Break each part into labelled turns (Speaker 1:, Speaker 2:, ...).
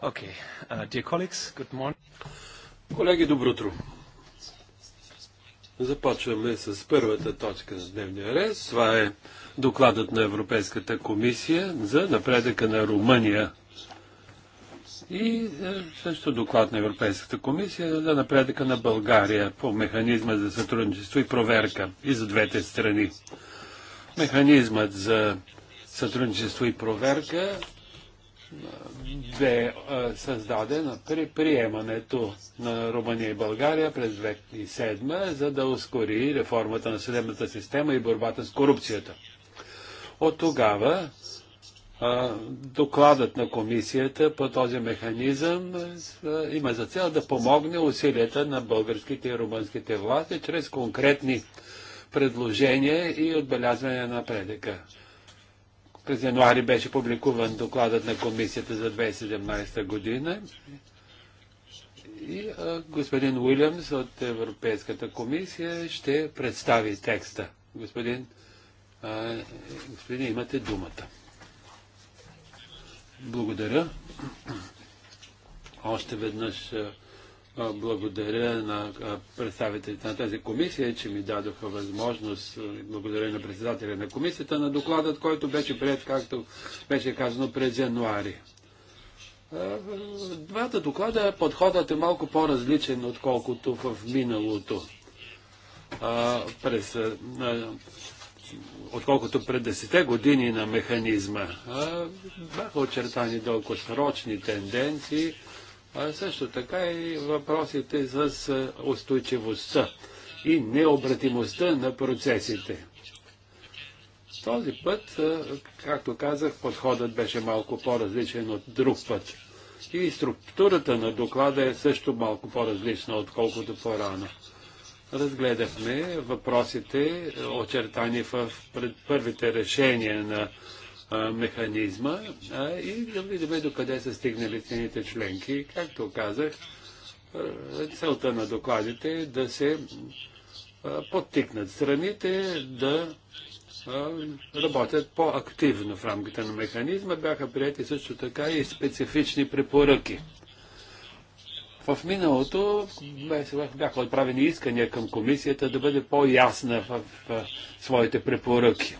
Speaker 1: Okay. Uh, dear colleagues, good morning. Колеги, добро утро. Започваме с първата точка на дневния ред. Това е докладът на Европейската комисия за напредъка на Румъния и е, също доклад на Европейската комисия за напредъка на България по механизма за сътрудничество и проверка и за двете страни. Механизмът за сътрудничество и проверка бе създадена при приемането на Румъния и България през 2007, за да ускори реформата на съдебната система и борбата с корупцията. От тогава докладът на комисията по този механизъм има за цел да помогне усилията на българските и румънските власти чрез конкретни предложения и отбелязване на напредъка. През януари беше публикуван докладът на комисията за 2017 година и а, господин Уилямс от Европейската комисия ще представи текста. Господин, а, господин имате думата. Благодаря. Още веднъж благодаря на представителите на тази комисия, че ми дадоха възможност, благодаря на председателя на комисията, на докладът, който беше пред, както беше казано, през януари. двата доклада подходът е малко по-различен, отколкото в миналото. През, отколкото пред 10 години на механизма. Бяха очертани дългосрочни тенденции, а също така и въпросите с устойчивостта и необратимостта на процесите. Този път, както казах, подходът беше малко по-различен от друг път. И структурата на доклада е също малко по-различна, отколкото по-рано. Разгледахме въпросите, очертани в първите решения на механизма и да видим до къде са стигнали цените членки. Както казах, целта на докладите е да се подтикнат страните да работят по-активно в рамките на механизма. Бяха прияти също така и специфични препоръки. В миналото бяха отправени искания към комисията да бъде по-ясна в своите препоръки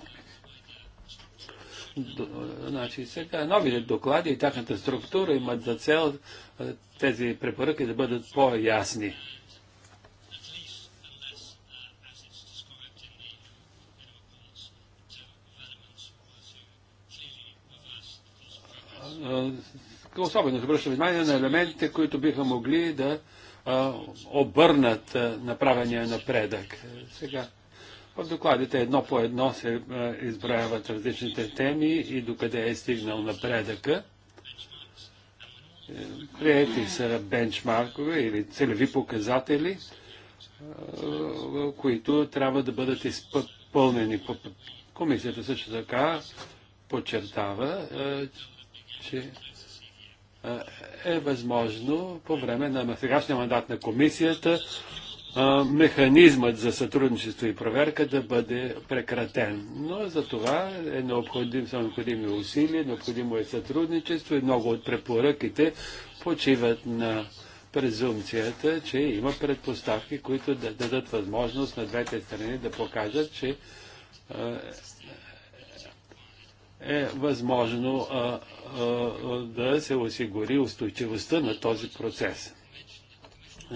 Speaker 1: значи, сега новите доклади и тяхната структура имат за цел е, тези препоръки да бъдат по-ясни. Е, особено обръща внимание на елементите, които биха могли да е, обърнат направения напредък. Сега в докладите едно по едно се е, изброяват различните теми и докъде е стигнал напредъка. Е, приети са бенчмаркове или целеви показатели, е, които трябва да бъдат изпълнени. Комисията също така подчертава, че е възможно по време на сегашния мандат на комисията механизмът за сътрудничество и проверка да бъде прекратен. Но за това е необходим, са необходими усилия, необходимо е сътрудничество и много от препоръките почиват на презумцията, че има предпоставки, които да дадат възможност на двете страни да покажат, че е, е възможно да се осигури устойчивостта на този процес.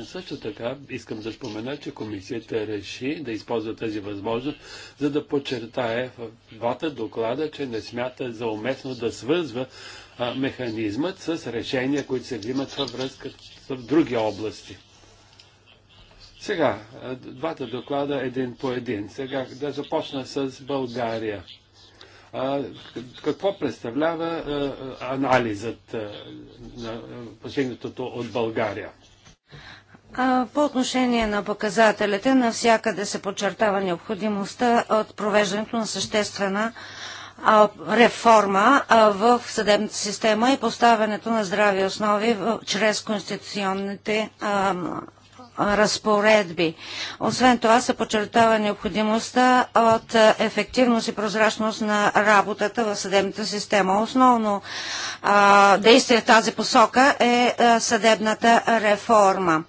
Speaker 1: Също така искам да спомена, че комисията реши да използва тази възможност, за да подчертае в двата доклада, че не смята за уместно да свързва а, механизмът с решения, които се взимат във връзка с други области. Сега, двата доклада един по един. Сега да започна с България. А, какво представлява а, анализът а, на постигнатото от България?
Speaker 2: По отношение на показателите, навсякъде се подчертава необходимостта от провеждането на съществена реформа в съдебната система и поставянето на здрави основи чрез конституционните разпоредби. Освен това се подчертава необходимостта от е, ефективност и прозрачност на работата в съдебната система. Основно действие в тази посока е, е съдебната реформа.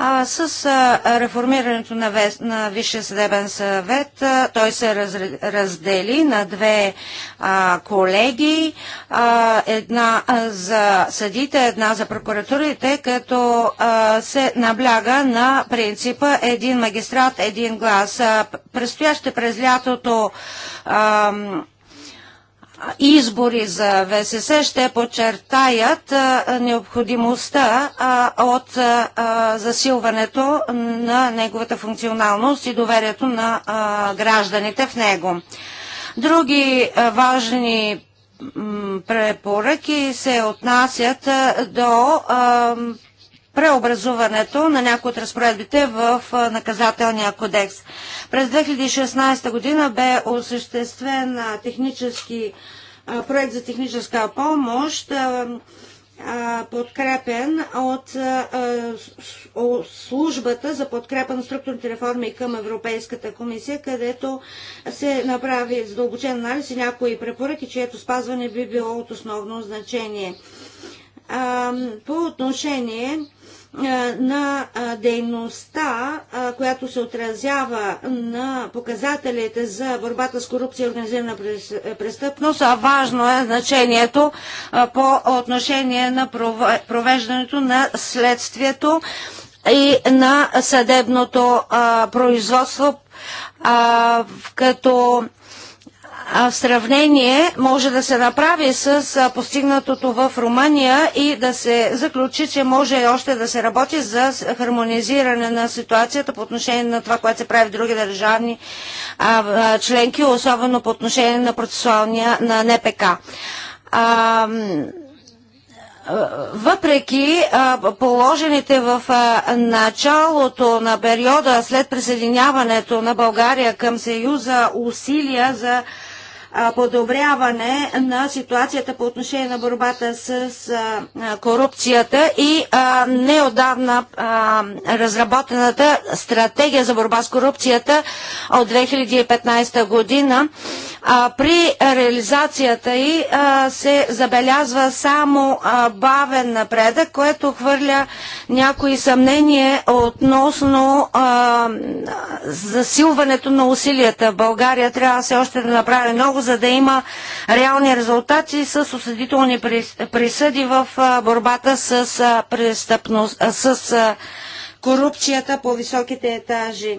Speaker 2: А с а, реформирането на, вес, на Висшия съдебен съвет а, той се раз, раздели на две а, колеги, а, една а, за съдите, една за прокуратурите, като а, се набляга на принципа един магистрат, един глас. А, предстояще през лятото а, избори за ВСС ще подчертаят необходимостта от засилването на неговата функционалност и доверието на гражданите в него. Други важни препоръки се отнасят до преобразуването на някои от разпоредбите в наказателния кодекс. През 2016 година бе осъществен технически проект за техническа помощ, подкрепен от службата за подкрепа на структурните реформи към Европейската комисия, където се направи задълбочен анализ и някои препоръки, чието спазване би било от основно значение. По отношение на дейността, която се отразява на показателите за борбата с корупция и организирана престъпност, а важно е значението по отношение на провеждането на следствието и на съдебното производство, като в сравнение може да се направи с постигнатото в Румъния и да се заключи, че може още да се работи за хармонизиране на ситуацията по отношение на това, което се прави в други държавни членки, особено по отношение на процесуалния на НПК въпреки положените в началото на периода след присъединяването на България към Съюза усилия за подобряване на ситуацията по отношение на борбата с корупцията и неодавна разработената стратегия за борба с корупцията от 2015 година. При реализацията й се забелязва само бавен напредък, което хвърля някои съмнения относно засилването на усилията. България трябва все още да направи много много, за да има реални резултати с осъдителни присъди в борбата с, престъпност, с корупцията по високите етажи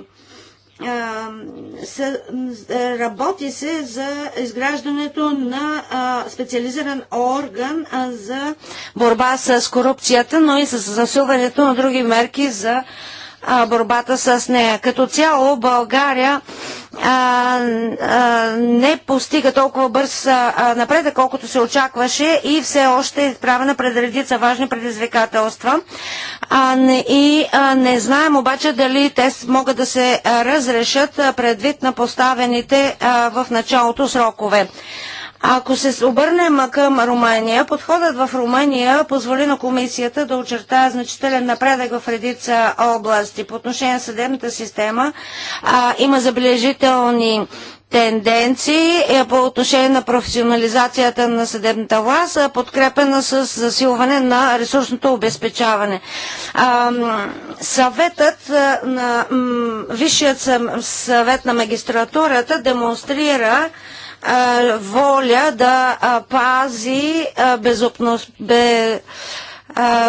Speaker 2: работи се за изграждането на специализиран орган за борба с корупцията, но и с засилването на други мерки за а, борбата с нея. Като цяло България а, а, не постига толкова бърз а, напредък, колкото се очакваше и все още е изправена пред редица важни предизвикателства. А, не, и а, не знаем обаче дали те могат да се разрешат предвид на поставените а, в началото срокове. Ако се обърнем към Румъния, подходът в Румъния позволи на комисията да очертае значителен напредък в редица области. По отношение на съдебната система а, има забележителни тенденции е по отношение на професионализацията на съдебната власт, е, подкрепена с засилване на ресурсното обезпечаване. съветът е, на Висшият съвет на магистратурата демонстрира воля да пази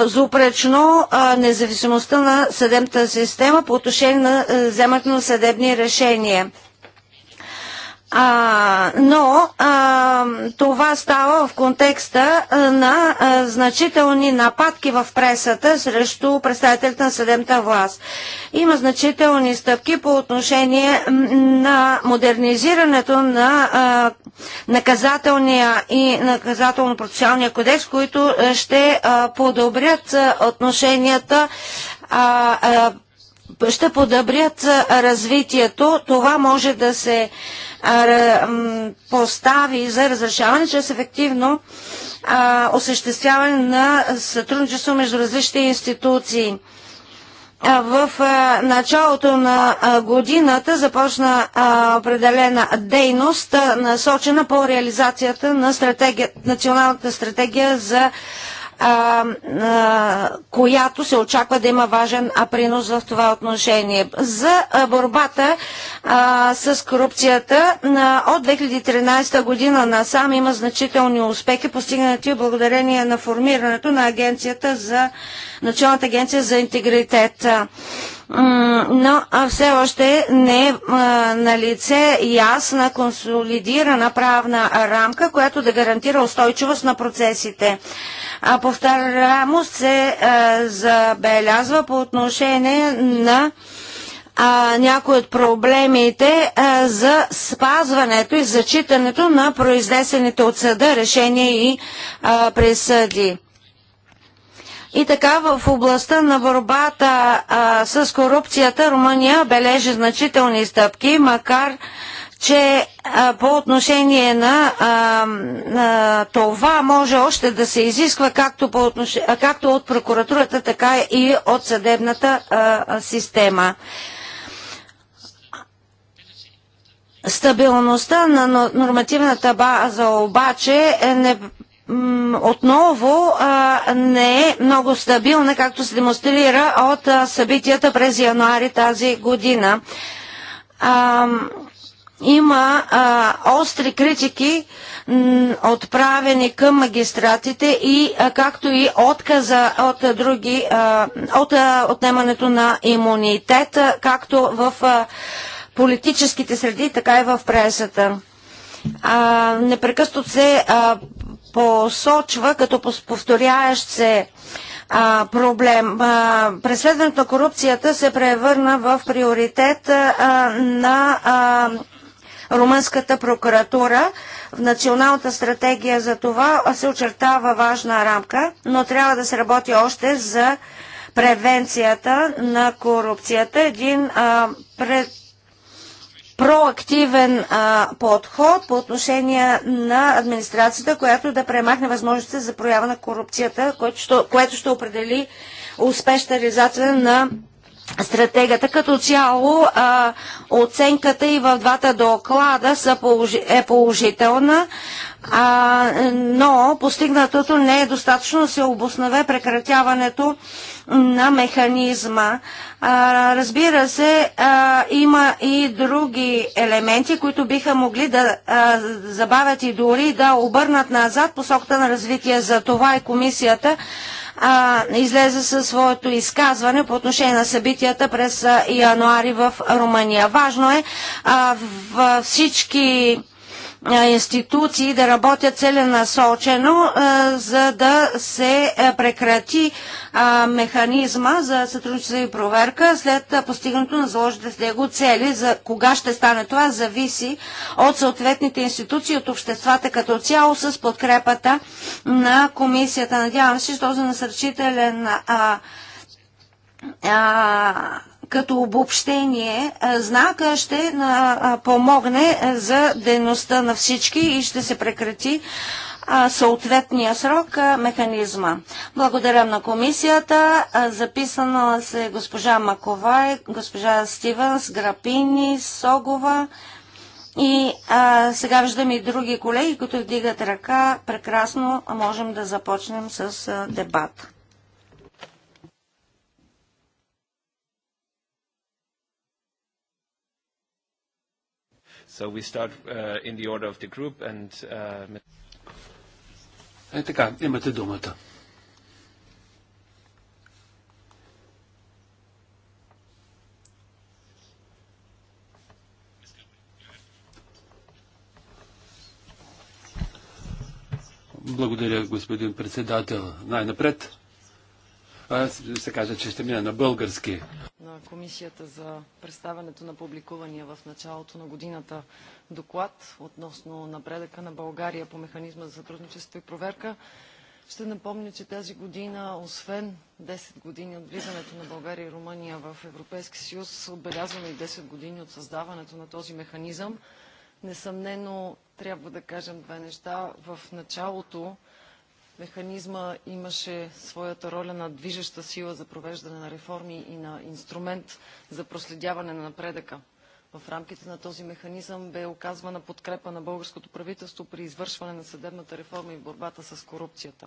Speaker 2: безупречно независимостта на съдебната система по отношение на вземането на съдебни решения. А, но а, това става в контекста на а, значителни нападки в пресата срещу представителите на съдебната власт. Има значителни стъпки по отношение на модернизирането на а, наказателния и наказателно-процесуалния кодекс, които ще а, подобрят отношенията а, а, ще подобрят развитието. Това може да се постави за разрешаване чрез ефективно осъществяване на сътрудничество между различни институции. В началото на годината започна определена дейност, насочена по реализацията на стратегия, националната стратегия за а, а, която се очаква да има важен принос в това отношение. За борбата а, с корупцията а, от 2013 година насам има значителни успехи, постигнати благодарение на формирането на агенцията за Националната агенция за интегритет но все още не е на лице ясна консолидирана правна рамка, която да гарантира устойчивост на процесите. А повторяемост се забелязва по отношение на а, някои от проблемите а, за спазването и зачитането на произнесените от съда решения и а, присъди. И така в областта на борбата а, с корупцията Румъния бележи значителни стъпки, макар че а, по отношение на а, на това може още да се изисква както, по отнош... както от прокуратурата, така и от съдебната а, система. Стабилността на нормативната база обаче е не отново а, не е много стабилна, както се демонстрира от а, събитията през януари тази година. А, има а, остри критики отправени към магистратите и а, както и отказа от други а, от а, отнемането на имунитет, а, както в а, политическите среди, така и в пресата. А, непрекъснато се а, посочва като повторяещ се а, проблем. А, преследването на корупцията се превърна в приоритет а, на а, румънската прокуратура. В националната стратегия за това се очертава важна рамка, но трябва да се работи още за превенцията на корупцията. Един а, пред проактивен а, подход по отношение на администрацията, която да премахне възможността за проява на корупцията, което ще, което ще определи успешна реализация на стратегията. Като цяло а, оценката и в двата доклада са положи, е положителна, а, но постигнатото не е достатъчно да се обоснове прекратяването на механизма. А, разбира се, а, има и други елементи, които биха могли да а, забавят и дори да обърнат назад посоката на развитие. За това и комисията а, излезе със своето изказване по отношение на събитията през януари в Румъния. Важно е а, в, всички институции да работят целенасочено, за да се прекрати механизма за сътрудничество и проверка след постигането на заложите с него цели. За кога ще стане това, зависи от съответните институции, от обществата като цяло с подкрепата на комисията. Надявам се, че този насърчителен а, а, като обобщение, знака ще помогне за дейността на всички и ще се прекрати съответния срок механизма. Благодаря на комисията. Записана се госпожа Маковай, госпожа Стивенс, Грапини, Согова. И а, сега виждам и други колеги, които вдигат ръка. Прекрасно можем да започнем с дебата.
Speaker 1: we start uh, in the order of the group and... Uh... Е така, имате думата. Благодаря, господин председател. Най-напред аз се кажа, че ще мина на български.
Speaker 3: На комисията за представянето на публикувания в началото на годината доклад относно напредъка на България по механизма за сътрудничество и проверка. Ще напомня, че тази година, освен 10 години от влизането на България и Румъния в Европейски съюз, отбелязваме и 10 години от създаването на този механизъм. Несъмнено трябва да кажем две неща. В началото механизма имаше своята роля на движеща сила за провеждане на реформи и на инструмент за проследяване на напредъка. В рамките на този механизъм бе оказвана подкрепа на българското правителство при извършване на съдебната реформа и борбата с корупцията.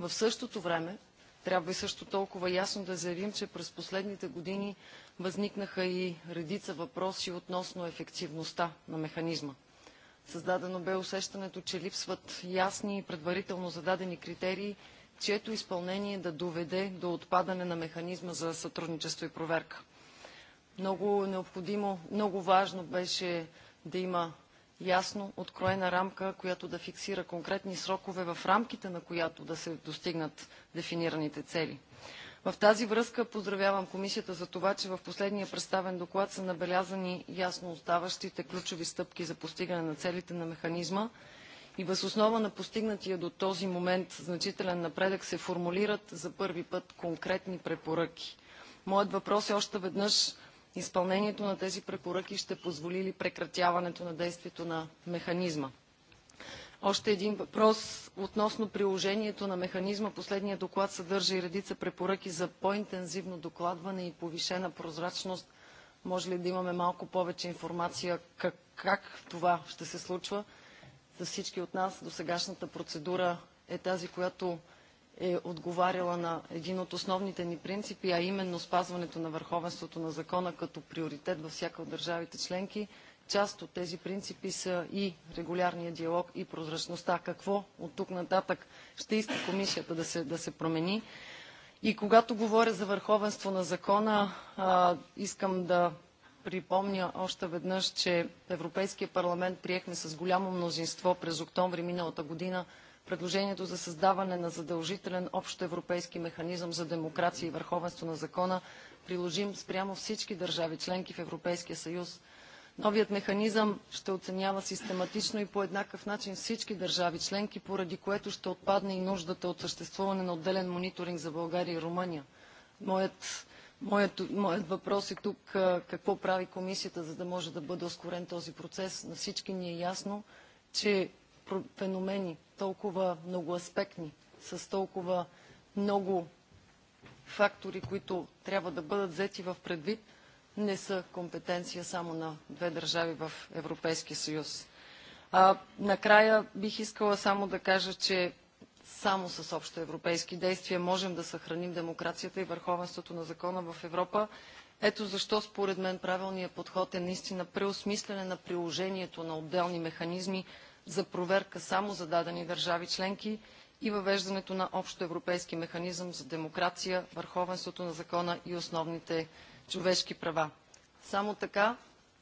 Speaker 3: В същото време трябва и също толкова ясно да заявим, че през последните години възникнаха и редица въпроси относно ефективността на механизма. Създадено бе усещането, че липсват ясни и предварително зададени критерии, чието изпълнение да доведе до отпадане на механизма за сътрудничество и проверка. Много необходимо, много важно беше да има ясно откроена рамка, която да фиксира конкретни срокове в рамките на която да се достигнат дефинираните цели. В тази връзка поздравявам Комисията за това, че в последния представен доклад са набелязани ясно оставащите ключови стъпки за постигане на целите на механизма и въз основа на постигнатия до този момент значителен напредък се формулират за първи път конкретни препоръки. Моят въпрос е още веднъж изпълнението на тези препоръки ще позволи ли прекратяването на действието на механизма? Още един въпрос относно приложението на механизма. Последният доклад съдържа и редица препоръки за по-интензивно докладване и повишена прозрачност. Може ли да имаме малко повече информация как, как това ще се случва? За всички от нас до сегашната процедура е тази, която е отговаряла на един от основните ни принципи, а именно спазването на върховенството на закона като приоритет във всяка от държавите членки – Част от тези принципи са и регулярния диалог и прозрачността. Какво от тук нататък ще иска комисията да се, да се промени? И когато говоря за върховенство на закона, а, искам да припомня още веднъж, че Европейския парламент приехме с голямо мнозинство през октомври миналата година предложението за създаване на задължителен общоевропейски механизъм за демокрация и върховенство на закона, приложим спрямо всички държави членки в Европейския съюз – Новият механизъм ще оценява систематично и по еднакъв начин всички държави членки, поради което ще отпадне и нуждата от съществуване на отделен мониторинг за България и Румъния. Моят, моят, моят въпрос е тук какво прави комисията, за да може да бъде ускорен този процес. На всички ни е ясно, че феномени толкова многоаспектни, с толкова много фактори, които трябва да бъдат взети в предвид, не са компетенция само на две държави в Европейския съюз. А, накрая бих искала само да кажа, че само с общо европейски действия можем да съхраним демокрацията и върховенството на закона в Европа. Ето защо според мен правилният подход е наистина преосмислене на приложението на отделни механизми за проверка само за дадени държави членки и въвеждането на общо европейски механизъм за демокрация, върховенството на закона и основните човешки права. Само така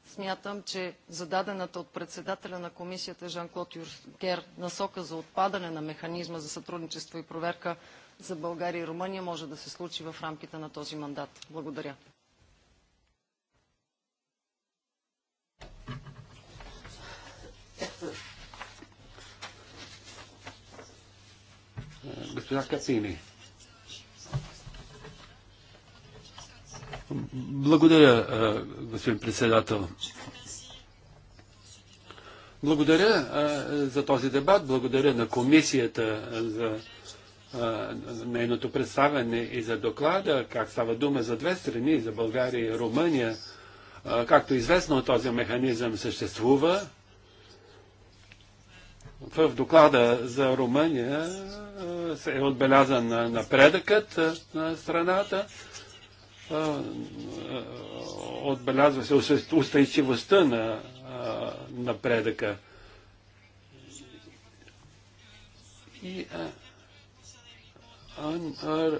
Speaker 3: смятам, че зададената от председателя на комисията Жан-Клод Юркер насока за отпадане на механизма за сътрудничество и проверка за България и Румъния може да се случи в рамките на този мандат. Благодаря.
Speaker 1: Госпожа Капини. Благодаря, господин председател. Благодаря за този дебат, благодаря на комисията за нейното представяне и за доклада, как става дума за две страни, за България и Румъния. Както известно, този механизъм съществува. В доклада за Румъния е отбелязан напредъкът на страната отбелязва се устойчивостта на напредъка. И, а, а, а,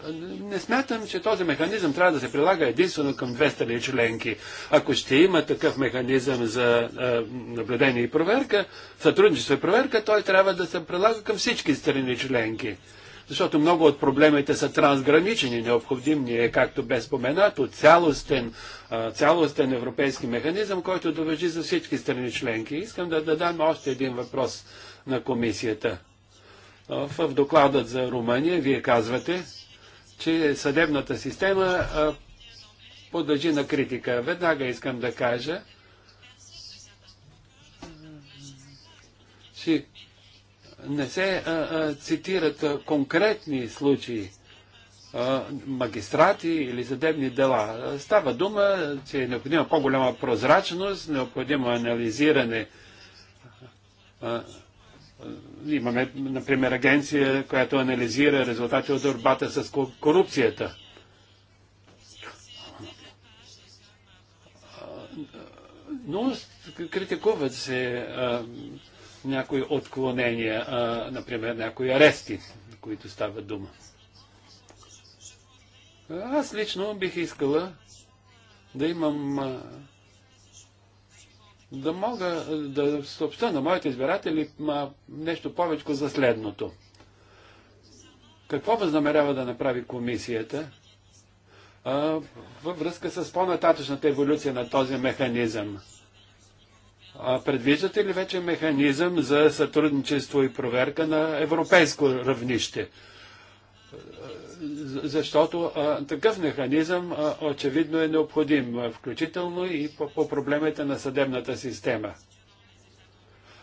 Speaker 1: не смятам, че този механизъм трябва да се прилага единствено към две страни членки. Ако ще има такъв механизъм за а, наблюдение и проверка, сътрудничество и проверка, той трябва да се прилага към всички страни членки защото много от проблемите са трансгранични. Необходим ни е, както бе споменато, цялостен, цялостен европейски механизъм, който довежи за всички страни членки. Искам да дадам още един въпрос на комисията. В докладът за Румъния вие казвате, че съдебната система подлежи на критика. Веднага искам да кажа, че не се а, а, цитират а, конкретни случаи, а, магистрати или съдебни дела. Става дума, че е необходима по-голяма прозрачност, необходимо анализиране. А, имаме, например, агенция, която анализира резултати от борбата с корупцията. Но критикуват се а, някои отклонения, а, например някои арести, които става дума. Аз лично бих искала да имам а, да мога да съобща на моите избиратели а, нещо повече за следното. Какво възнамерява да направи комисията а, във връзка с по-нататъчната еволюция на този механизъм? Предвиждате ли вече механизъм за сътрудничество и проверка на европейско равнище? Защото а, такъв механизъм а, очевидно е необходим, а, включително и по, по проблемите на съдебната система.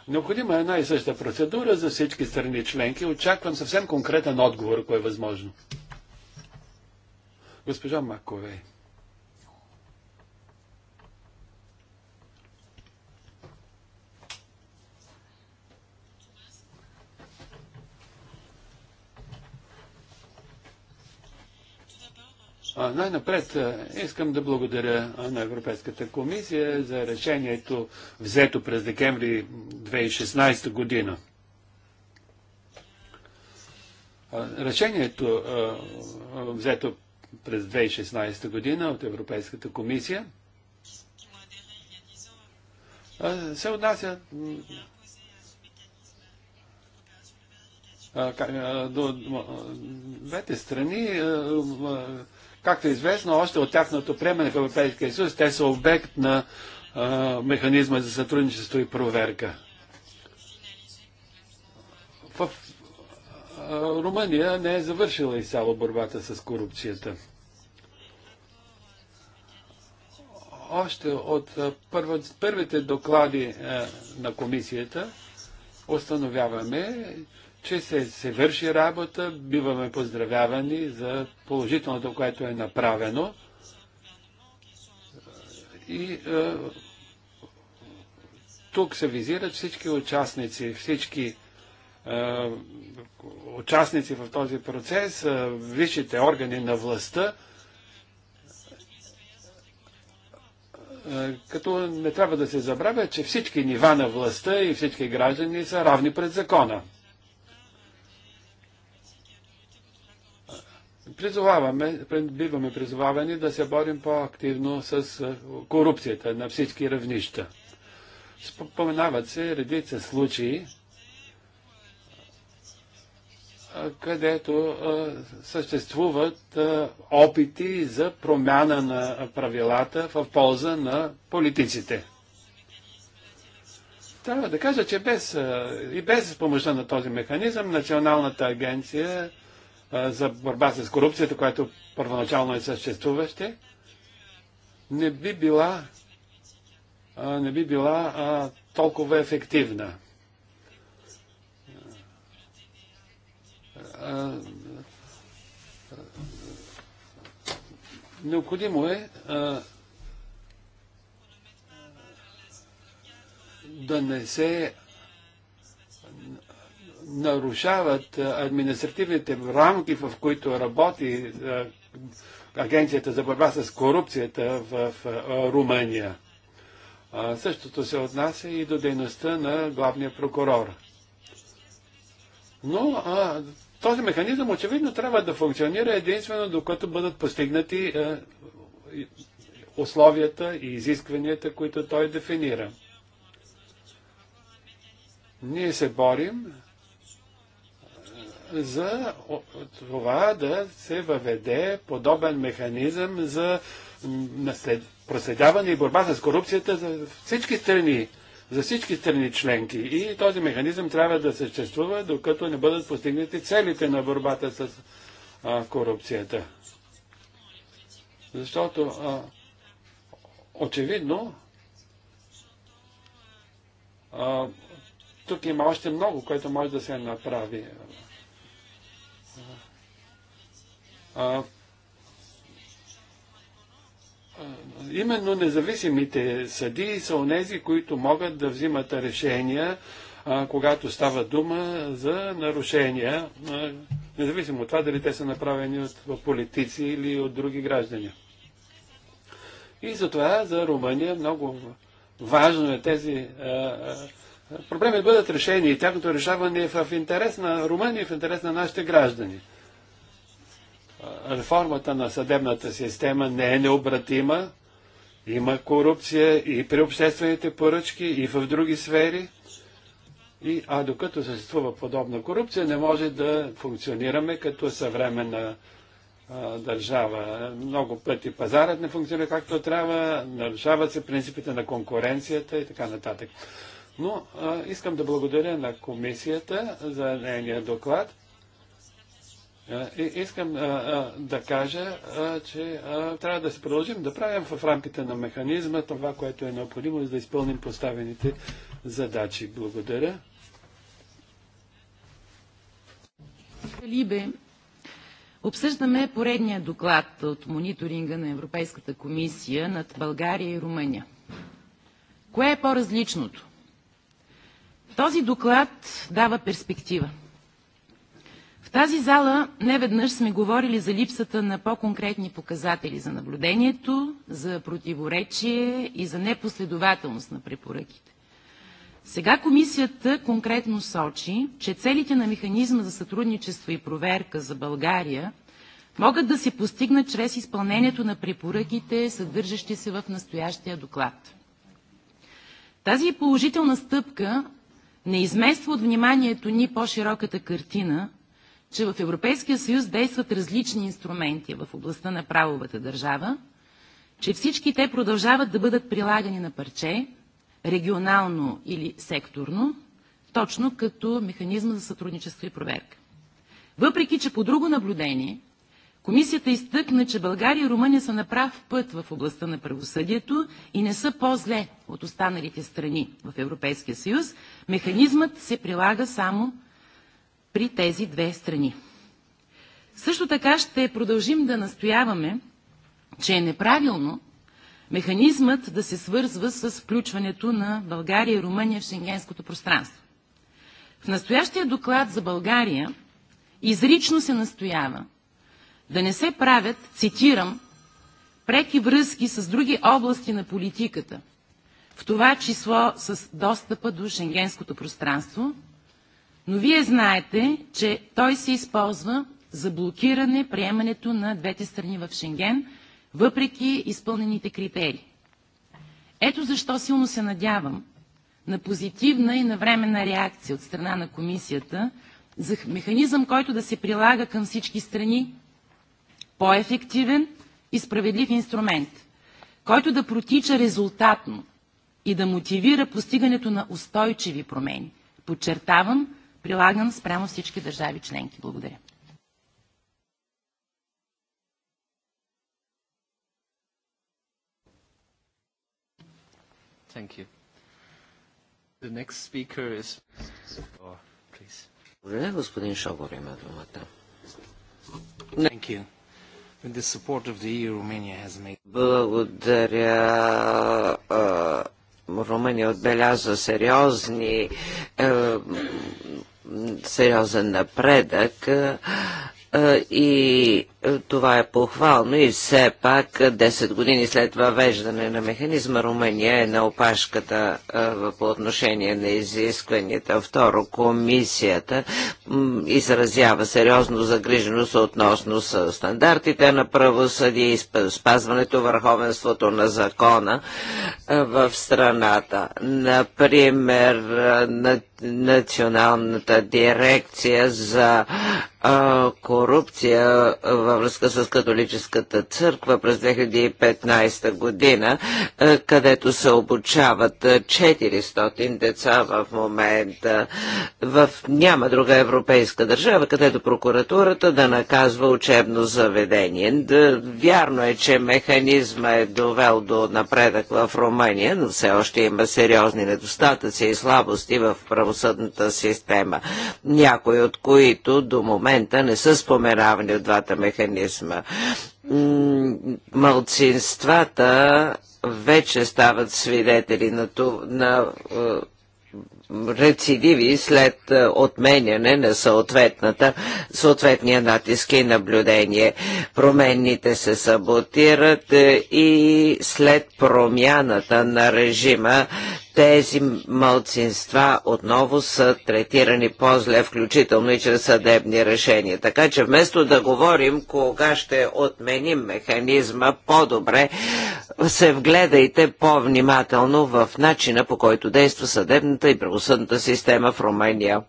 Speaker 1: Необходима е една и съща процедура за всички страни членки. Очаквам съвсем конкретен отговор, ако е възможно. Госпожа Макове. Най-напред искам да благодаря на Европейската комисия за решението взето през декември 2016 година. Решението взето през 2016 година от Европейската комисия се отнася до двете страни Както е известно, още от тяхното приемане в Европейския съюз, те са обект на а, механизма за сътрудничество и проверка. В а, Румъния не е завършила изцяло борбата с корупцията. Още от а, първо, първите доклади а, на комисията установяваме, че се, се върши работа, биваме поздравявани за положителното, което е направено. И е, тук се визират всички участници, всички е, участници в този процес, е, висшите органи на властта, е, като не трябва да се забравя, че всички нива на властта и всички граждани са равни пред закона. Призоваваме, биваме призовавани да се борим по-активно с корупцията на всички равнища. Споменават се редица случаи, където съществуват опити за промяна на правилата в полза на политиците. Трябва да кажа, че без, и без помощта на този механизъм Националната агенция за борба с корупцията, която първоначално е съществуваща, не би била, не би била а, толкова ефективна. необходимо е а, да не се нарушават административните рамки, в които работи Агенцията за борба с корупцията в Румъния. Същото се отнася и до дейността на главния прокурор. Но а, този механизъм очевидно трябва да функционира единствено докато бъдат постигнати а, условията и изискванията, които той дефинира. Ние се борим за това да се въведе подобен механизъм за наслед... проследяване и борба с корупцията за всички страни, за всички страни членки. И този механизъм трябва да съществува, докато не бъдат постигнати целите на борбата с а, корупцията. Защото а, очевидно а, тук има още много, което може да се направи. именно независимите съдии са онези, които могат да взимат решения, а, когато става дума за нарушения, а, независимо от това дали те са направени от политици или от други граждани. И затова за Румъния много важно е тези проблеми да бъдат решени и тяхното решаване е в интерес на Румъния и в интерес на нашите граждани реформата на съдебната система не е необратима. Има корупция и при обществените поръчки, и в други сфери. И, а докато съществува подобна корупция, не може да функционираме като съвременна а, държава. Много пъти пазарът не функционира както трябва, нарушават се принципите на конкуренцията и така нататък. Но а, искам да благодаря на комисията за нейния доклад. Искам да кажа, че трябва да се продължим да правим в рамките на механизма това, което е необходимо, за да изпълним поставените задачи. Благодаря.
Speaker 4: Либе, обсъждаме поредния доклад от мониторинга на Европейската комисия над България и Румъния. Кое е по-различното? Този доклад дава перспектива – в тази зала неведнъж сме говорили за липсата на по-конкретни показатели за наблюдението, за противоречие и за непоследователност на препоръките. Сега комисията конкретно сочи, че целите на механизма за сътрудничество и проверка за България могат да се постигнат чрез изпълнението на препоръките, съдържащи се в настоящия доклад. Тази положителна стъпка не измества от вниманието ни по-широката картина, че в Европейския съюз действат различни инструменти в областта на правовата държава, че всички те продължават да бъдат прилагани на парче, регионално или секторно, точно като механизма за сътрудничество и проверка. Въпреки, че по друго наблюдение, комисията изтъкна, че България и Румъния са на прав път в областта на правосъдието и не са по-зле от останалите страни в Европейския съюз, механизмът се прилага само при тези две страни. Също така ще продължим да настояваме, че е неправилно механизмът да се свързва с включването на България и Румъния в шенгенското пространство. В настоящия доклад за България изрично се настоява да не се правят, цитирам, преки връзки с други области на политиката, в това число с достъпа до шенгенското пространство, но вие знаете, че той се използва за блокиране приемането на двете страни в Шенген, въпреки изпълнените критерии. Ето защо силно се надявам на позитивна и навременна реакция от страна на комисията за механизъм, който да се прилага към всички страни, по-ефективен и справедлив инструмент, който да протича резултатно и да мотивира постигането на устойчиви промени. Подчертавам, прилаган спрямо всички държави членки. Благодаря.
Speaker 1: Thank you. The next speaker is... Oh,
Speaker 5: Добре, господин Шогор има думата.
Speaker 6: Thank you. With the support of the EU, Romania has made...
Speaker 5: Благодаря. Uh, Румъния отбеляза сериозни, е, сериозен напредък е, и това е похвално и все пак 10 години след въвеждане на механизма Румъния е на опашката по отношение на изискванията. Второ, комисията изразява сериозно загриженост относно стандартите на правосъдие и спазването върховенството на закона в страната. Например, на националната дирекция за а, корупция във връзка с католическата църква през 2015 година, а, където се обучават 400 деца в момента. В няма друга европейска държава, където прокуратурата да наказва учебно заведение. Да, вярно е, че механизма е довел до напредък в Румъния, но все още има сериозни недостатъци и слабости в правосъдната система, някои от които до момента не са споменавани от двата механизма. Малцинствата вече стават свидетели на, това, на е, рецидиви след е, отменяне на съответната, съответния натиск и наблюдение. Променните се саботират е, и след промяната на режима тези мълцинства отново са третирани по-зле, включително и чрез съдебни решения. Така че вместо да говорим кога ще отменим механизма по-добре, се вгледайте по-внимателно в начина по който действа съдебната и правосъдната система в Румъния.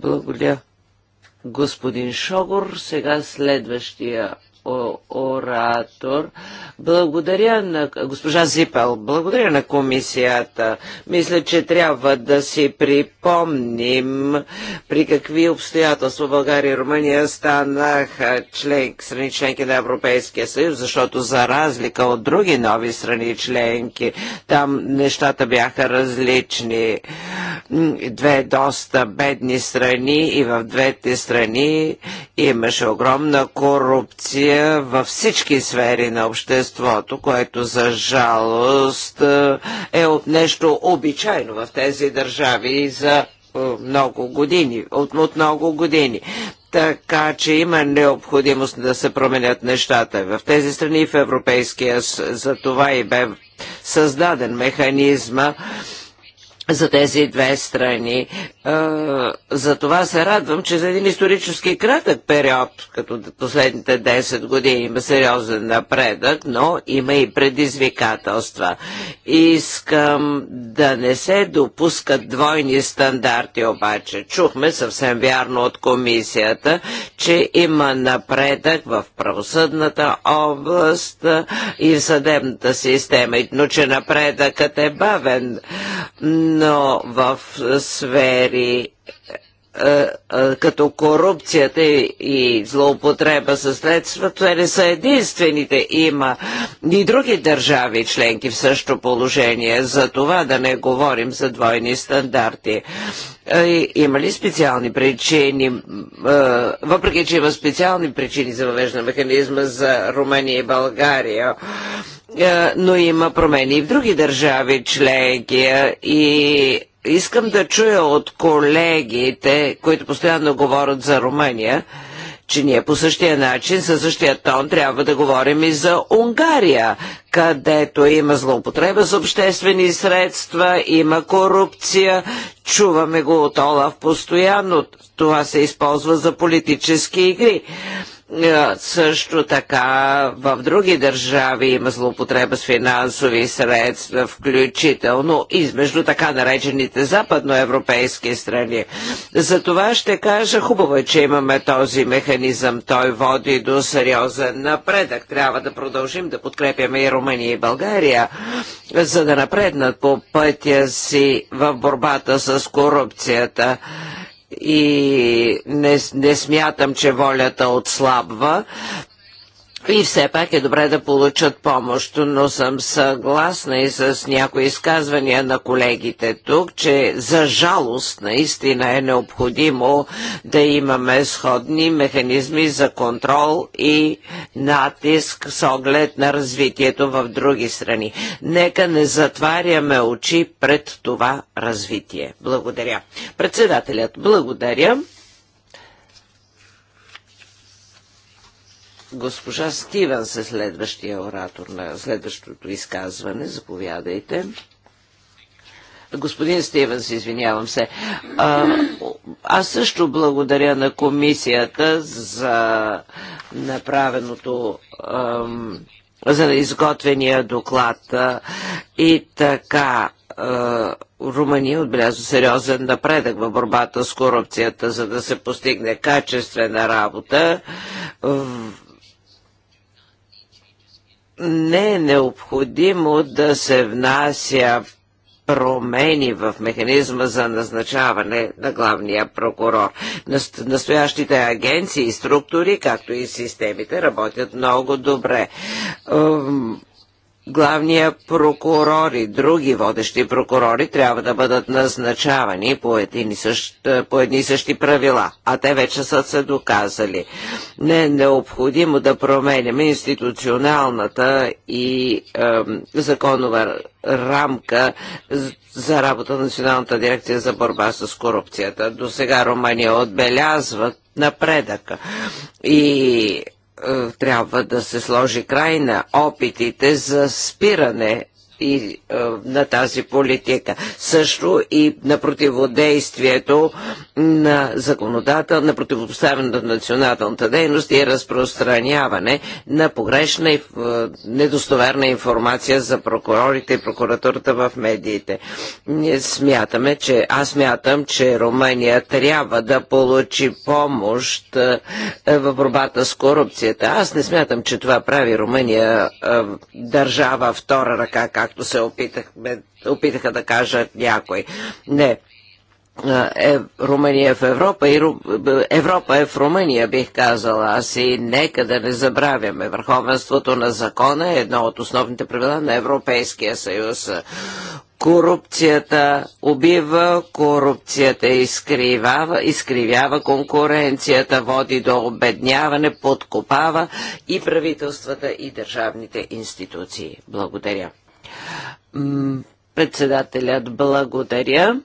Speaker 5: Благодаря. Господин Шогор, сега следващия оратор. Благодаря на госпожа Зипел, благодаря на комисията. Мисля, че трябва да си припомним при какви обстоятелства България и Румъния станаха член, страни членки на Европейския съюз, защото за разлика от други нови страни членки, там нещата бяха различни. Две доста бедни страни и в двете страни имаше огромна корупция действия във всички сфери на обществото, което за жалост е от нещо обичайно в тези държави за е, много години, от, от много години. Така че има необходимост да се променят нещата в тези страни в Европейския. За това и бе създаден механизма за тези две страни. За това се радвам, че за един исторически кратък период, като последните 10 години има сериозен напредък, но има и предизвикателства. Искам да не се допускат двойни стандарти, обаче чухме съвсем вярно от комисията, че има напредък в правосъдната област и в съдебната система, но че напредъкът е бавен но в сфери е, е, като корупцията и злоупотреба със следства, това не са единствените. Има и други държави членки в същото положение. За това да не говорим за двойни стандарти. Е, има ли специални причини, въпреки че има специални причини за въвежда механизма за Румъния и България, но има промени и в други държави членки и искам да чуя от колегите, които постоянно говорят за Румъния, че ние по същия начин, със същия тон трябва да говорим и за Унгария, където има злоупотреба с обществени средства, има корупция, чуваме го от Олаф постоянно, това се използва за политически игри. Е, също така в други държави има злоупотреба с финансови средства, включително и между така наречените западноевропейски страни. За това ще кажа, хубаво е, че имаме този механизъм. Той води до сериозен напредък. Трябва да продължим да подкрепяме и Румъния и България, за да напреднат по пътя си в борбата с корупцията и не, не смятам, че волята отслабва. И все пак е добре да получат помощ, но съм съгласна и с някои изказвания на колегите тук, че за жалост наистина е необходимо да имаме сходни механизми за контрол и натиск с оглед на развитието в други страни. Нека не затваряме очи пред това развитие. Благодаря. Председателят, благодаря. Госпожа Стивен се следващия оратор на следващото изказване. Заповядайте. Господин Стивенс, извинявам се. А, аз също благодаря на комисията за направеното ам, за изготвения доклад. И така, Румъния отбелязва сериозен напредък в борбата с корупцията, за да се постигне качествена работа не е необходимо да се внася промени в механизма за назначаване на главния прокурор. Настоящите агенции и структури, както и системите, работят много добре главния прокурор и други водещи прокурори трябва да бъдат назначавани по едни, същ, по едни същи правила, а те вече са се доказали. Не е необходимо да променяме институционалната и е, законова рамка за работа на Националната дирекция за борба с корупцията. До сега Румъния отбелязва напредъка и е, трябва да се сложи край на опитите за спиране и а, е, на тази политика. Също и на противодействието на законодател, на противопоставянето на националната дейност и разпространяване на погрешна и а, е, недостоверна информация за прокурорите и прокуратурата в медиите. Ние смятаме, че аз смятам, че Румъния трябва да получи помощ а, е, в борбата с корупцията. Аз не смятам, че това прави Румъния държава втора ръка, как както се опитахме, опитаха да кажат някой. Не, е, Румъния е в Европа и Ру... Европа е в Румъния, бих казала. Аз и нека да не забравяме. Върховенството на закона е едно от основните правила на Европейския съюз. Корупцията убива, корупцията изкривява, изкривява конкуренцията, води до обедняване, подкопава и правителствата и държавните институции. Благодаря. Председателят благодаря.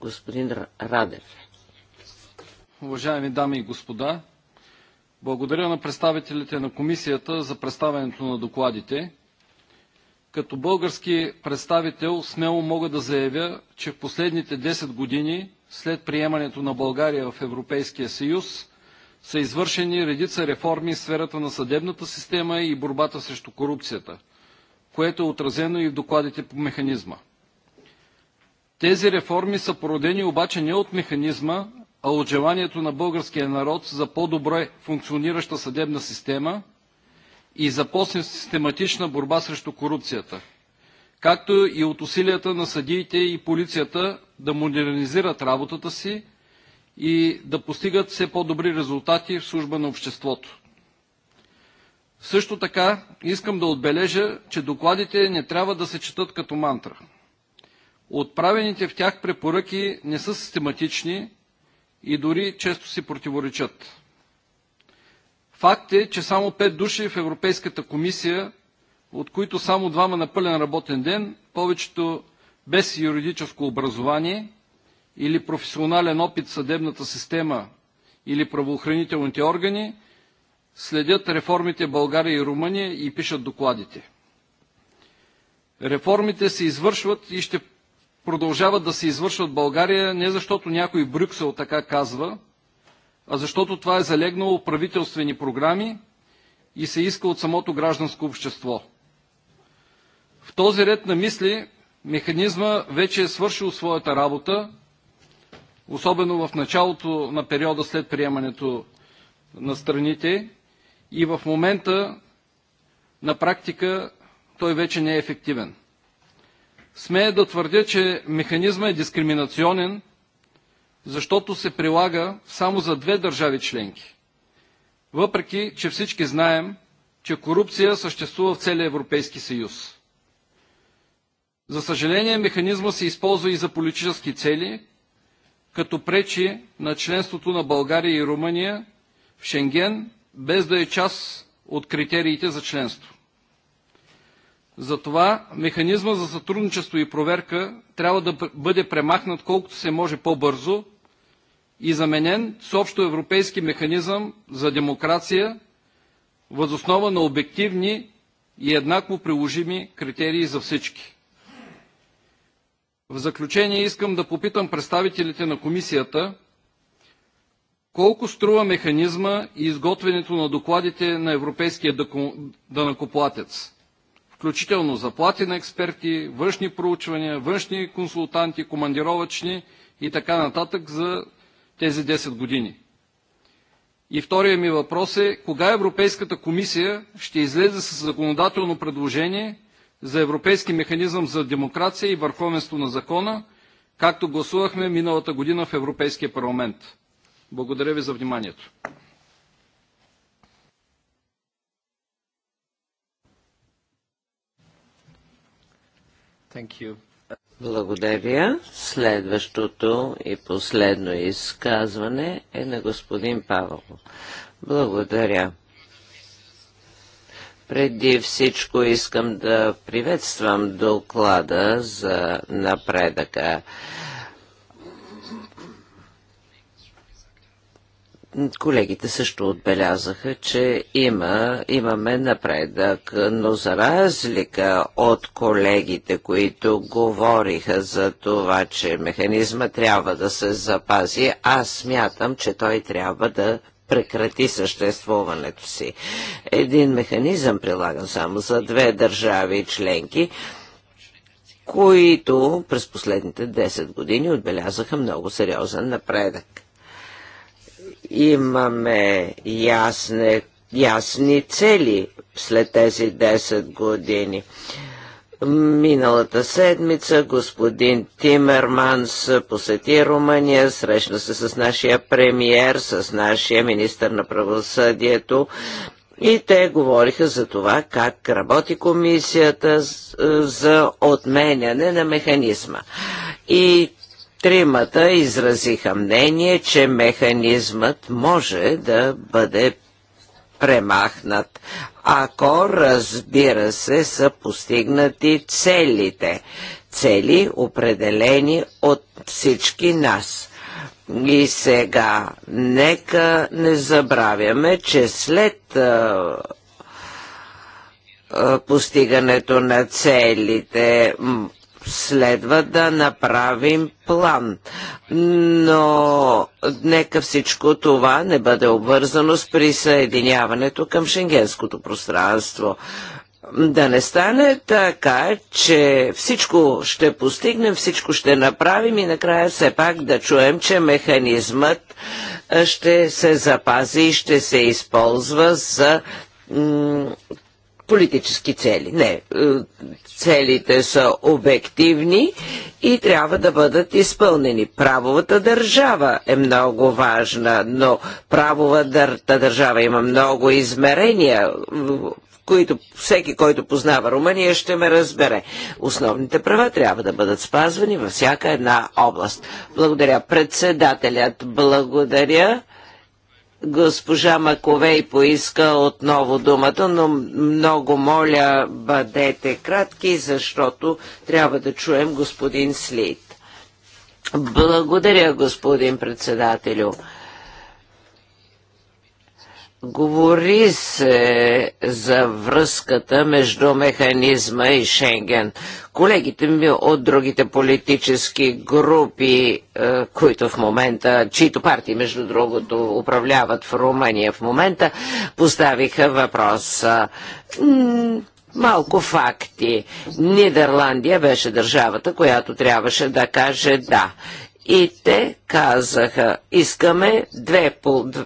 Speaker 5: Господин
Speaker 6: Радев. Уважаеми дами и господа, благодаря на представителите на комисията за представянето на докладите. Като български представител смело мога да заявя, че в последните 10 години след приемането на България в Европейския съюз са извършени редица реформи в сферата на съдебната система и борбата срещу корупцията, което е отразено и в докладите по механизма. Тези реформи са породени обаче не от механизма, а от желанието на българския народ за по-добре функционираща съдебна система и за по-систематична борба срещу корупцията, както и от усилията на съдиите и полицията да модернизират работата си и да постигат все по-добри резултати в служба на обществото. Също така искам да отбележа, че докладите не трябва да се четат като мантра. Отправените в тях препоръки не са систематични и дори често си противоречат. Факт е, че само 5 души в Европейската комисия, от които само двама на пълен работен ден, повечето без юридическо образование – или професионален опит в съдебната система или правоохранителните органи, следят реформите България и Румъния и пишат докладите. Реформите се извършват и ще продължават да се извършват в България не защото някой Брюксел така казва, а защото това е залегнало в правителствени програми и се иска от самото гражданско общество. В този ред на мисли механизма вече е свършил своята работа особено в началото на периода след приемането на страните и в момента на практика той вече не е ефективен. Смея да твърдя, че механизма е дискриминационен, защото се прилага само за две държави членки. Въпреки, че всички знаем, че корупция съществува в целия Европейски съюз. За съжаление, механизма се използва и за политически цели, като пречи на членството на България и Румъния в Шенген, без да е част от критериите за членство. Затова механизма за сътрудничество и проверка трябва да бъде премахнат колкото се може по-бързо и заменен с общо европейски механизъм за демокрация възоснова на обективни и еднакво приложими критерии за всички. В заключение искам да попитам представителите на комисията колко струва механизма и изготвянето на докладите на европейския данакоплатец, включително заплати на експерти, външни проучвания, външни консултанти, командировачни и така нататък за тези 10 години. И втория ми въпрос е, кога Европейската комисия ще излезе с законодателно предложение за Европейски механизъм за демокрация и върховенство на закона, както гласувахме миналата година в Европейския парламент. Благодаря ви за вниманието.
Speaker 5: Благодаря. Следващото и последно изказване е на господин Павел. Благодаря. Преди всичко искам да приветствам доклада за напредъка. Колегите също отбелязаха, че има, имаме напредък, но за разлика от колегите, които говориха за това, че механизма трябва да се запази, аз смятам, че той трябва да прекрати съществуването си. Един механизъм прилаган само за две държави членки, които през последните 10 години отбелязаха много сериозен напредък. Имаме ясни, ясни цели след тези 10 години. Миналата седмица господин Тимерманс посети Румъния, срещна се с нашия премиер, с нашия министр на правосъдието и те говориха за това как работи комисията е, за отменяне на механизма. И тримата изразиха мнение, че механизмът може да бъде премахнат ако разбира се са постигнати целите. Цели определени от всички нас. И сега, нека не забравяме, че след а, постигането на целите следва да направим план. Но нека всичко това не бъде обвързано с присъединяването към шенгенското пространство. Да не стане така, че всичко ще постигнем, всичко ще направим и накрая все пак да чуем, че механизмът ще се запази и ще се използва за политически цели. Не, е, целите са обективни и трябва да бъдат изпълнени. Правовата държава е много важна, но правовата държава има много измерения, в които всеки, който познава Румъния, ще ме разбере. Основните права трябва да бъдат спазвани във всяка една област. Благодаря председателят, благодаря. Госпожа Маковей поиска отново думата, но много моля бъдете кратки, защото трябва да чуем господин Слит. Благодаря, господин председателю. Говори се за връзката между механизма и Шенген. Колегите ми от другите политически групи, е, които в момента, чието партии, между другото, управляват в Румъния в момента, поставиха въпроса. Малко факти. Нидерландия беше държавата, която трябваше да каже да. И те казаха, искаме две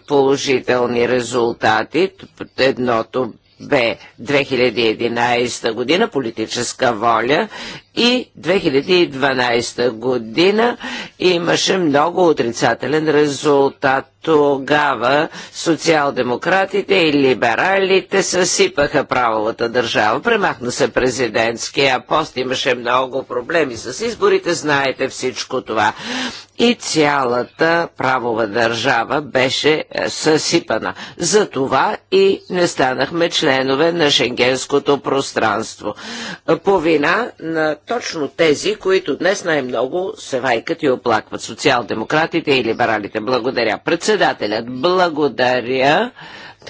Speaker 5: положителни резултати. Едното бе 2011 година политическа воля и 2012 година имаше много отрицателен резултат. Тогава социал-демократите и либералите съсипаха правовата държава. Премахна се президентския пост, имаше много проблеми с изборите, знаете всичко това. И цялата правова държава беше е, съсипана. За това и не станахме членове на шенгенското пространство. Е, по вина на точно тези, които днес най-много се вайкат и оплакват. Социал-демократите и либералите. Благодаря. Председателят, благодаря.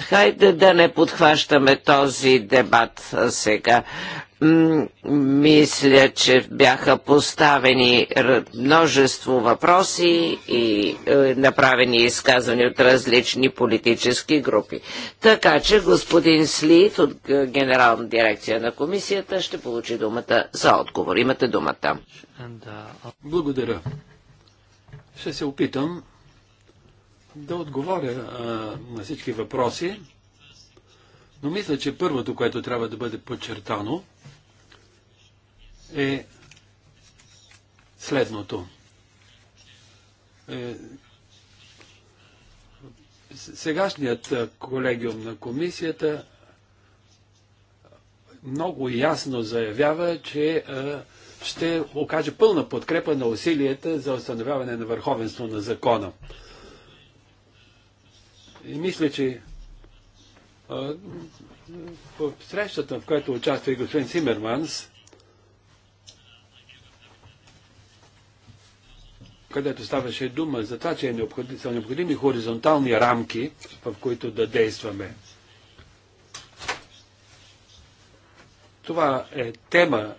Speaker 5: Хайде да не подхващаме този дебат сега мисля, че бяха поставени множество въпроси и е, направени изказвания от различни политически групи. Така че господин Слит от е, Генерална дирекция на комисията
Speaker 1: ще получи думата за отговор.
Speaker 5: Имате думата.
Speaker 1: Благодаря. Ще се опитам да отговоря а, на всички въпроси. Но мисля, че първото, което трябва да бъде подчертано, е следното. Е, сегашният е, колегиум на комисията много ясно заявява, че е, ще окаже пълна подкрепа на усилията за установяване на върховенство на закона. И мисля, че в срещата, в която участва и господин Симерманс, където ставаше дума за това, че е необходим, са необходими хоризонтални рамки, в които да действаме. Това е тема,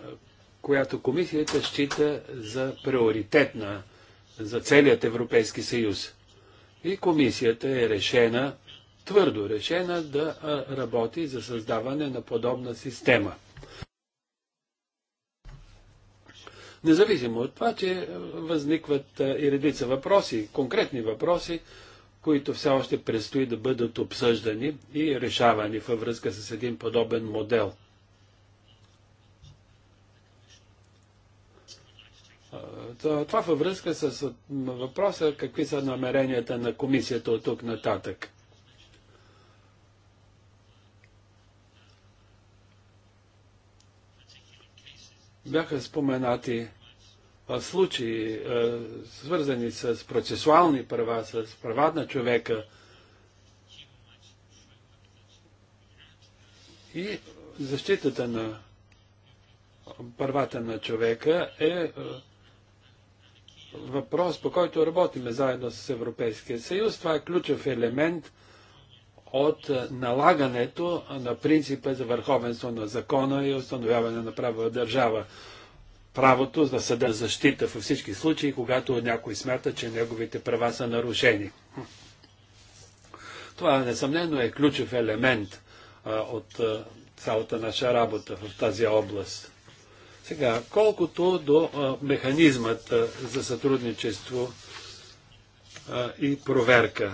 Speaker 1: която комисията счита за приоритетна за целият Европейски съюз. И комисията е решена твърдо решена да работи за създаване на подобна система. Независимо от това, че възникват и редица въпроси, конкретни въпроси, които все още предстои да бъдат обсъждани и решавани във връзка с един подобен модел. Това във връзка с въпроса какви са намеренията на комисията от тук нататък. Бяха споменати случаи, свързани с процесуални права, с права на човека. И защитата на правата на човека е въпрос, по който работиме заедно с Европейския съюз. Това е ключов елемент – от е, налагането на принципа за върховенство на закона и установяване на правова държава. Правото за съда защита във всички случаи, когато някой смята, че неговите права са нарушени. Това несъмнено е ключов елемент а, от а, е, цялата наша работа в тази област. Сега, колкото до а, механизмата за сътрудничество а, и проверка.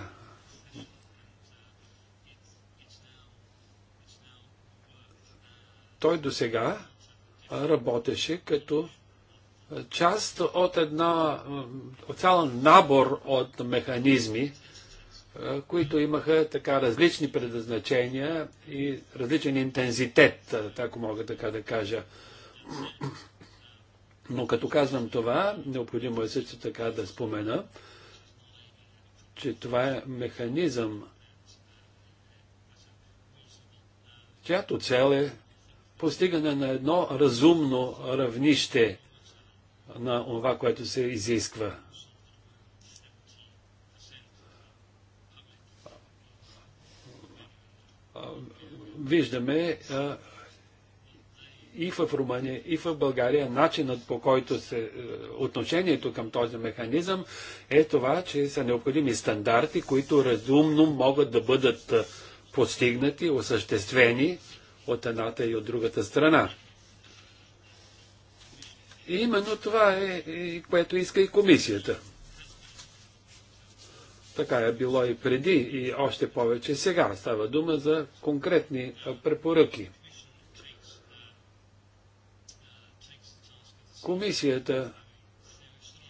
Speaker 1: Той до сега работеше като част от една, от цял набор от механизми, които имаха така различни предназначения и различен интензитет, ако мога така да кажа. Но като казвам това, необходимо е също така да спомена, че това е механизъм, чиято цел е постигане на едно разумно равнище на това, което се изисква. Виждаме а, и в Румъния, и в България начинът по който се е, отношението към този механизъм е това, че са необходими стандарти, които разумно могат да бъдат е, постигнати, осъществени от едната и от другата страна. И именно това е, е, което иска и комисията. Така е било и преди, и още повече сега. Става дума за конкретни препоръки. Комисията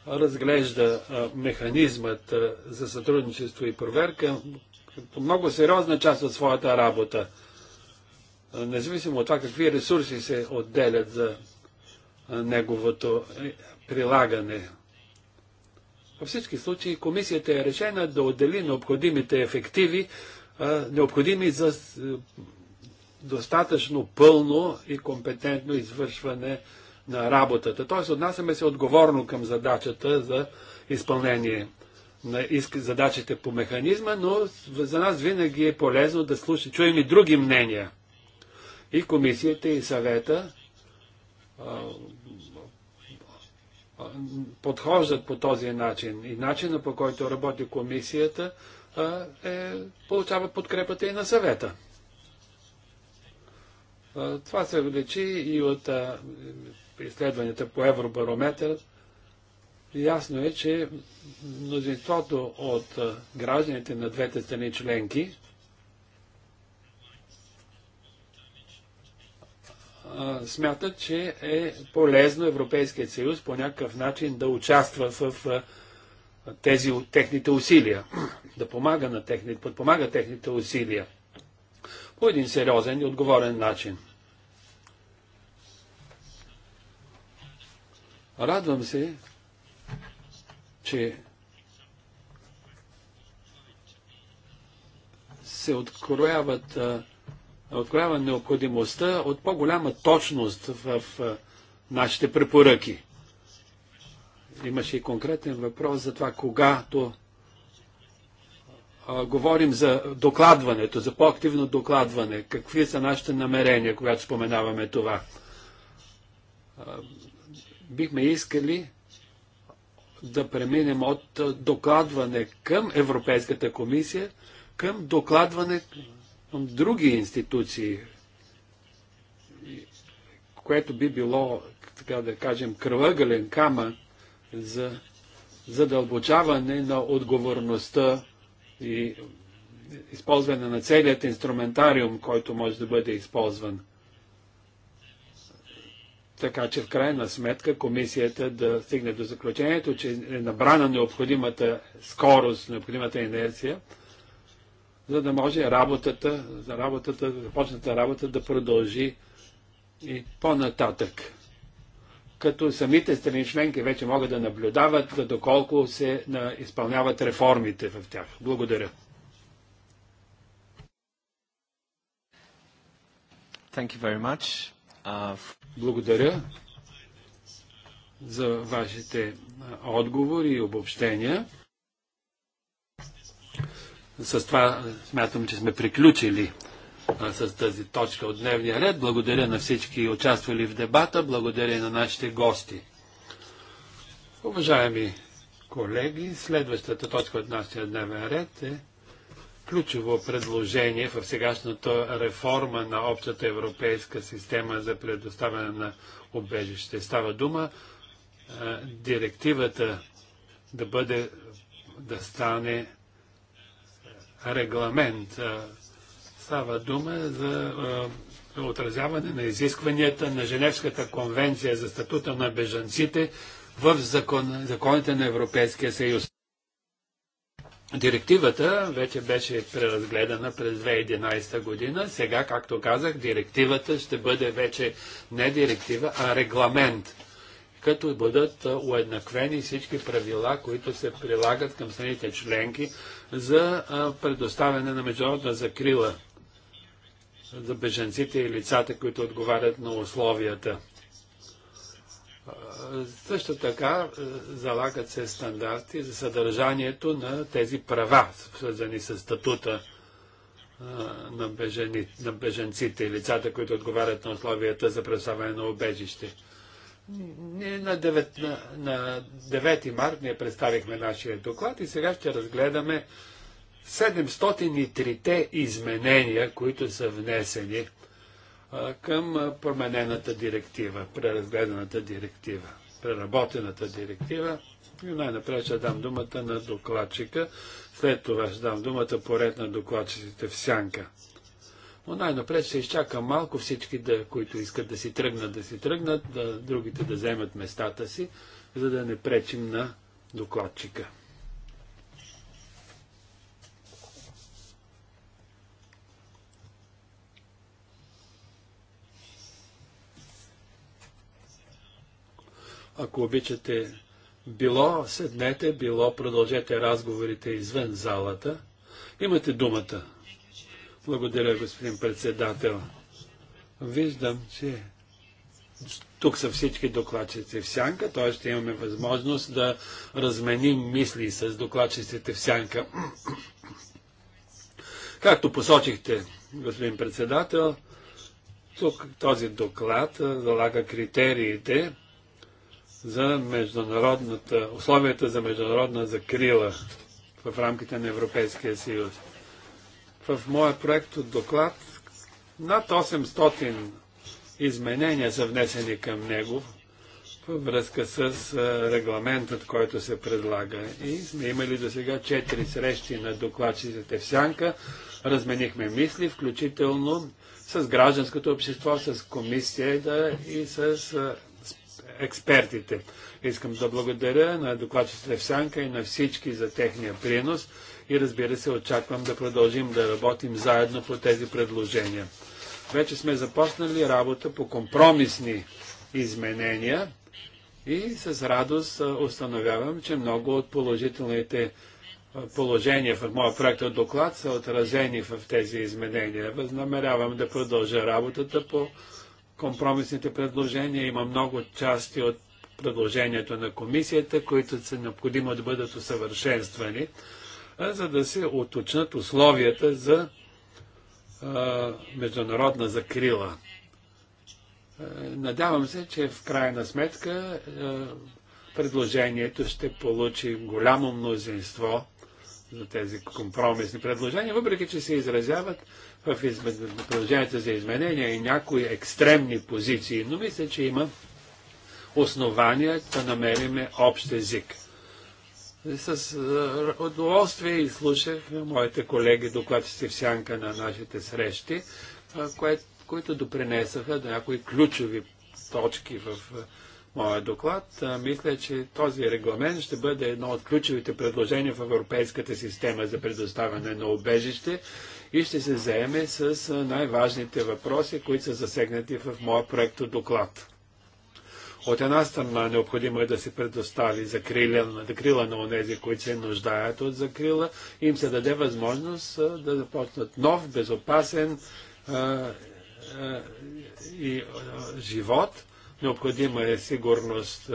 Speaker 1: разглежда механизмът за сътрудничество и проверка по много сериозна част от своята работа независимо от това какви ресурси се отделят за неговото е, прилагане. Във всички случаи комисията е решена да отдели необходимите ефективи, необходими за е, достатъчно пълно и компетентно извършване на работата. Т.е. отнасяме се отговорно към задачата за изпълнение на задачите по механизма, но за нас винаги е полезно да слушаме, чуем и други мнения – и комисията, и съвета подхождат по този начин. И начина по който работи комисията е, получава подкрепата и на съвета. това се величи и от изследванията по Евробарометър. Ясно е, че мнозинството от гражданите на двете страни членки смятат, че е полезно Европейският съюз по някакъв начин да участва в тези техните усилия, да помага на техните, подпомага техните усилия по един сериозен и отговорен начин. Радвам се, че се открояват а, откроява необходимостта от по-голяма точност в нашите препоръки. Имаше и конкретен въпрос за това, когато говорим за докладването, за по-активно докладване, какви са нашите намерения, когато споменаваме това. бихме искали да преминем от докладване към Европейската комисия, към докладване други институции, което би било, така да кажем, кръвъгълен камък за задълбочаване на отговорността и използване на целият инструментариум, който може да бъде използван. Така че в крайна сметка комисията да стигне до заключението, че е набрана необходимата скорост, необходимата инерция, за да може работата, за работата, започната работа да продължи и по-нататък. Като самите страни членки вече могат да наблюдават доколко се изпълняват реформите в тях. Благодаря. Thank you very much. Uh... Благодаря за вашите отговори и обобщения. С това смятам, че сме приключили а, с тази точка от дневния ред. Благодаря на всички участвали в дебата, благодаря и на нашите гости. Уважаеми колеги, следващата точка от нашия дневен ред е ключово предложение в сегашната реформа на общата европейска система за предоставяне на убежище. Става дума а, директивата да бъде да стане регламент. Става дума за отразяване на изискванията на Женевската конвенция за статута на бежанците в закон, законите на Европейския съюз. Директивата вече беше преразгледана през 2011 година. Сега, както казах, директивата ще бъде вече не директива, а регламент като бъдат уеднаквени всички правила, които се прилагат към страните членки за предоставяне на международна закрила за беженците и лицата, които отговарят на условията. Също така залагат се стандарти за съдържанието на тези права, свързани с статута на, бежени, на беженците и лицата, които отговарят на условията за представяне на обежище. Ние на 9, на, на 9 март ние представихме нашия доклад и сега ще разгледаме 703-те изменения, които са внесени а, към променената директива, преразгледаната директива, преработената директива. И най-напред ще дам думата на докладчика, след това ще дам думата поред на докладчиците в сянка. Но най-напред ще изчакам малко всички, да, които искат да си тръгнат, да си тръгнат, да, другите да вземат местата си, за да не пречим на докладчика. Ако обичате, било седнете, било продължете разговорите извън залата. Имате думата. Благодаря, господин председател. Виждам, че тук са всички докладчици в сянка, т.е. ще имаме възможност да разменим мисли с докладчиците в сянка. Както посочихте, господин председател, тук този доклад залага критериите за международната, условията за международна закрила в рамките на Европейския съюз в моя проект от доклад над 800 изменения са внесени към него във връзка с регламентът, който се предлага. И сме имали до сега 4 срещи на докладчиците в Сянка. Разменихме мисли, включително с гражданското общество, с комисията и с експертите. Искам да благодаря на докладчиците в Сянка и на всички за техния принос и разбира се очаквам да продължим да работим заедно по тези предложения. Вече сме започнали работа по компромисни изменения и с радост установявам, че много от положителните положения в моя проект от доклад са отразени в тези изменения. Възнамерявам да продължа работата по компромисните предложения. Има много части от предложението на комисията, които са необходимо да бъдат усъвършенствани за да се оточнат условията за а, международна закрила. Надявам се, че в крайна сметка предложението ще получи голямо мнозинство за тези компромисни предложения, въпреки че се изразяват в изме... предложенията за изменения и някои екстремни позиции, но мисля, че има основания да намерим общ език. С е, удоволствие изслушах моите колеги, докладчици в сянка на нашите срещи, е, кое, които допринесаха до някои ключови точки в е, моя доклад. Мисля, че този регламент ще бъде едно от ключовите предложения в Европейската система за предоставяне на обежище и ще се заеме с най-важните въпроси, които са засегнати в моя проекто доклад. От една страна необходимо е да се предостави закрила, закрила на онези, които се нуждаят от закрила, им се даде възможност да започнат нов, безопасен а, а, и, живот. Необходима е сигурност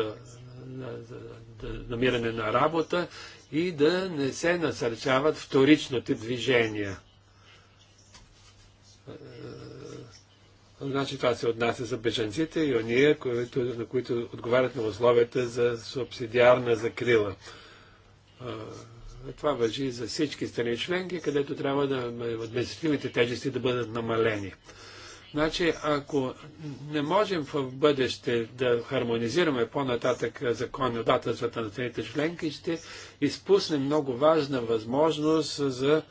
Speaker 1: намиране на работа и да не се насърчават вторичните движения. Значи това се отнася за бежанците и ония, които, на които отговарят на условията за субсидиарна закрила. Това въжи за всички страни членки, където трябва да административните тежести да бъдат намалени. Значи, ако не можем в бъдеще да хармонизираме по-нататък законодателствата на страните членки, ще изпуснем много важна възможност за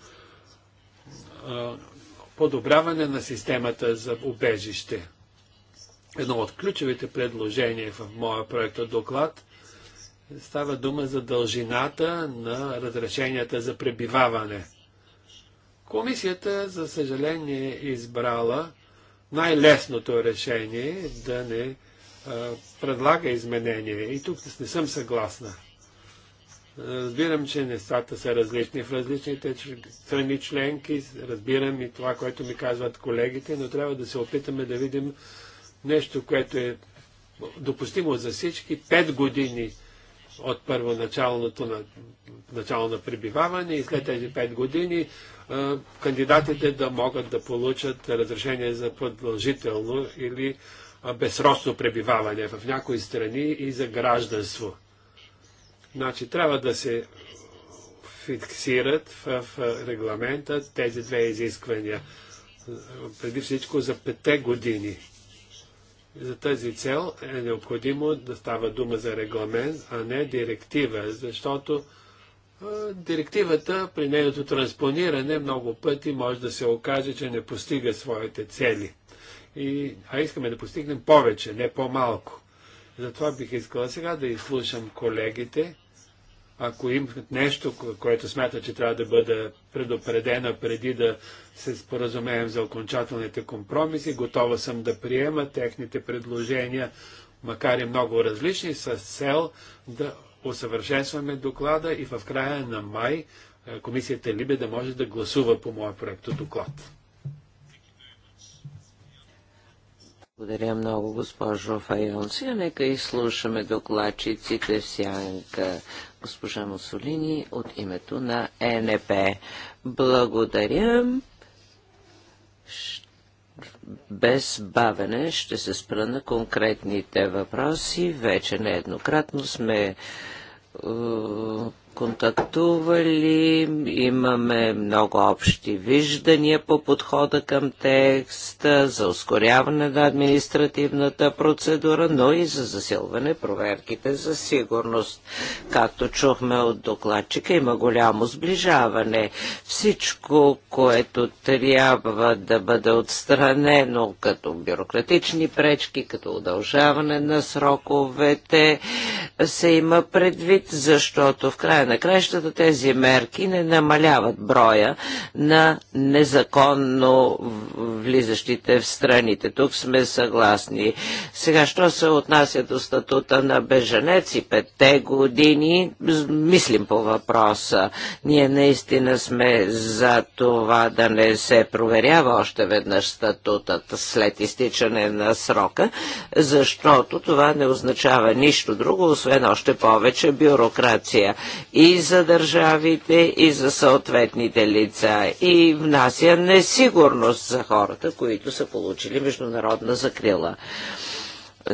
Speaker 1: подобряване на системата за убежище. Едно от ключовите предложения в моя проект доклад става дума за дължината на разрешенията за пребиваване. Комисията, за съжаление, е избрала най-лесното решение да не а, предлага изменения И тук не съм съгласна. Разбирам, че нещата са различни в различните страни членки, разбирам и това, което ми казват колегите, но трябва да се опитаме да видим нещо, което е допустимо за всички. Пет години от първоначалното на, начало на пребиваване и след тези пет години кандидатите да могат да получат разрешение за продължително или безсрочно пребиваване в някои страни и за гражданство. Значи трябва да се фиксират в регламента тези две изисквания. Преди всичко за пете години. За тази цел е необходимо да става дума за регламент, а не директива, защото директивата при нейното транспониране много пъти може да се окаже, че не постига своите цели. И, а искаме да постигнем повече, не по-малко. Затова бих искала сега да изслушам колегите ако имат нещо, което смята, че трябва да бъде предупредено преди да се споразумеем за окончателните компромиси, готова съм да приема техните предложения, макар и много различни, с цел да усъвършенстваме доклада и в края на май е, комисията Либе да може да гласува по моя проекто доклад.
Speaker 5: Благодаря много, госпожо Файон. Сега нека изслушаме докладчиците в сянка. Госпожа Мусолини от името на ЕНП. Благодаря. Без бавене ще се спра на конкретните въпроси. Вече нееднократно сме е, контактували, имаме много общи виждания по подхода към текста, за ускоряване на административната процедура, но и за засилване проверките за сигурност. Както чухме от докладчика, има голямо сближаване. Всичко, което трябва да бъде отстранено като бюрократични пречки, като удължаване на сроковете, се има предвид, защото в края края на краищата тези мерки не намаляват броя на незаконно влизащите в страните. Тук сме съгласни. Сега, що се отнася до статута на беженец и петте години, мислим по въпроса. Ние наистина сме за това да не се проверява още веднъж статутът след изтичане на срока, защото това не означава нищо друго, освен още повече бюрокрация и за държавите, и за съответните лица и внася несигурност за хората, които са получили международна закрила.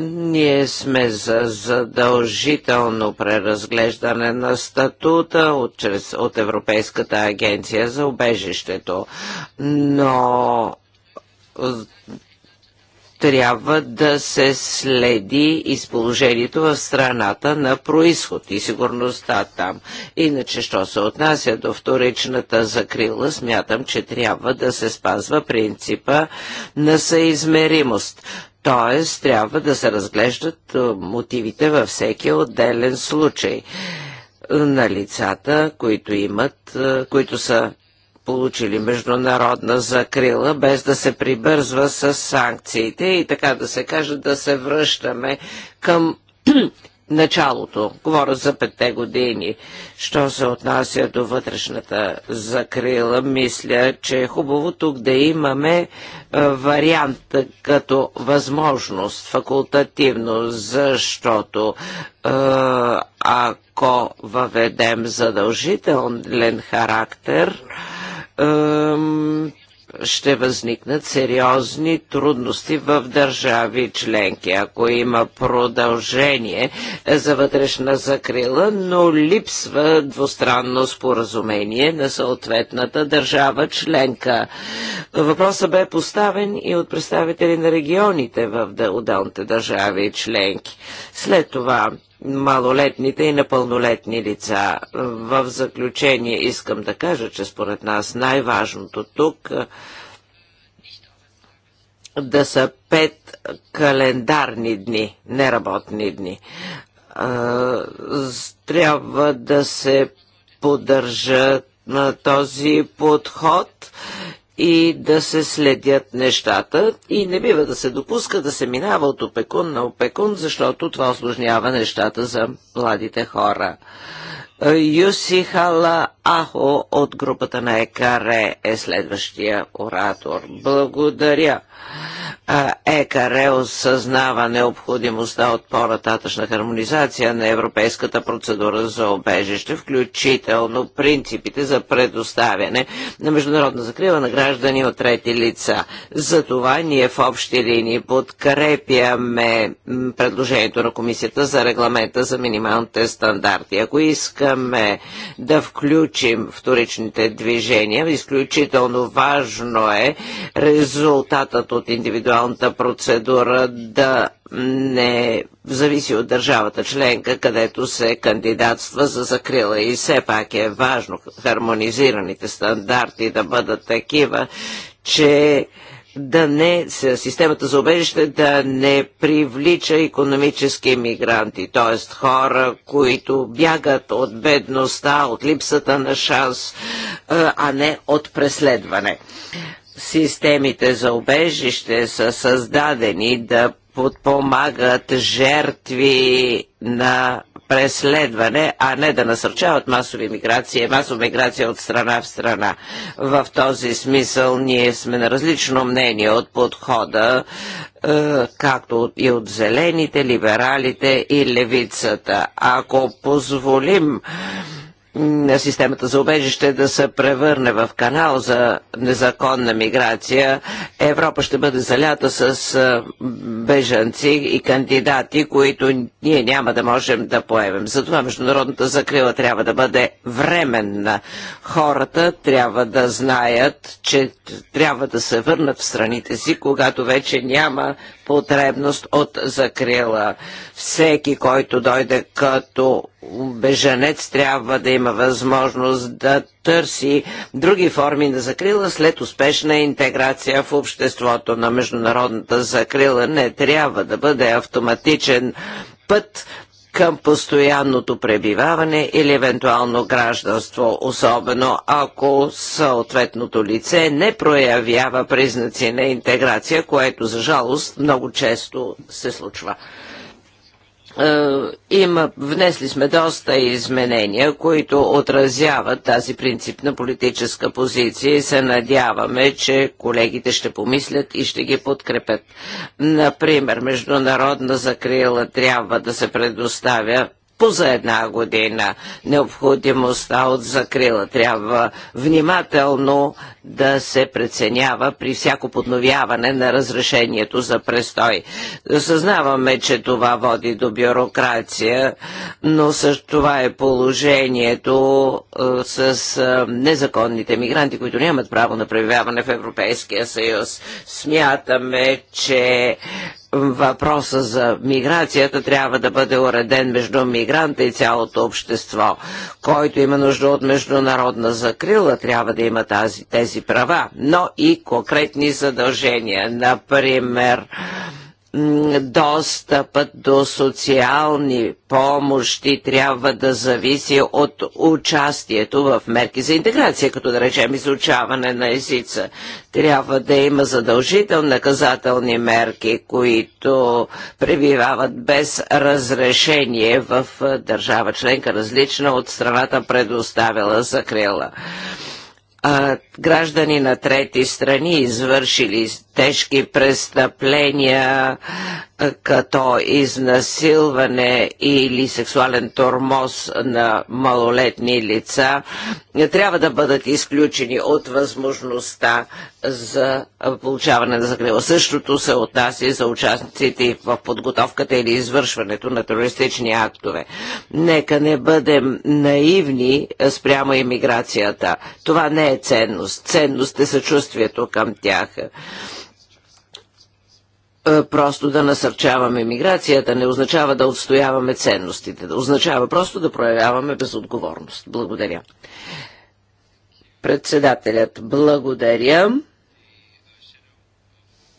Speaker 5: Ние сме за задължително преразглеждане на статута от, чрез, от Европейската агенция за убежището, но трябва да се следи изположението в страната на происход и сигурността там. Иначе, що се отнася до вторичната закрила, смятам, че трябва да се спазва принципа на съизмеримост. Т.е. трябва да се разглеждат мотивите във всеки отделен случай на лицата, които имат, които са получили международна закрила, без да се прибързва с санкциите и така да се каже да се връщаме към началото, говоря за петте години. Що се отнася до вътрешната закрила, мисля, че е хубаво тук да имаме е, вариант като възможност факултативно, защото е, ако въведем задължителен характер, ще възникнат сериозни трудности в държави членки, ако има продължение е, за вътрешна закрила, но липсва двустранно споразумение на съответната държава членка. Въпросът бе поставен и от представители на регионите в отделните държави членки. След това малолетните и непълнолетни лица. В заключение искам да кажа, че според нас най-важното тук да са пет календарни дни, неработни дни. Трябва да се поддържа на този подход и да се следят нещата и не бива да се допуска да се минава от опекун на опекун, защото това осложнява нещата за младите хора. Е, Юси Хала Ахо от групата на Екаре е следващия оратор. Благодаря. ЕКАРЕ осъзнава необходимостта от по-нататъчна хармонизация на европейската процедура за обежище, включително принципите за предоставяне на международна закрива на граждани от трети лица. Затова ние в общи линии подкрепяме предложението на комисията за регламента за минималните стандарти. Ако искаме да включим вторичните движения, изключително важно е резултатът защото от индивидуалната процедура да не зависи от държавата членка, където се кандидатства за закрила. И все пак е важно хармонизираните стандарти да бъдат такива, че да не, системата за убежище да не привлича економически мигранти, т.е. хора, които бягат от бедността, от липсата на шанс, а не от преследване. Системите за обежище са създадени да подпомагат жертви на преследване, а не да насърчават масови миграции, масова миграция от страна в страна. В този смисъл ние сме на различно мнение от подхода, е, както и от зелените, либералите и левицата. Ако позволим системата за убежище да се превърне в канал за незаконна миграция, Европа ще бъде залята с бежанци и кандидати, които ние няма да можем да поемем. Затова международната закрила трябва да бъде временна. Хората трябва да знаят, че трябва да се върнат в страните си, когато вече няма потребност от закрила. Всеки, който дойде като беженец, трябва да има възможност да търси други форми на закрила след успешна интеграция в обществото на международната закрила. Не трябва да бъде автоматичен път към постоянното пребиваване или евентуално гражданство, особено ако съответното лице не проявява признаци на интеграция, което за жалост много често се случва. Е, има, внесли сме доста изменения, които отразяват тази принципна политическа позиция и се надяваме, че колегите ще помислят и ще ги подкрепят. Например, международна закрила трябва да се предоставя по за една година. Необходимостта от закрила трябва внимателно да се преценява при всяко подновяване на разрешението за престой. Съзнаваме, че това води до бюрокрация, но също това е положението е, с е, незаконните мигранти, които нямат право на пребиваване в Европейския съюз. Смятаме, че въпроса за миграцията трябва да бъде уреден между мигранта и цялото общество. Който има нужда от международна закрила, трябва да има тази, тези права, но и конкретни задължения. Например, достъпът до социални помощи трябва да зависи от участието в мерки за интеграция, като да речем изучаване на езица. Трябва да има задължителни наказателни мерки, които пребивават без разрешение в държава членка, различна от страната предоставила закрила. А, граждани на трети страни, извършили тежки престъпления, като изнасилване или сексуален тормоз на малолетни лица, трябва да бъдат изключени от възможността за получаване на закрила. Същото се отнася за участниците в подготовката или извършването на терористични актове. Нека не бъдем наивни спрямо иммиграцията. Това не е ценност. Ценност е съчувствието към тях. Е, просто да насърчаваме миграцията, не означава да отстояваме ценностите, да означава просто да проявяваме безотговорност. Благодаря. Председателят, благодаря.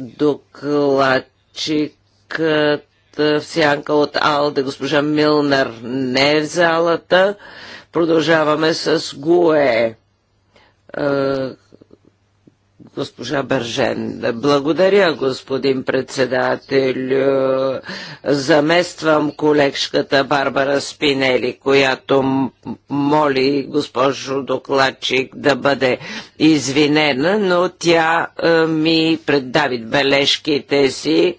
Speaker 5: Докладчикът е, в сянка от Алде, госпожа Милнер не е в залата. Продължаваме с ГУЕ е, Госпожа Бържен. Благодаря, господин председател. Замествам колежката Барбара Спинели, която моли госпожо докладчик да бъде извинена, но тя е, ми преддави бележките си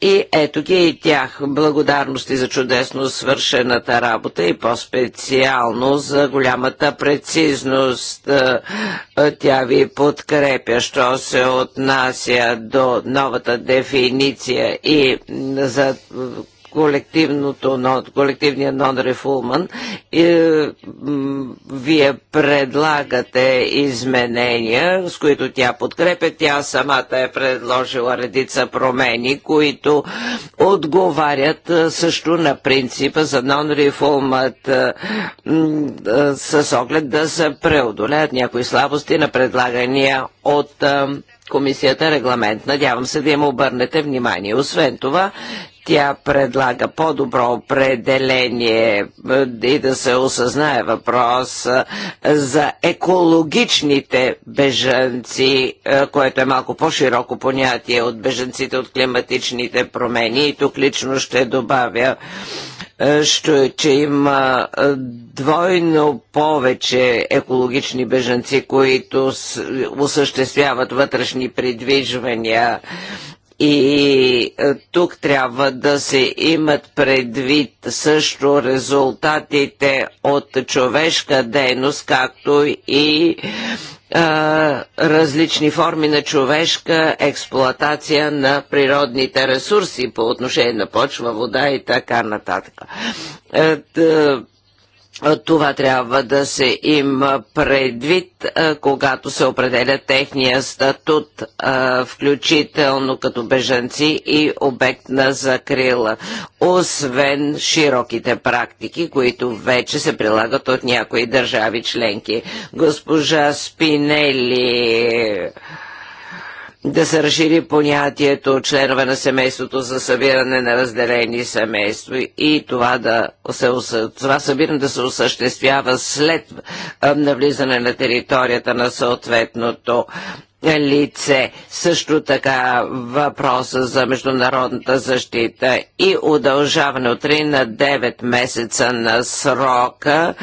Speaker 5: и ето ги и тях. Благодарности за чудесно свършената работа и по-специално за голямата прецизност. Е, е, тя ви подкрепя, що се отнася до новата дефиниция и за колективното, колективния нон-рефулман, е, вие предлагате изменения, с които тя подкрепя. Тя самата е предложила редица промени, които отговарят е, също на принципа за нон рефулмат е, с оглед да се преодолеят някои слабости на предлагания от комисията регламент. Надявам се да им обърнете внимание. Освен това, тя предлага по-добро определение е, и да се осъзнае въпрос е, за екологичните бежанци, е, което е малко по-широко понятие от бежанците от климатичните промени. И тук лично ще добавя ще, е, че има е, двойно повече екологични бежанци, които осъществяват вътрешни придвижвания. И е, тук трябва да се имат предвид също резултатите от човешка дейност, както и различни форми на човешка експлоатация на природните ресурси по отношение на почва, вода и така нататък. Е, това трябва да се има предвид, когато се определя техния статут, включително като бежанци и обект на закрила, освен широките практики, които вече се прилагат от някои държави членки. Госпожа Спинели да се разшири понятието членове на семейството за събиране на разделени семейства и това, да се, това събиране да се осъществява след навлизане на територията на съответното лице. Също така въпроса за международната защита и удължаване от 3 на 9 месеца на срока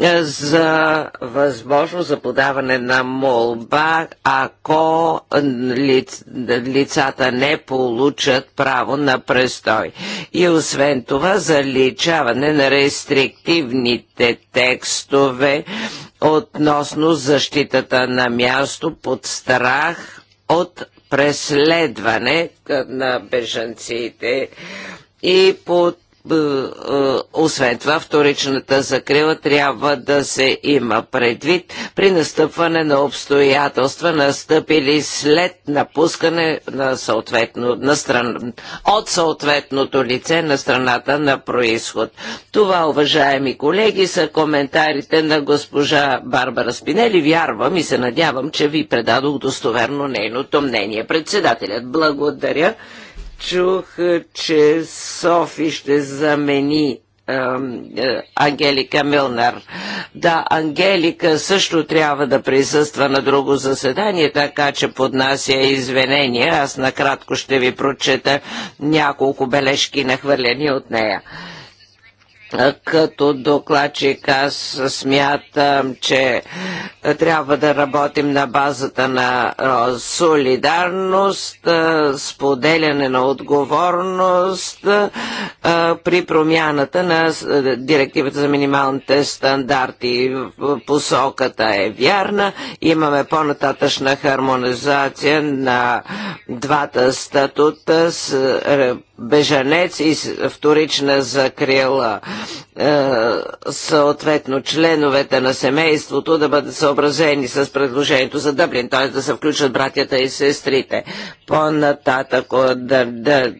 Speaker 5: е, за възможност за подаване на молба, ако лицата не получат право на престой. И освен това заличаване на рестриктивните новите текстове относно защитата на място под страх от преследване на бежанците и под. Е, е, освен това, вторичната закрила трябва да се има предвид при настъпване на обстоятелства, настъпили след напускане на съответно, на стран, от съответното лице на страната на происход. Това, уважаеми колеги, са коментарите на госпожа Барбара Спинели. Вярвам и се надявам, че ви предадох достоверно нейното мнение. Председателят, благодаря чух, че Софи ще замени е, Ангелика Милнар. Да, Ангелика също трябва да присъства на друго заседание, така че поднася извинения. Аз накратко ще ви прочета няколко бележки нахвърлени от нея като докладчик аз смятам, че трябва да работим на базата на солидарност, споделяне на отговорност при промяната на директивата за минималните стандарти. Посоката е вярна. Имаме по-нататъчна хармонизация на двата статута с бежанец и вторична закрила. Е, съответно членовете на семейството да бъдат съобразени с предложението за Дъблин, т.е. да се включат братята и сестрите. По-нататък да, да,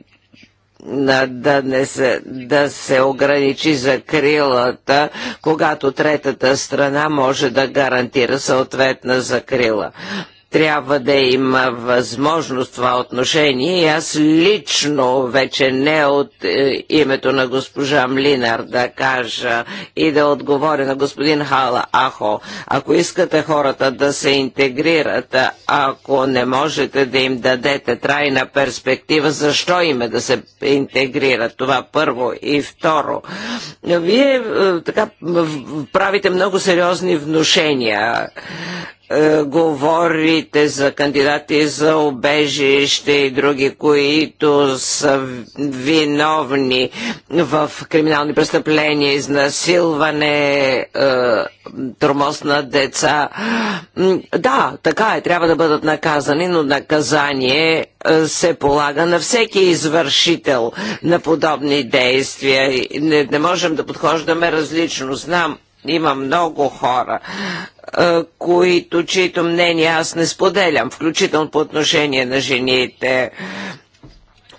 Speaker 5: да, да, не се, да се ограничи закрилата, когато третата страна може да гарантира съответна закрила трябва да има възможност това отношение. И аз лично, вече не от е, името на госпожа Млинар да кажа и да отговоря на господин Хала Ахо, ако искате хората да се интегрират, ако не можете да им дадете трайна перспектива, защо име да се интегрират? Това първо. И второ, вие е, така правите много сериозни внушения. Е, говорите за кандидати за обежище и други, които са виновни в криминални престъпления, изнасилване, е, тормоз на деца. Да, така е, трябва да бъдат наказани, но наказание е, се полага на всеки извършител на подобни действия. Не, не можем да подхождаме различно. Знам, има много хора, които, чието мнение аз не споделям, включително по отношение на жените.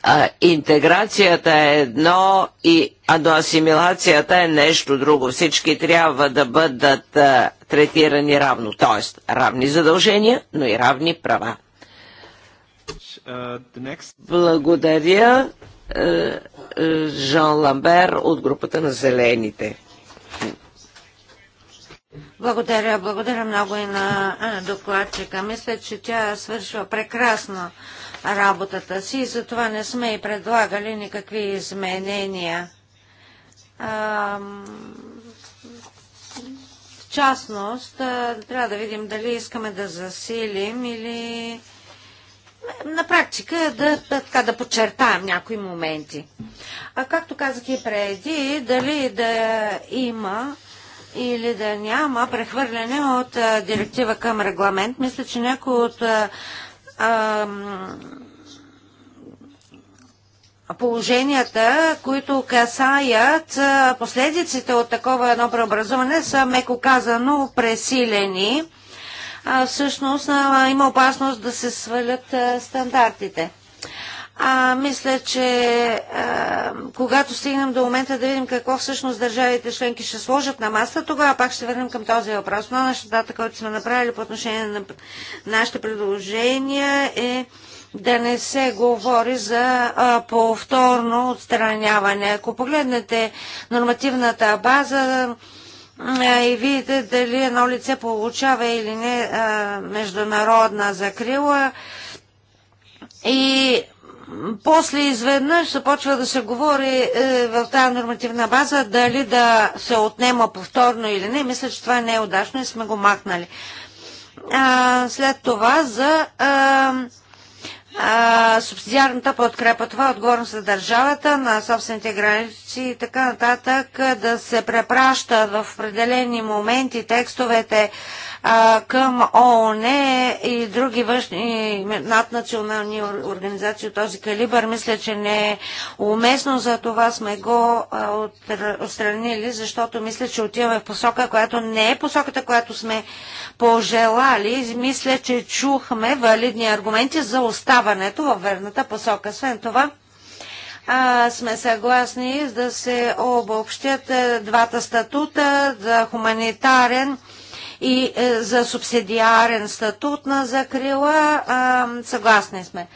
Speaker 5: А, интеграцията е едно, и, а до асимилацията е нещо друго. Всички трябва да бъдат а, третирани равно, т.е. равни задължения, но и равни права. Благодаря, Жан Ламбер от групата на Зелените.
Speaker 2: Благодаря, благодаря много и на докладчика. Мисля, че тя свършва прекрасно работата си и затова не сме и предлагали никакви изменения. в частност, трябва да видим дали искаме да засилим или на практика да, да, така, да подчертаем някои моменти. А както казах и преди, дали да има или да няма прехвърляне от директива към регламент. Мисля, че някои от положенията, които касаят последиците от такова едно преобразуване са, меко казано, пресилени. Всъщност има опасност да се свалят стандартите. А, мисля, че а, когато стигнем до момента да видим какво всъщност държавите членки ще сложат на маса, тогава пак ще върнем към този въпрос. Но нещата, която сме направили по отношение на нашите предложения е да не се говори за а, повторно отстраняване. Ако погледнете нормативната база, и видите дали едно лице получава или не а, международна закрила. И после изведнъж започва да се говори е, в тази нормативна база дали да се отнема повторно или не. Мисля, че това не е удачно и сме го махнали. А, след това за а, а, субсидиарната подкрепа. Това е отговорност за държавата, на собствените граници и така нататък, да се препраща в определени моменти текстовете а, към ООН и други външни наднационални организации от този калибър, мисля, че не е уместно, за това сме го а, отстранили, защото мисля, че отиваме в посока, която не е посоката, която сме пожелали. Мисля, че чухме валидни аргументи за оставането във верната посока. Освен това, а, сме съгласни да се обобщят двата статута за хуманитарен и е, за субсидиарен статут на закрила. Е, съгласни сме.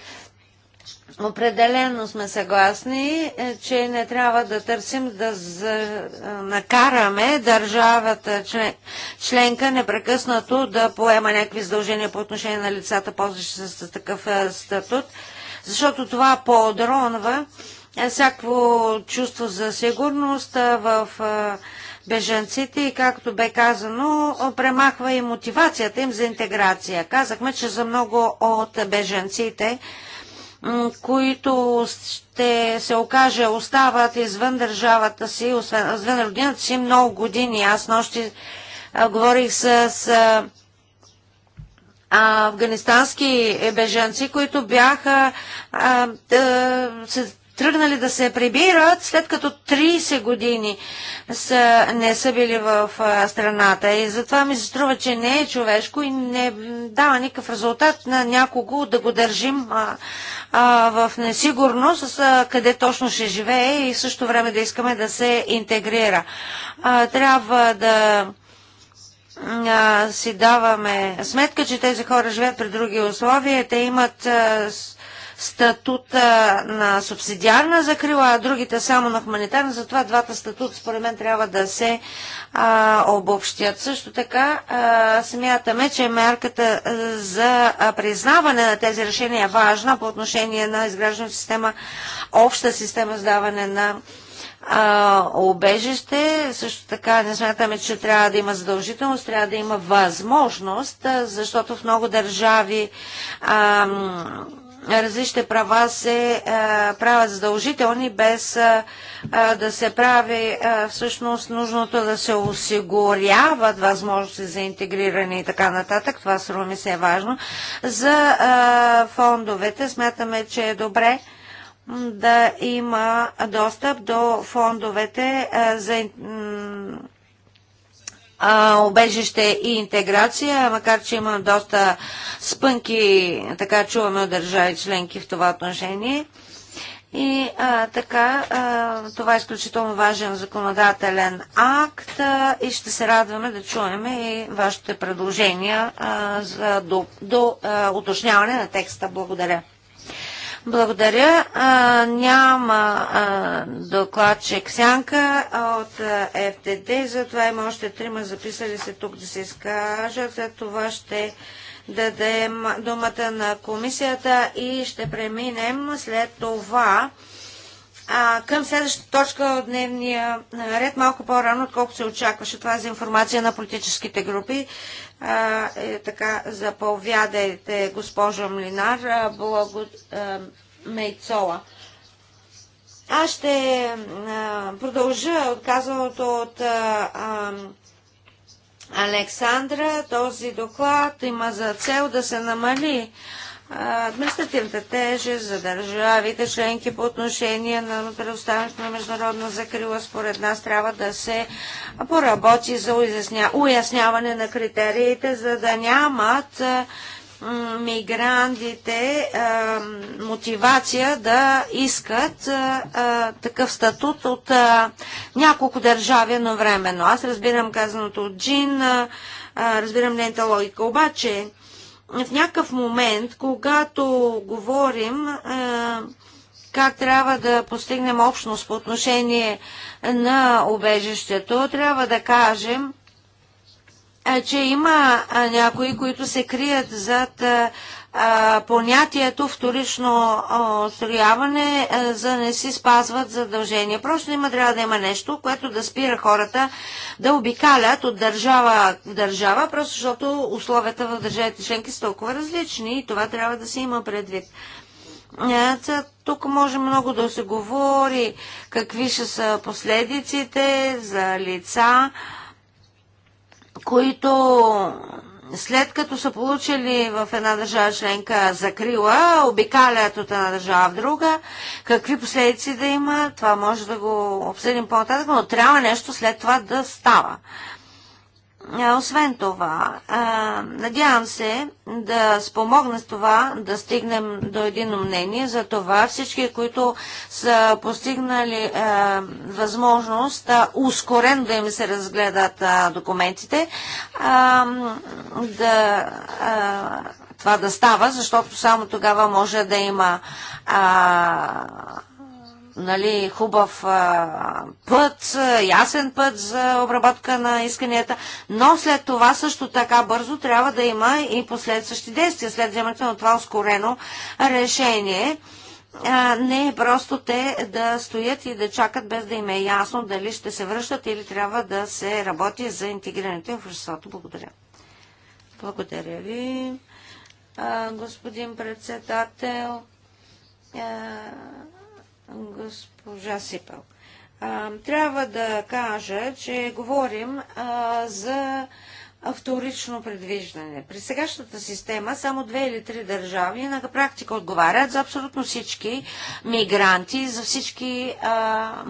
Speaker 2: Определено сме съгласни, е, че не трябва да търсим да за... накараме държавата член... членка непрекъснато да поема някакви задължения по отношение на лицата, ползващи се с такъв статут, защото това подронва всяко чувство за сигурност в бежанците и, както бе казано, премахва и мотивацията им за интеграция. Казахме, че за много от бежанците, които ще се окаже остават извън държавата си, извън родината си много години. Аз нощи говорих с, афганистански беженци, които бяха а, тръгнали да се прибират, след като 30 години са, не са били в страната. И затова ми се струва, че не е човешко и не дава никакъв резултат на някого да го държим а, а, в несигурност а, къде точно ще живее и в същото време да искаме да се интегрира. А, трябва да си даваме сметка, че тези хора живеят при други условия. Те имат а, статута на субсидиарна закрила, а другите само на хуманитарна. Затова двата статута според мен трябва да се а, обобщят. Също така а, смятаме, че мерката за признаване на тези решения е важна по отношение на изграждането система, обща система за даване на а, обежище. Също така не смятаме, че трябва да има задължителност, трябва да има възможност, защото в много държави а, различните права се а, е, правят задължителни, без а, е, е, да се прави а, всъщност нужното да се осигуряват възможности за интегриране и така нататък. Това струва ми се е важно. За а, фондовете смятаме, че е добре да има достъп до фондовете а, за обежище и интеграция, макар че има доста спънки, така чуваме от държави членки в това отношение. И а, така, а, това е изключително важен законодателен акт а, и ще се радваме да чуем и вашите предложения а, за, до, до а, уточняване на текста. Благодаря. Благодаря. А, няма а, докладчик Сянка от ФТД, затова има още трима записали се тук да се изкажат. За това ще дадем думата на комисията и ще преминем след това а, към следващата точка от дневния ред, малко по-рано, отколкото се очакваше. Това е за информация на политическите групи. А, е, така, заповядайте, госпожо Млинар, благо, а, Мейцола. Аз ще а, продължа отказаното от а, а, Александра. Този доклад има за цел да се намали административната тежест за държавите членки по отношение на предоставянето на международна закрила, според нас трябва да се поработи за уясняване на критериите, за да нямат мигрантите а, мотивация да искат а, а, такъв статут от няколко държави едновременно. Аз разбирам казаното от Джин, разбирам нейната логика, обаче в някакъв момент, когато говорим е, как трябва да постигнем общност по отношение на обежището, трябва да кажем, е, че има е, някои, които се крият зад понятието вторично устрояване, за да не си спазват задължения. Просто има, трябва да има нещо, което да спира хората да обикалят от държава в държава, просто защото условията в държавите членки са толкова различни и това трябва да се има предвид. Тук може много да се говори какви ще са последиците за лица, които след като са получили в една държава членка закрила, обикалят от една държава в друга, какви последици да има, това може да го обсъдим по-нататък, но трябва нещо след това да става. Е, освен това, е, надявам се да спомогна с това да стигнем до едино мнение за това всички, които са постигнали е, възможност ускорен да им се разгледат документите, да това да става, защото само тогава може да има нали, хубав а, път, ясен път за обработка на исканията, но след това също така бързо трябва да има и последващи действия, след вземането на това ускорено решение. А, не е просто те да стоят и да чакат без да им е ясно дали ще се връщат или трябва да се работи за интегрирането в обществото. Благодаря. Благодаря ви, а, господин председател. А, госпожа Сипел. Трябва да кажа, че говорим за вторично предвиждане. При сегашната система само две или три държави на практика отговарят за абсолютно всички мигранти, за всички а,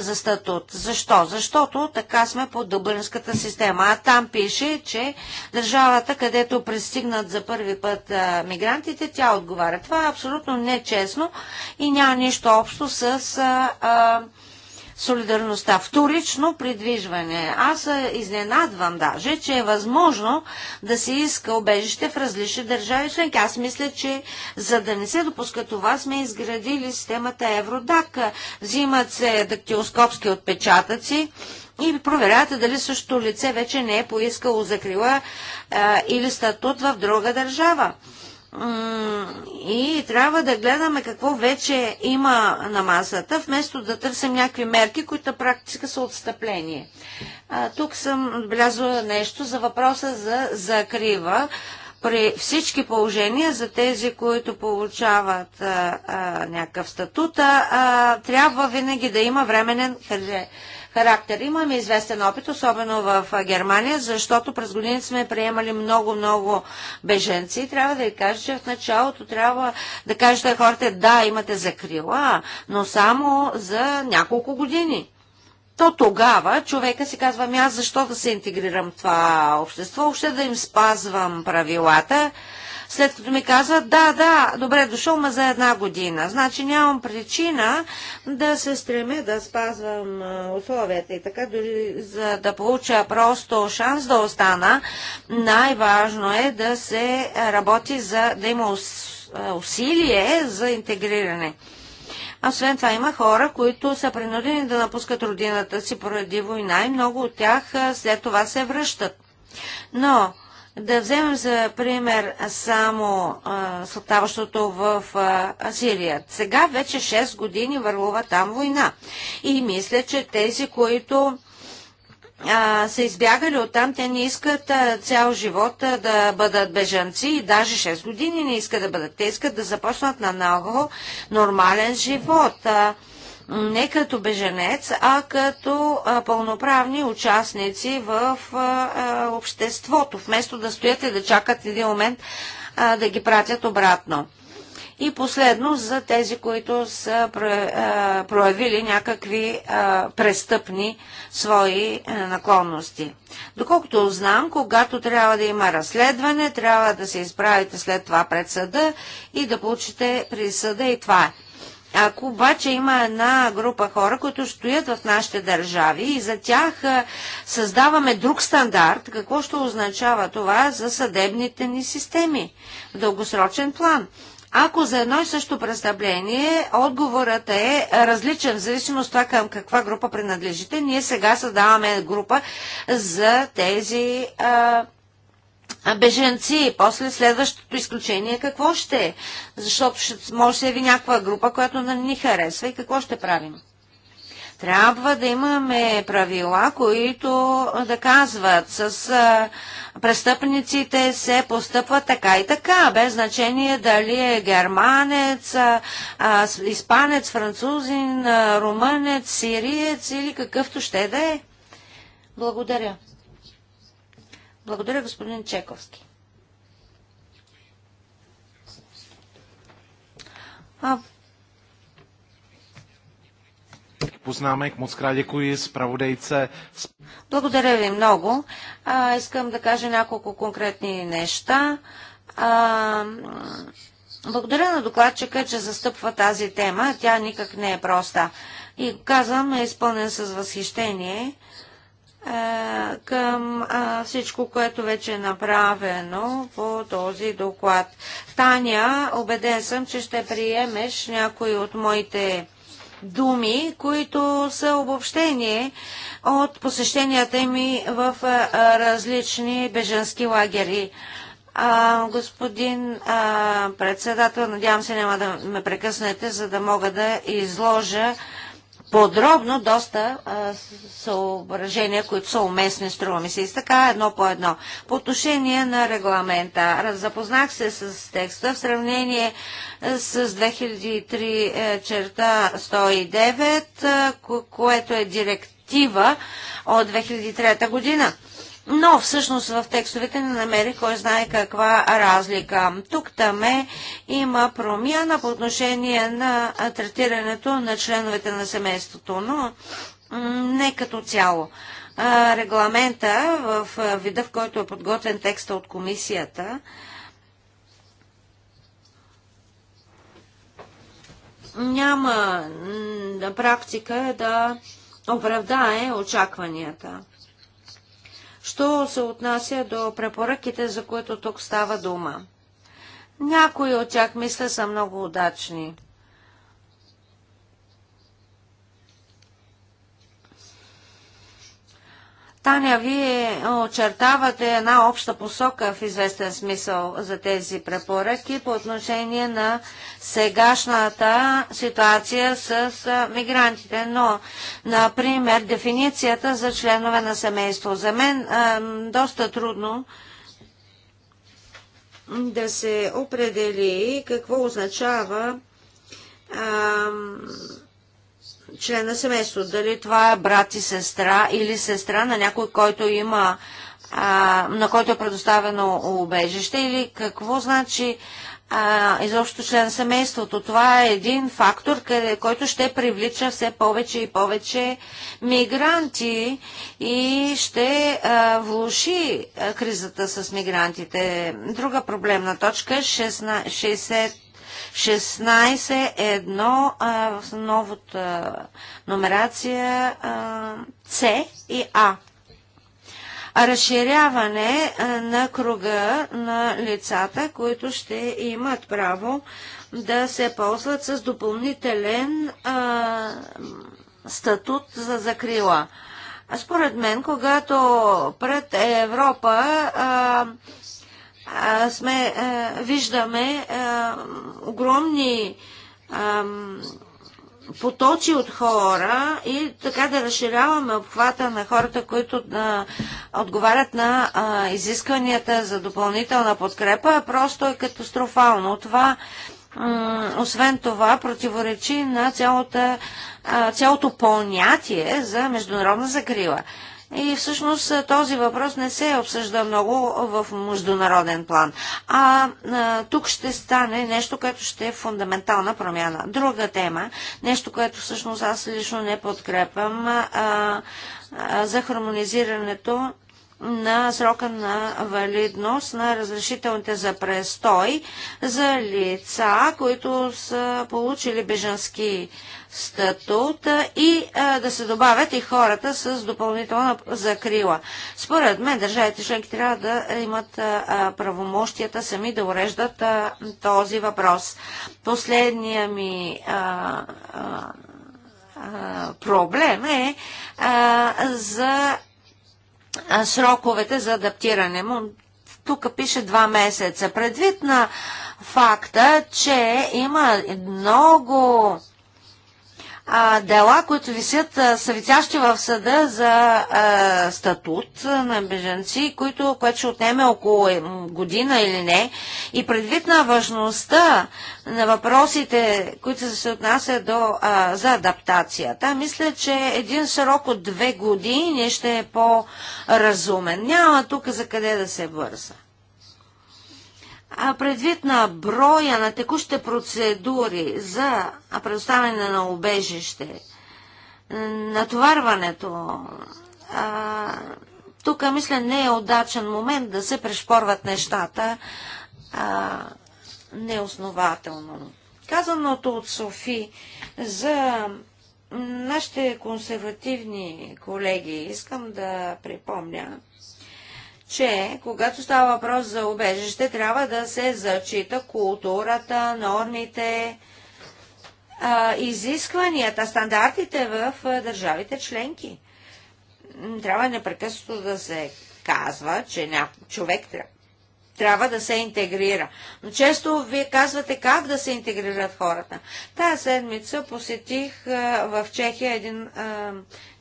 Speaker 2: за статут. Защо? Защото така сме по дъблинската система. А там пише, че държавата, където пристигнат за първи път а, мигрантите, тя отговаря. Това е абсолютно нечестно и няма нищо общо с а, а, солидарността. Вторично придвижване. Аз изненадвам даже, че е възможно да се иска обежище в различни държави членки. Аз мисля, че за да не се допуска това, сме изградили системата Евродак. Взимат се дактилоскопски отпечатъци и проверявате дали същото лице вече не е поискало закрила а, или статут в друга държава и трябва да гледаме какво вече има на масата, вместо да търсим някакви мерки, които на практика са отстъпление. А, тук съм отбелязала нещо за въпроса за закрива. При всички положения за тези, които получават а, а, някакъв статут, а, трябва винаги да има временен характер. Имаме известен опит, особено в Германия, защото през години сме приемали много-много беженци. Трябва да ви кажа, че в началото трябва да кажете хората, да, имате закрила, но само за няколко години то тогава човека си казва, ами аз защо да се интегрирам в това общество, още да им спазвам правилата, след като ми казват, да, да, добре дошъл, ма за една година. Значи нямам причина да се стремя да спазвам условията и така, дори за да получа просто шанс да остана. Най-важно е да се работи за да има усилие за интегриране. А освен това има хора, които са принудени да напускат родината си поради война и много от тях след това се връщат. Но да вземем за пример само слотаващото в а, Сирия. Сега вече 6 години върлува там война. И мисля, че тези, които а, са избягали оттам, те не искат а, цял живот а, да бъдат бежанци и даже 6 години не искат да бъдат. Те искат да започнат на много нормален живот. А, не като беженец, а като пълноправни участници в обществото, вместо да стоят и да чакат един момент да ги пратят обратно. И последно за тези, които са проявили някакви престъпни свои наклонности. Доколкото знам, когато трябва да има разследване, трябва да се изправите след това пред съда и да получите присъда и това е. Ако обаче има една група хора, които стоят в нашите държави и за тях е, създаваме друг стандарт, какво ще означава това за съдебните ни системи в дългосрочен план? Ако за едно и също представление отговорът е различен в зависимост от това към каква група принадлежите, ние сега създаваме група за тези а, е, а беженци. После следващото изключение какво ще е? Защото ще, може да се яви някаква група, която не ни харесва и какво ще правим? Трябва да имаме правила, които да казват с а, престъпниците се постъпват така и така, без значение дали е германец, а, а, испанец, французин, а, румънец, сириец или какъвто ще да е. Благодаря. Благодаря, господин Чековски. Благодаря ви много. А, искам да кажа няколко конкретни неща. А, благодаря на докладчика, че застъпва тази тема. Тя никак не е проста. И казвам, е изпълнен с възхищение. Е, към всичко, което вече е направено по този доклад. Таня, убеден съм, че ще приемеш някои от моите думи, които са обобщение от посещенията ми в различни беженски лагери. А, господин а, председател, надявам се няма да ме прекъснете, за да мога да изложа подробно доста а, съображения, които са уместни, струва ми се. И така, едно по едно. По отношение на регламента, запознах се с текста в сравнение с 2003 е, черта 109, което е директива от 2003 година но всъщност в текстовете не намерих кой знае каква разлика. Тук е, има промяна по отношение на третирането на членовете на семейството, но не като цяло. Регламента в вида, в който е подготвен текста от комисията, няма на практика да оправдае очакванията. Що се отнася до препоръките, за които тук става дума? Някои от тях, мисля, са много удачни. Таня, вие очертавате една обща посока в известен смисъл за тези препоръки по отношение на сегашната ситуация с мигрантите, но, например, дефиницията за членове на семейство. За мен е, доста трудно да се определи какво означава е, член на семейство. Дали това е брат и сестра или сестра на някой, който има а, на който е предоставено убежище или какво значи а, изобщо член на семейството. Това е един фактор, къде, който ще привлича все повече и повече мигранти и ще а, влуши а, кризата с мигрантите. Друга проблемна точка 16, 16.1 в новата номерация С и А. Разширяване на круга на лицата, които ще имат право да се ползват с допълнителен а, статут за закрила. Според мен, когато пред Европа а, сме, а, виждаме а, огромни а, потоци от хора и така да разширяваме обхвата на хората, които а, отговарят на а, изискванията за допълнителна подкрепа, е просто е катастрофално. Това освен това, противоречи на цялата, цялото понятие за международна закрила. И всъщност този въпрос не се обсъжда много в международен план. А, тук ще стане нещо, което ще е фундаментална промяна. Друга тема, нещо, което всъщност аз лично не подкрепям а, а, за хармонизирането на срока на валидност на разрешителните за престой за лица, които са получили бежански статут и да се добавят и хората с допълнителна закрила. Според мен държавите членки трябва да имат правомощията сами да уреждат този въпрос. Последния ми проблем е за сроковете за адаптиране му. Тук пише два месеца. Предвид на факта, че има много а, дела, които висят, а, са висящи в съда за а, статут на беженци, които, което ще отнеме около година или не. И предвид на важността на въпросите, които се отнасят до, а, за адаптацията, мисля, че един срок от две години ще е по-разумен. Няма тук за къде да се бърза. А предвид на броя на текущите процедури за предоставяне на убежище, натоварването, а, тук мисля не е удачен момент да се прешпорват нещата а, неоснователно. Казаното от Софи за нашите консервативни колеги, искам да припомня, че когато става въпрос за убежище, трябва да се зачита културата, нормите, изискванията, стандартите в държавите членки. Трябва непрекъснато да се казва, че човек трябва да се интегрира. Но често вие казвате как да се интегрират хората. Тая седмица посетих в Чехия един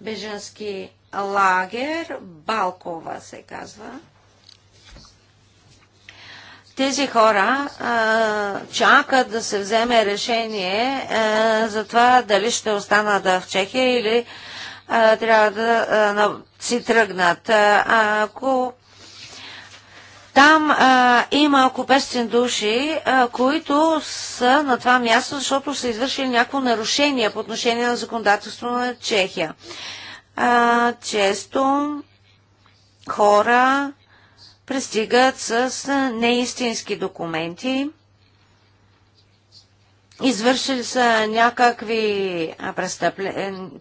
Speaker 2: беженски лагер, Балкова се казва. Тези хора а, чакат да се вземе решение а, за това дали ще останат в Чехия или а, трябва да а, си тръгнат. А, ако там а, има около 500 души, а, които са на това място, защото са извършили някакво нарушение по отношение на законодателство на Чехия а, често хора пристигат с неистински документи, извършили са някакви е,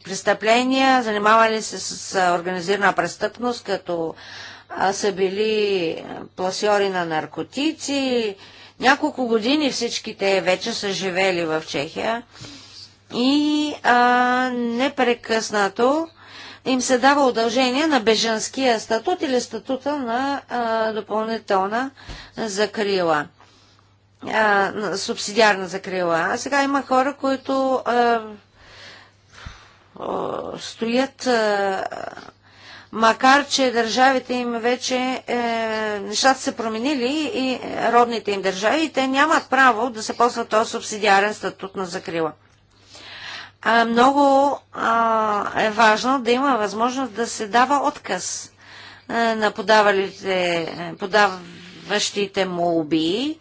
Speaker 2: престъпления, занимавали се с организирана престъпност, като са били пласиори на наркотици. Няколко години всички те вече са живели в Чехия и а, непрекъснато им се дава удължение на беженския статут или статута на а, допълнителна закрила. А, субсидиарна закрила. А сега има хора, които а, а, стоят. А, макар че държавите им вече е, нещата са променили и родните им държави, и те нямат право да се ползват този субсидиарен статут на закрила а, много а, е важно да има възможност да се дава отказ а, на подавалите, е, подаващите молби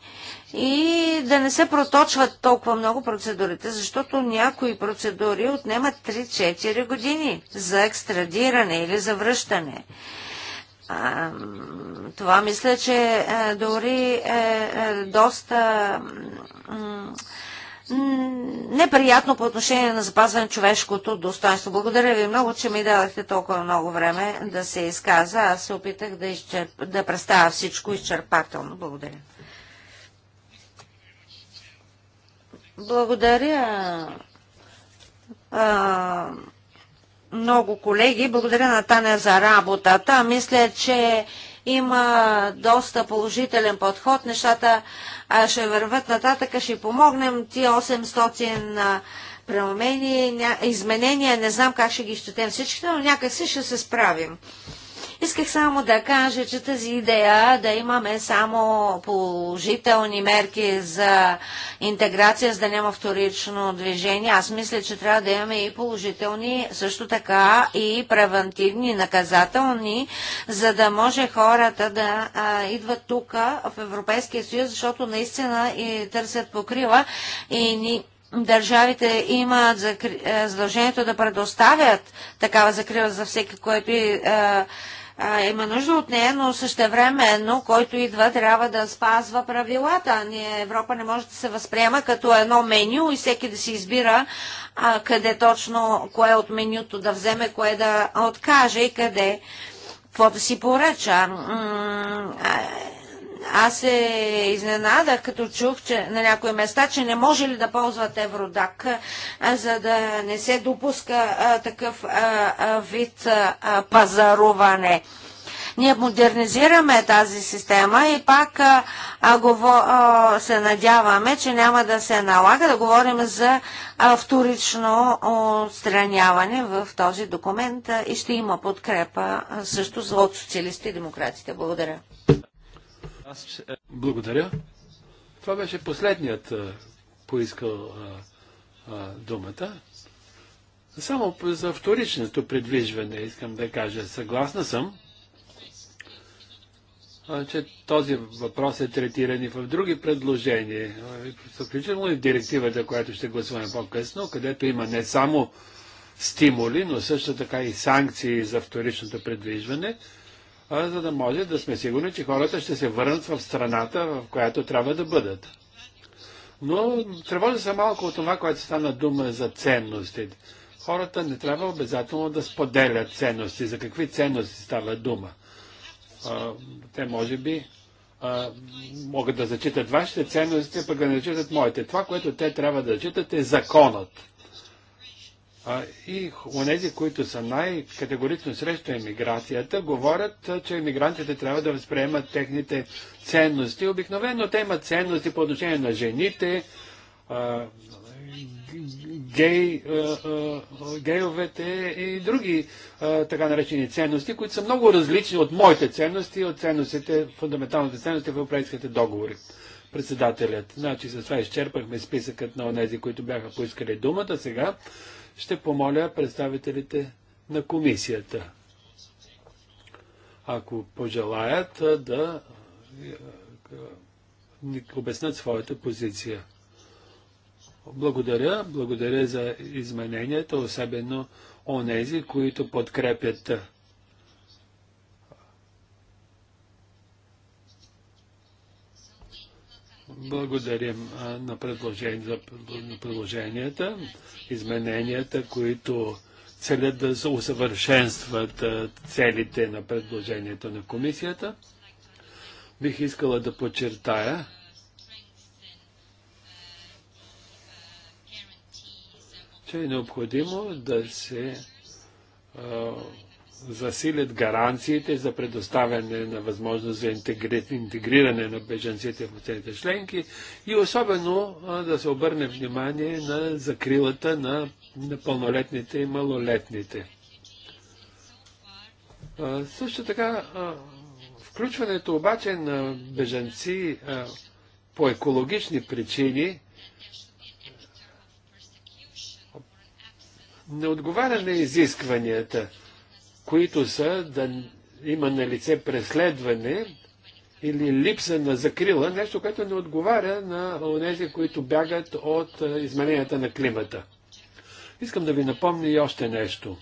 Speaker 2: и да не се проточват толкова много процедурите, защото някои процедури отнемат 3-4 години за екстрадиране или за връщане. А, това мисля, че е, дори е, е доста неприятно по отношение на запазване на човешкото достоинство. Благодаря ви много, че ми дадахте толкова много време да се изказа. Аз се опитах да, изчерп... да представя всичко изчерпателно. Благодаря. Благодаря а, много колеги. Благодаря на Таня за работата. Мисля, че има доста положителен подход. Нещата ще върват нататък, ще помогнем ти 800 промени, изменения, не знам как ще ги изчетем всички, но някакси ще се справим. Исках само да кажа, че тази идея да имаме само положителни мерки за интеграция, за да няма вторично движение, аз мисля, че трябва да имаме и положителни, също така и превентивни, наказателни, за да може хората да а, идват тук в Европейския съюз, защото наистина и търсят покрива и ни държавите имат задължението да предоставят такава закрива за всеки, който е, а, има нужда от нея, но също време но който идва, трябва да спазва правилата. Ние, Европа не може да се възприема като едно меню и всеки да си избира а, къде точно, кое от менюто да вземе, кое да откаже и къде какво да си поръча аз се изненадах, като чух че, на някои места, че не може ли да ползват Евродак, за да не се допуска а, такъв а, вид а, пазаруване. Ние модернизираме тази система и пак а, а, гово, а, се надяваме, че няма да се налага да говорим за а, вторично отстраняване в този документ а, и ще има подкрепа а, също от социалисти и демократите. Благодаря.
Speaker 1: Благодаря. Това беше последният поискал думата. Само за вторичното предвижване искам да кажа. Съгласна съм, че този въпрос е третиран и в други предложения, включително и в директивата, която ще гласуваме по-късно, където има не само стимули, но също така и санкции за вторичното предвижване за да може да сме сигурни, че хората ще се върнат в страната, в която трябва да бъдат. Но тревожа се малко от това, което стана дума за ценности. Хората не трябва обязателно да споделят ценности. За какви ценности става дума? те може би могат да зачитат вашите ценности, пък да не зачитат моите. Това, което те трябва да зачитат е законът а, и онези, които са най-категорично срещу емиграцията, говорят, че емигрантите трябва да възприемат техните ценности. Обикновено те имат ценности по отношение на жените, а, гей, а, гейовете и други така наречени ценности, които са много различни от моите ценности, от ценностите, фундаменталните ценности в европейските договори председателят. Значи с това изчерпахме списъкът на онези, които бяха поискали думата. Сега ще помоля представителите на комисията, ако пожелаят да ни обяснат своята позиция. Благодаря, благодаря за измененията, особено онези, които подкрепят Благодарим на, предложение, на предложенията, измененията, които целят да усъвършенстват целите на предложението на комисията. Бих искала да подчертая, че е необходимо да се а, засилят гаранциите за предоставяне на възможност за интегри... интегриране на беженците в целите членки и особено а, да се обърне внимание на закрилата на, на пълнолетните и малолетните. А, също така, а, включването обаче на беженци по екологични причини не отговаря на изискванията които са да има на лице преследване или липса на закрила, нещо, което не отговаря на тези, които бягат от измененията на климата. Искам да ви напомня и още нещо.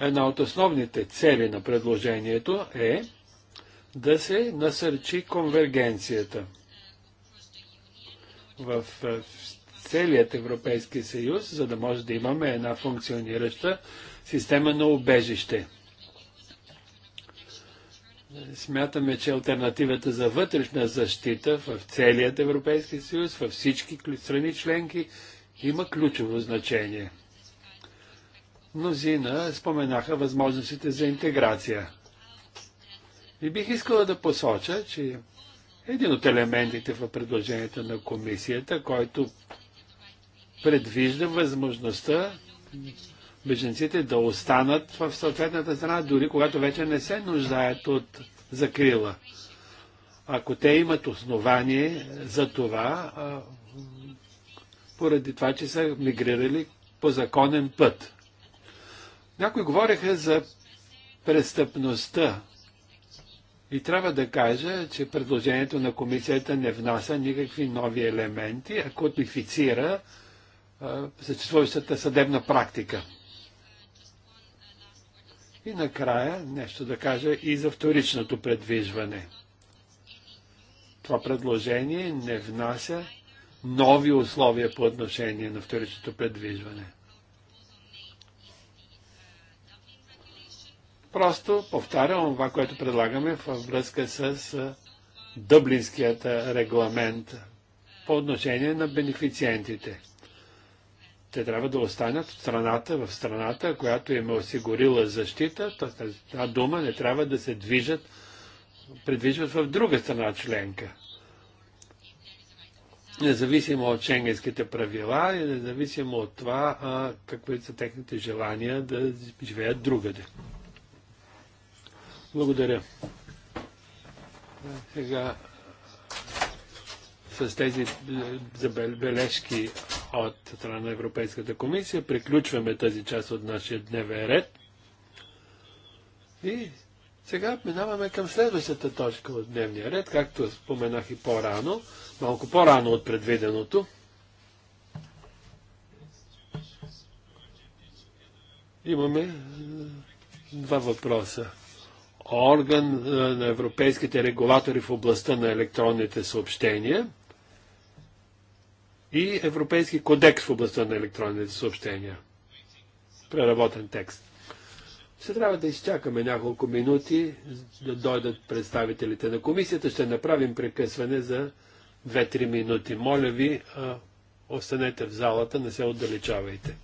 Speaker 1: Една от основните цели на предложението е да се насърчи конвергенцията в целият Европейски съюз, за да може да имаме една функционираща система на убежище. Смятаме, че альтернативата за вътрешна защита в целият Европейски съюз, във всички страни членки, има ключово значение. Мнозина споменаха възможностите за интеграция. И бих искала да посоча, че един от елементите в предложението на комисията, който предвижда възможността беженците да останат в съответната страна, дори когато вече не се нуждаят от закрила. Ако те имат основание за това, поради това, че са мигрирали по законен път. Някои говореха за престъпността. И трябва да кажа, че предложението на комисията не внася никакви нови елементи, а кодифицира съществуващата съдебна практика. И накрая нещо да кажа и за вторичното предвижване. Това предложение не внася нови условия по отношение на вторичното предвижване. Просто повтарям това, което предлагаме във връзка с Дъблинският регламент по отношение на бенефициентите – те трябва да останат в страната, в страната, която им е осигурила защита, Та дума не трябва да се движат, предвижват в друга страна членка. Независимо от ченгенските правила и независимо от това, а, какви са техните желания да живеят другаде. Благодаря. Сега с тези е, забележки от страна на Европейската комисия. Приключваме тази част от нашия дневен ред. И сега минаваме към следващата точка от дневния ред, както споменах и по-рано, малко по-рано от предвиденото. Имаме е, два въпроса. Орган е, на европейските регулатори в областта на електронните съобщения – и Европейски кодекс в областта на електронните съобщения. Преработен текст. Ще трябва да изчакаме няколко минути да дойдат представителите на комисията. Ще направим прекъсване за 2-3 минути. Моля ви, останете в залата, не се отдалечавайте.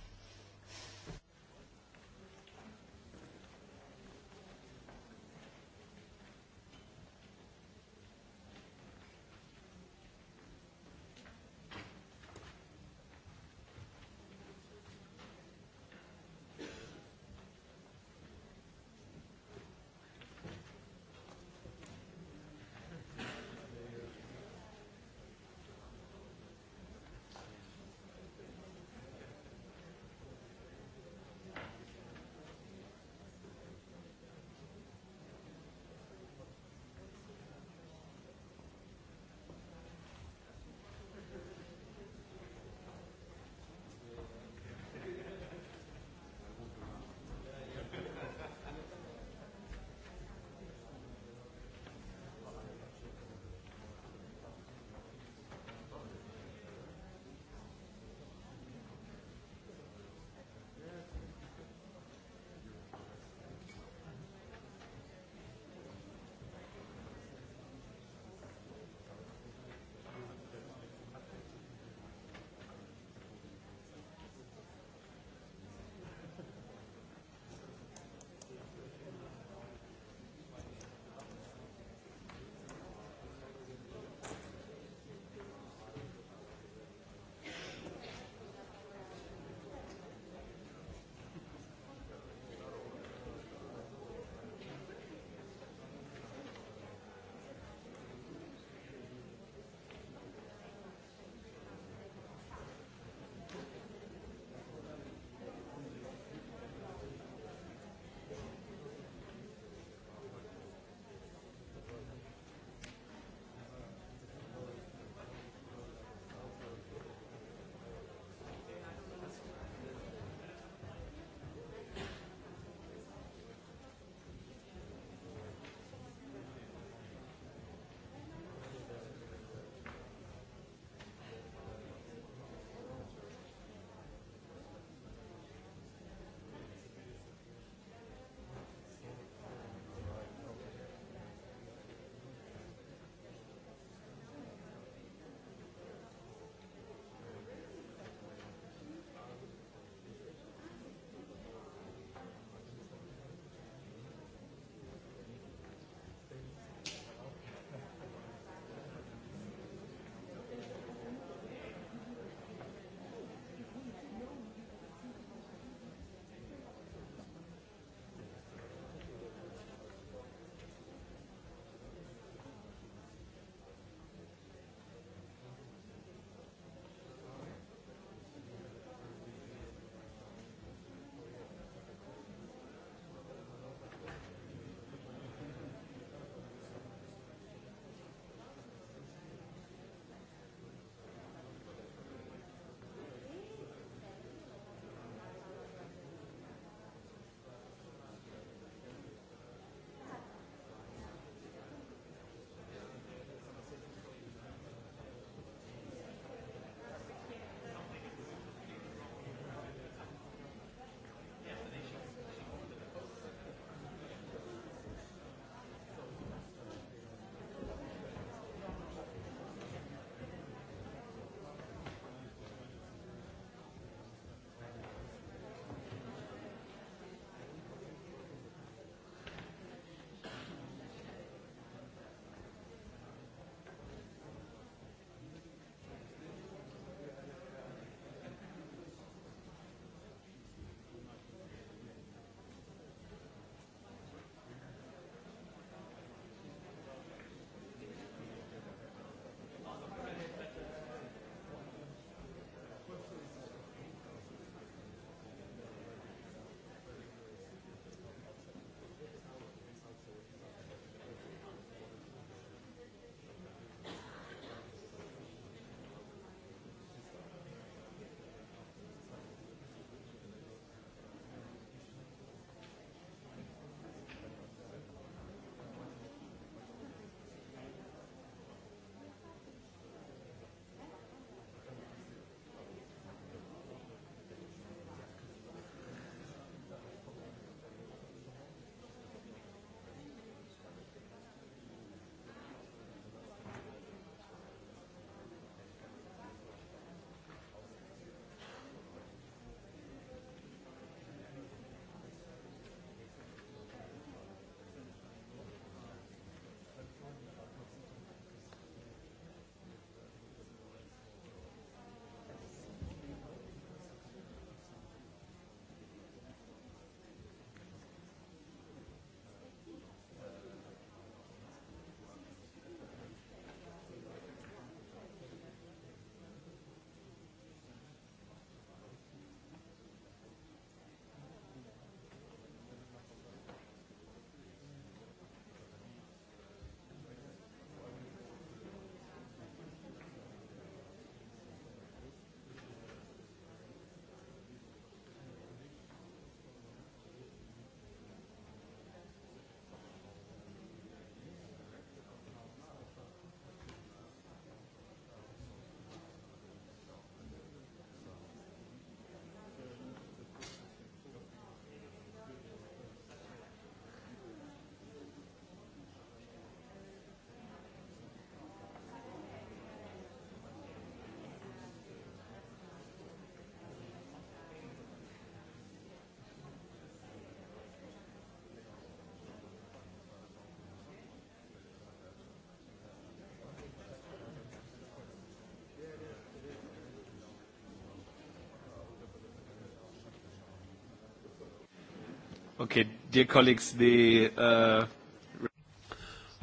Speaker 1: Okay, dear colleagues, the, uh,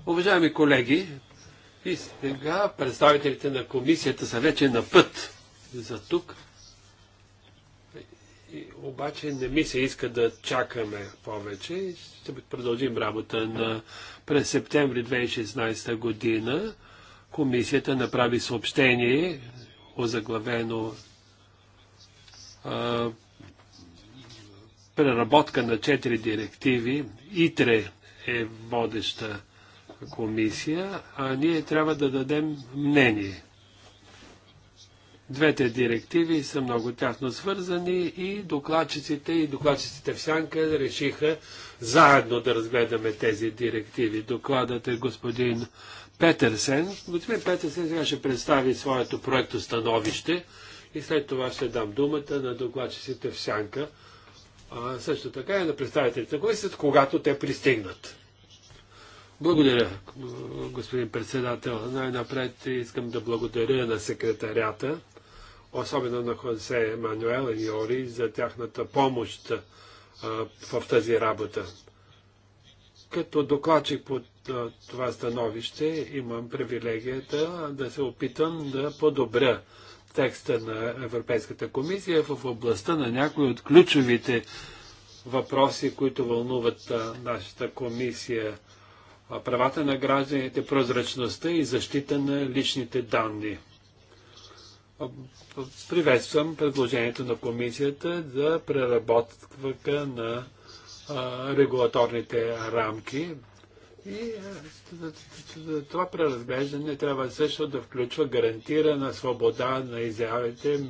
Speaker 1: Уважаеми колеги, и сега представителите на комисията са вече на път за тук. обаче не ми се иска да чакаме повече. Ще продължим работа на през септември 2016 година. Комисията направи съобщение, озаглавено преработка на четири директиви. ИТРЕ е водеща комисия, а ние трябва да дадем мнение. Двете директиви са много тясно свързани и докладчиците и докладчиците в Сянка решиха заедно да разгледаме тези директиви. Докладът е господин Петърсен. Господин Петърсен сега ще представи своето проекто становище и след това ще дам думата на докладчиците в Сянка а, също така и на представителите на комисията, когато те пристигнат. Благодаря, господин председател. Най-напред искам да благодаря на секретарята, особено на Хосе Емануел и Йори, за тяхната помощ а, в тази работа. Като докладчик под това становище имам привилегията да се опитам да подобря текста на Европейската комисия в областта на някои от ключовите въпроси, които вълнуват нашата комисия. Правата на гражданите, прозрачността и защита на личните данни. Приветствам предложението на комисията за преработка на регулаторните рамки. И е, това преразглеждане трябва също да включва гарантирана свобода на изявите,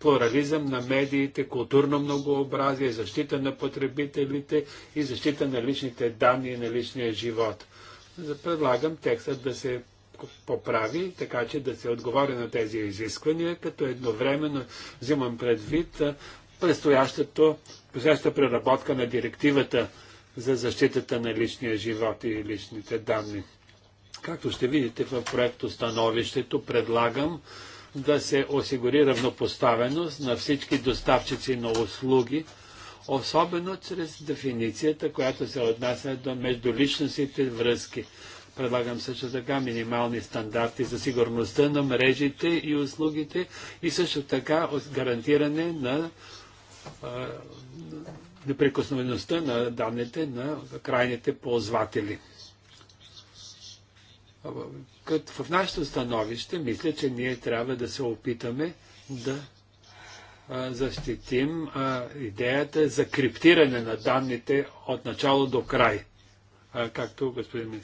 Speaker 1: плурализъм на медиите, културно многообразие, защита на потребителите и защита на личните данни и на личния живот. Предлагам текстът да се поправи, така че да се отговори на тези изисквания, като едновременно взимам предвид предстоящата преработка на директивата за защитата на личния живот и личните данни. Както ще видите в проекто становището, предлагам да се осигури равнопоставеност на всички доставчици на услуги, особено чрез дефиницията, която се отнася до междуличностните връзки. Предлагам също така минимални стандарти за сигурността на мрежите и услугите и също така гарантиране на неприкосновеността на данните на крайните ползватели. Като в нашето становище, мисля, че ние трябва да се опитаме да защитим идеята за криптиране на данните от начало до край. както господин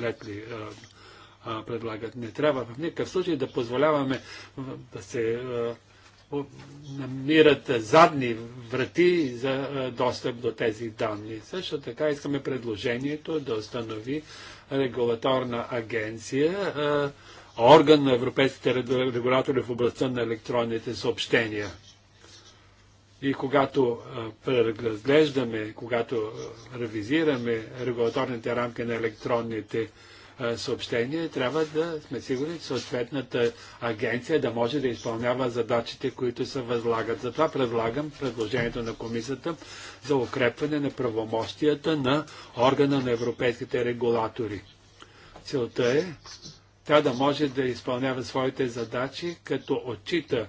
Speaker 1: Летли предлагат. Не трябва в никакъв случай да позволяваме да се намират задни врати за достъп до тези данни. Също така искаме предложението да установи регулаторна агенция, орган на европейските регулатори в областта на електронните съобщения. И когато разглеждаме, когато ревизираме регулаторните рамки на електронните съобщения, съобщение, трябва да сме сигурни, че съответната агенция да може да изпълнява задачите, които се възлагат. Затова предлагам предложението на комисията за укрепване на правомощията на органа на европейските регулатори. Целта е тя да може да изпълнява своите задачи, като отчита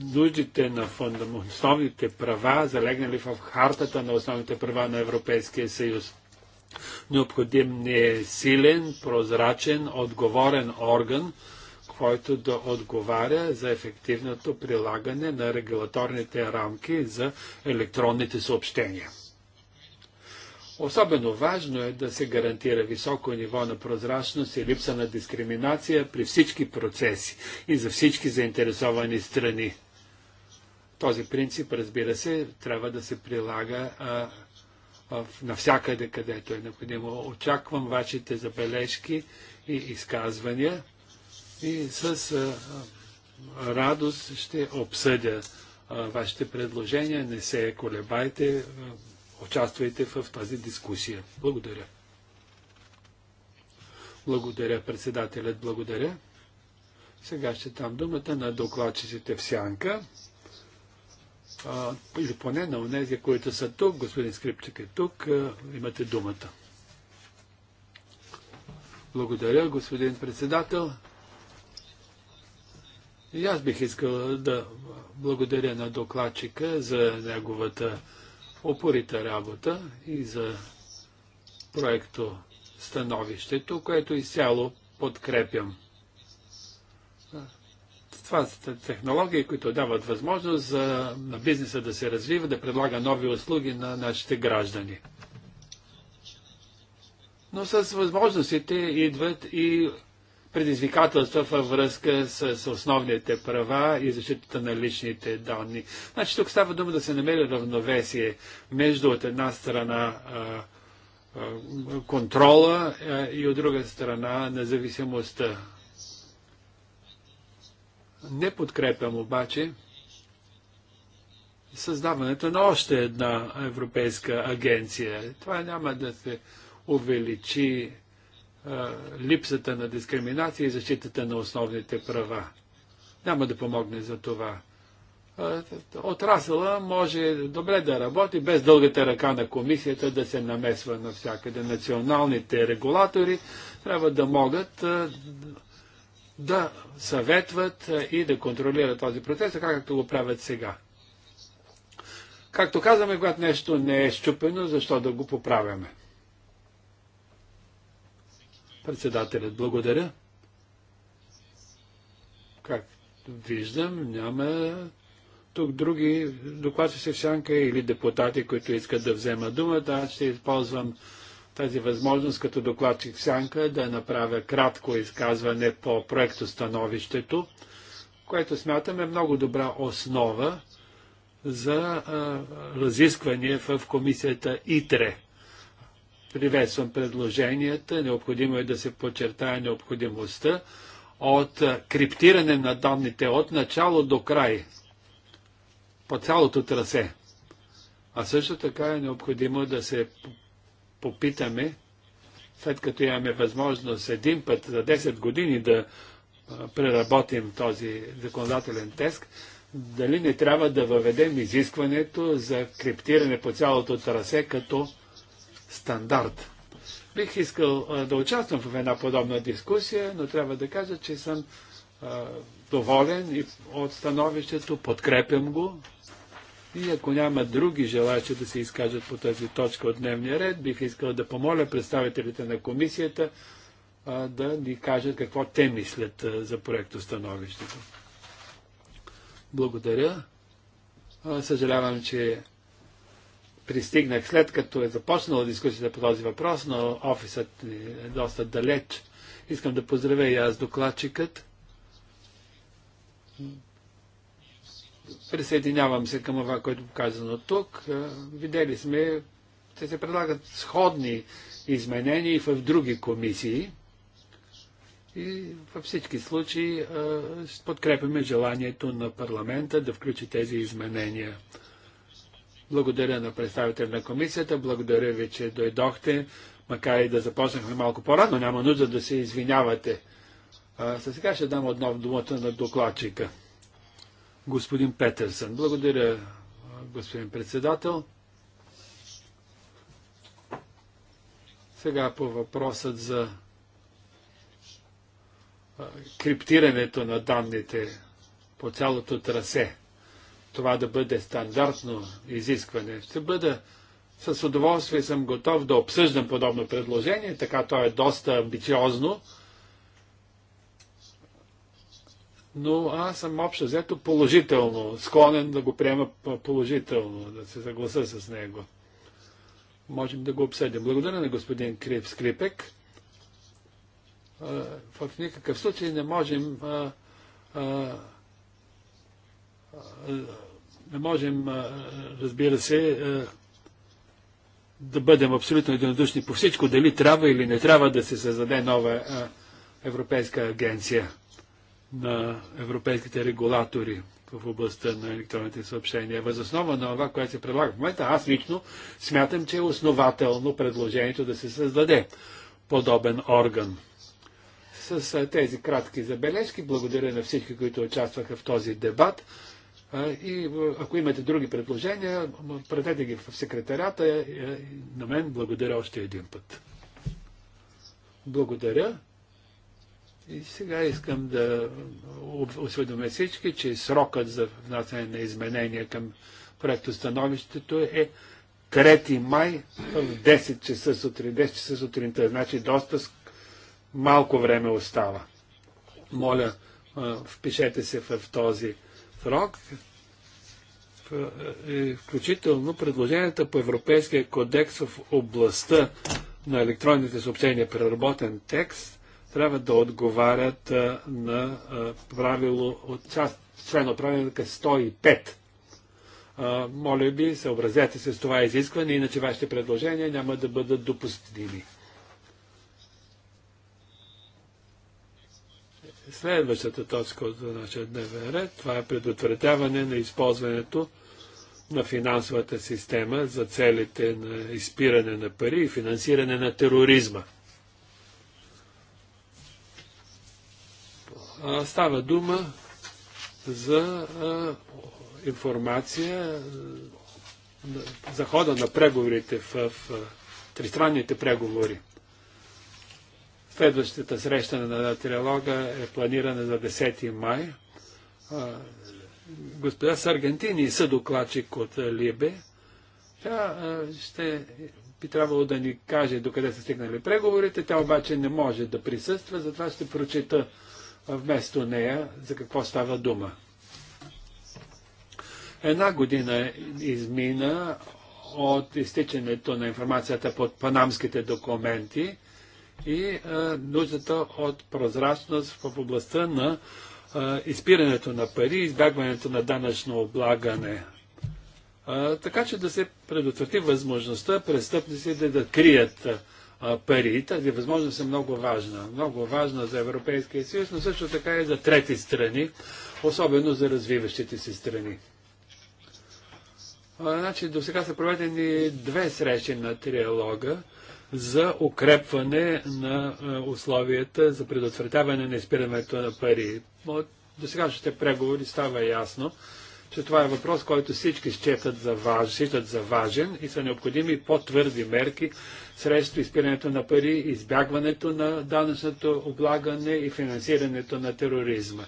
Speaker 1: нуждите на фундам, основните права, залегнали в хартата на основните права на Европейския съюз. Необходим ни е силен, прозрачен, отговорен орган, който да отговаря за ефективното прилагане на регулаторните рамки за електронните съобщения. Особено важно е да се гарантира високо ниво на прозрачност и липса на дискриминация при всички процеси и за всички заинтересовани страни. Този принцип, разбира се, трябва да се прилага а, навсякъде, където е необходимо. Очаквам вашите забележки и изказвания и с радост ще обсъдя вашите предложения. Не се колебайте, участвайте в тази дискусия. Благодаря. Благодаря, председателят, благодаря. Сега ще дам думата на докладчиците в Сянка а, поне на онези, които са тук. Господин Скрипчик е тук. А, имате думата. Благодаря, господин председател. И аз бих искал да благодаря на докладчика за неговата опорита работа и за проекто становището, което изцяло подкрепям това са технологии, които дават възможност за, на бизнеса да се развива, да предлага нови услуги на нашите граждани. Но с възможностите идват и предизвикателства във връзка с, основните права и защитата на личните данни. Значи тук става дума да се намери равновесие между от една страна контрола и от друга страна независимостта не подкрепям обаче създаването на още една европейска агенция. Това няма да се увеличи а, липсата на дискриминация и защитата на основните права. Няма да помогне за това. отрасъла може добре да работи, без дългата ръка на комисията да се намесва навсякъде. Националните регулатори трябва да могат да съветват е, и да контролират този процес, така както го правят сега. Както казваме, когато нещо не е щупено, защо да го поправяме? Председателят, благодаря. Как виждам, няма тук други докладчици в сянка или депутати, които искат да вземат думата. Аз ще използвам тази възможност като докладчик Сянка да направя кратко изказване по проекто становището, което смятам е много добра основа за а, разискване в комисията ИТРЕ. Приветствам предложенията. Необходимо е да се подчертая необходимостта от криптиране на данните от начало до край, по цялото трасе. А също така е необходимо да се попитаме, след като имаме възможност един път за 10 години да преработим този законодателен тест, дали не трябва да въведем изискването за криптиране по цялото трасе като стандарт. Бих искал да участвам в една подобна дискусия, но трябва да кажа, че съм доволен и от становището, подкрепям го. И ако няма други желаящи да се изкажат по тази точка от дневния ред, бих искал да помоля представителите на комисията а, да ни кажат какво те мислят а, за проектостановището. Благодаря. А, съжалявам, че пристигнах след като е започнала дискусията по този въпрос, но офисът е доста далеч. Искам да поздравя и аз докладчикът. Присъединявам се към това, което казано тук. Е, видели сме, че се предлагат сходни изменения и в други комисии. И във всички случаи е, подкрепяме желанието на парламента да включи тези изменения. Благодаря на представител на комисията, благодаря ви, че дойдохте, макар и да започнахме малко по-рано, няма нужда да се извинявате. А, сега ще дам отново думата на докладчика господин Петърсън. Благодаря, господин председател. Сега по въпросът за криптирането на данните по цялото трасе. Това да бъде стандартно изискване. Ще бъда с удоволствие съм готов да обсъждам подобно предложение, така то е доста амбициозно но аз съм общо взето положително, склонен да го приема положително, да се съгласа с него. Можем да го обсъдим. Благодаря на господин Крип Скрипек. В никакъв случай не можем не можем, разбира се, да бъдем абсолютно единодушни по всичко, дали трябва или не трябва да се създаде нова европейска агенция на европейските регулатори в областта на електронните съобщения. Възоснова на това, което се предлага в момента, аз лично смятам, че е основателно предложението да се създаде подобен орган. С тези кратки забележки благодаря на всички, които участваха в този дебат. И ако имате други предложения, предете ги в секретарята. На мен благодаря още един път. Благодаря. И сега искам да осведомя всички, че срокът за внасяне на изменения към становището е 3 май в 10 часа сутрин, 10 часа сутринта, значи доста малко време остава. Моля, впишете се в този срок, е, включително предложенията по Европейския кодекс в областта на електронните съобщения, преработен текст, трябва да отговарят на правило от част, член от правилника 105. моля ви, съобразете се с това изискване, иначе вашите предложения няма да бъдат допустими. Следващата точка от нашия дневен ред, това е предотвратяване на използването на финансовата система за целите на изпиране на пари и финансиране на тероризма. А, става дума за а, информация за хода на преговорите в, в, в тристранните преговори. Следващата среща на трилога е планирана за 10 май. А, господа Саргентини, съдокладчик от Либе, тя ще би трябвало да ни каже докъде са стигнали преговорите. Тя обаче не може да присъства, затова ще прочита вместо нея за какво става дума. Една година измина от изтичането на информацията под панамските документи и а, нуждата от прозрачност в областта на а, изпирането на пари, избягването на данъчно облагане. А, така че да се предотврати възможността престъпниците да крият пари. Тази възможност е много важна. Много важна за Европейския съюз, но също така и за трети страни, особено за развиващите се страни. значи, до сега са проведени две срещи на триалога за укрепване на условията за предотвратяване на изпирането на пари. От сегашните преговори става ясно, че това е въпрос, който всички считат за, важ, считат за важен и са необходими по-твърди мерки срещу изпирането на пари, избягването на данъчното облагане и финансирането на тероризма.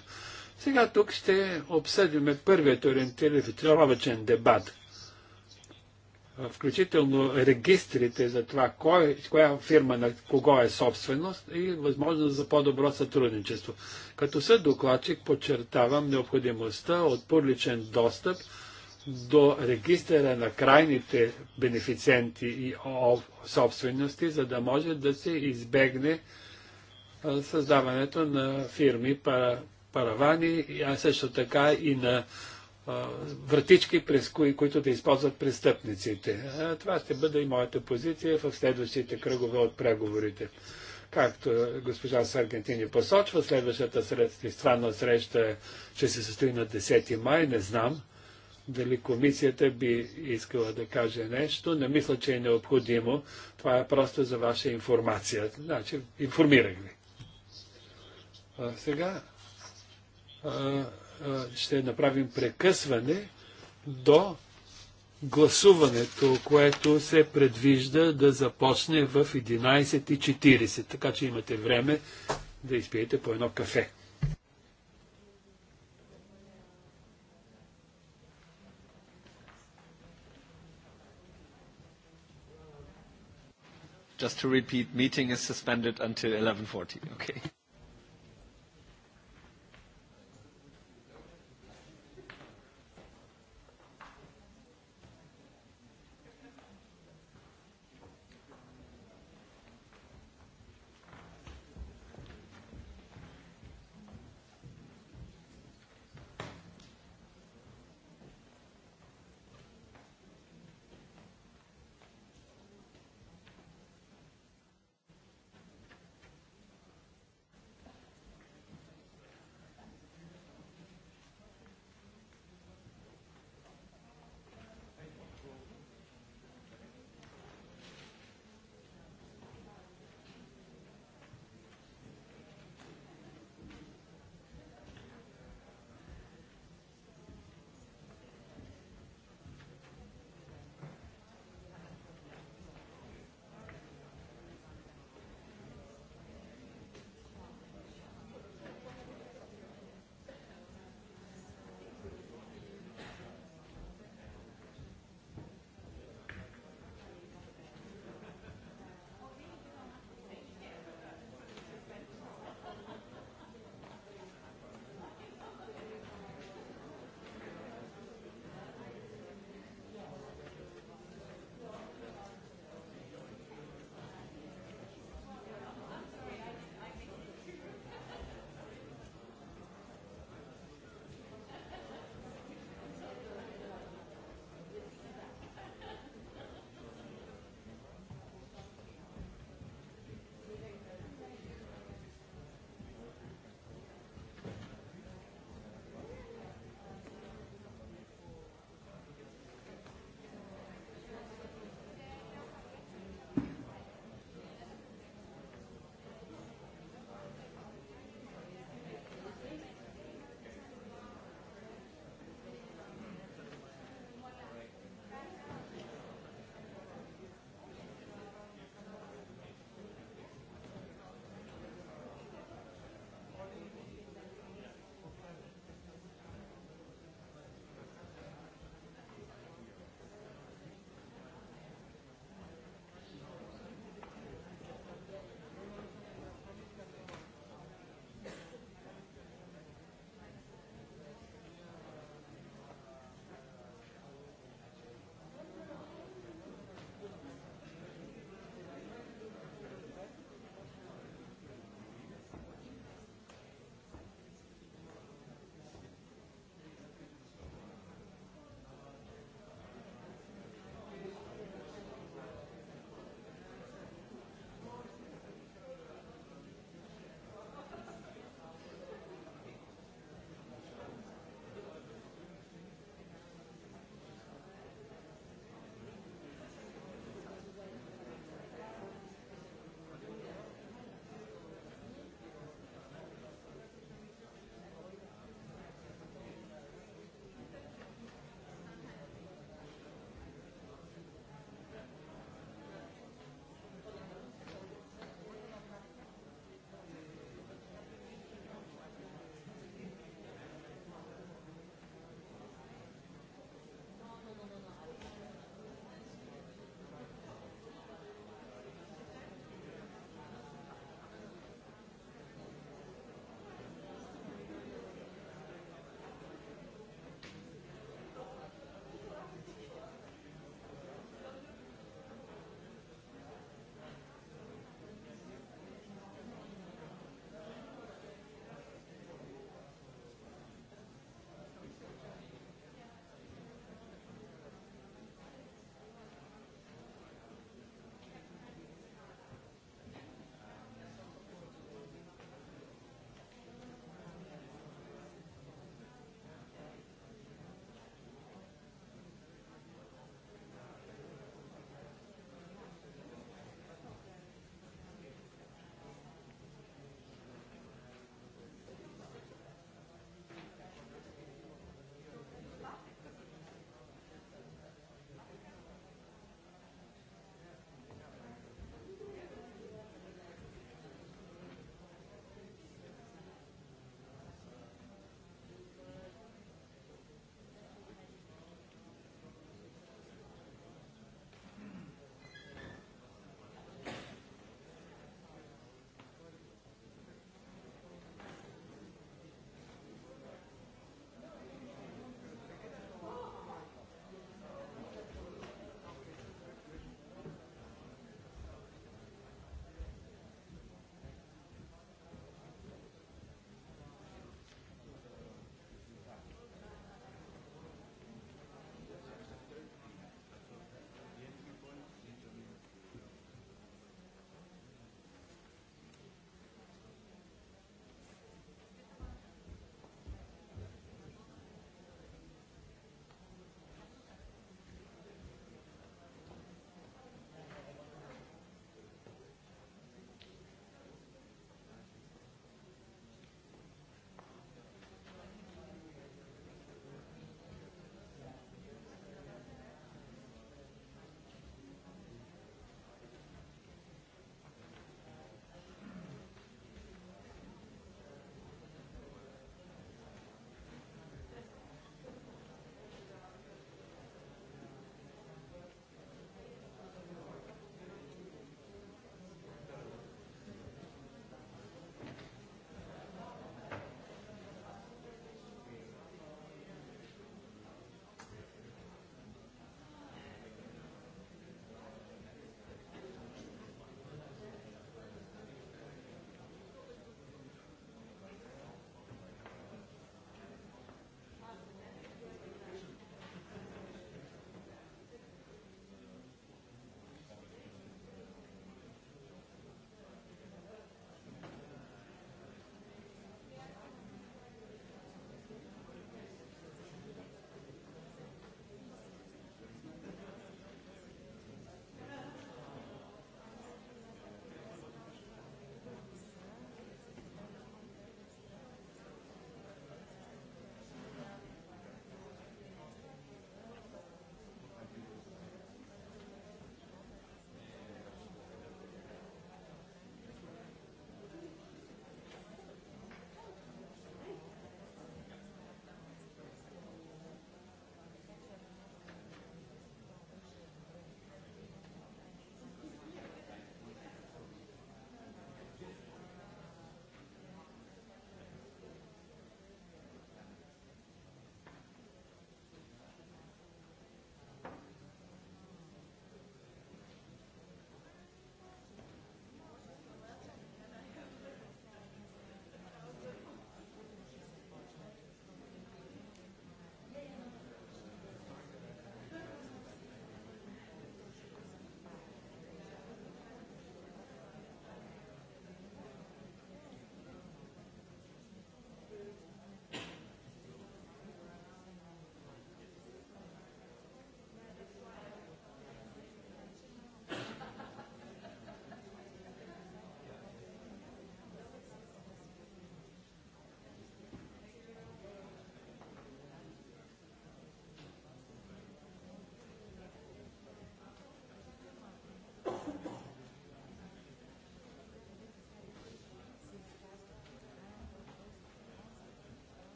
Speaker 1: Сега тук ще обсъдиме първият ориентировачен дебат включително регистрите за това кой, коя фирма на кого е собственост и възможност за по-добро сътрудничество. Като съд докладчик подчертавам необходимостта от публичен достъп до регистъра на крайните бенефициенти и собствености, за да може да се избегне създаването на фирми, паравани, а също така и на вратички, през кои, които да използват престъпниците. Това ще бъде и моята позиция в следващите кръгове от преговорите. Както госпожа Саргентини посочва, следващата на среща ще се състои на 10 май, не знам дали комисията би искала да каже нещо. Не мисля, че е необходимо. Това е просто за ваша информация. Значи, информирах ви. А сега а, ще направим прекъсване до гласуването, което се предвижда да започне в 11.40, така че имате време да изпиете по едно кафе. Just to repeat, meeting is suspended until 11:40. Okay.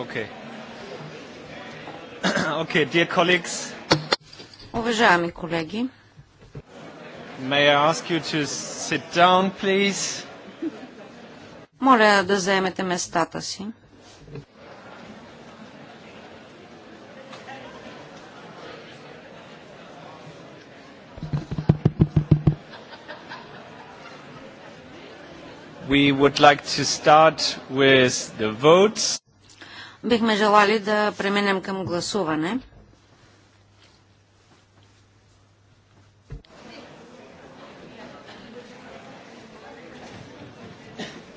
Speaker 1: Okay. Okay, dear colleagues.
Speaker 2: Уважаеми колеги.
Speaker 1: May I ask you to sit down, please?
Speaker 2: Моля да заемете местата си.
Speaker 1: We would like to start with the votes.
Speaker 2: Бихме желали да преминем към гласуване.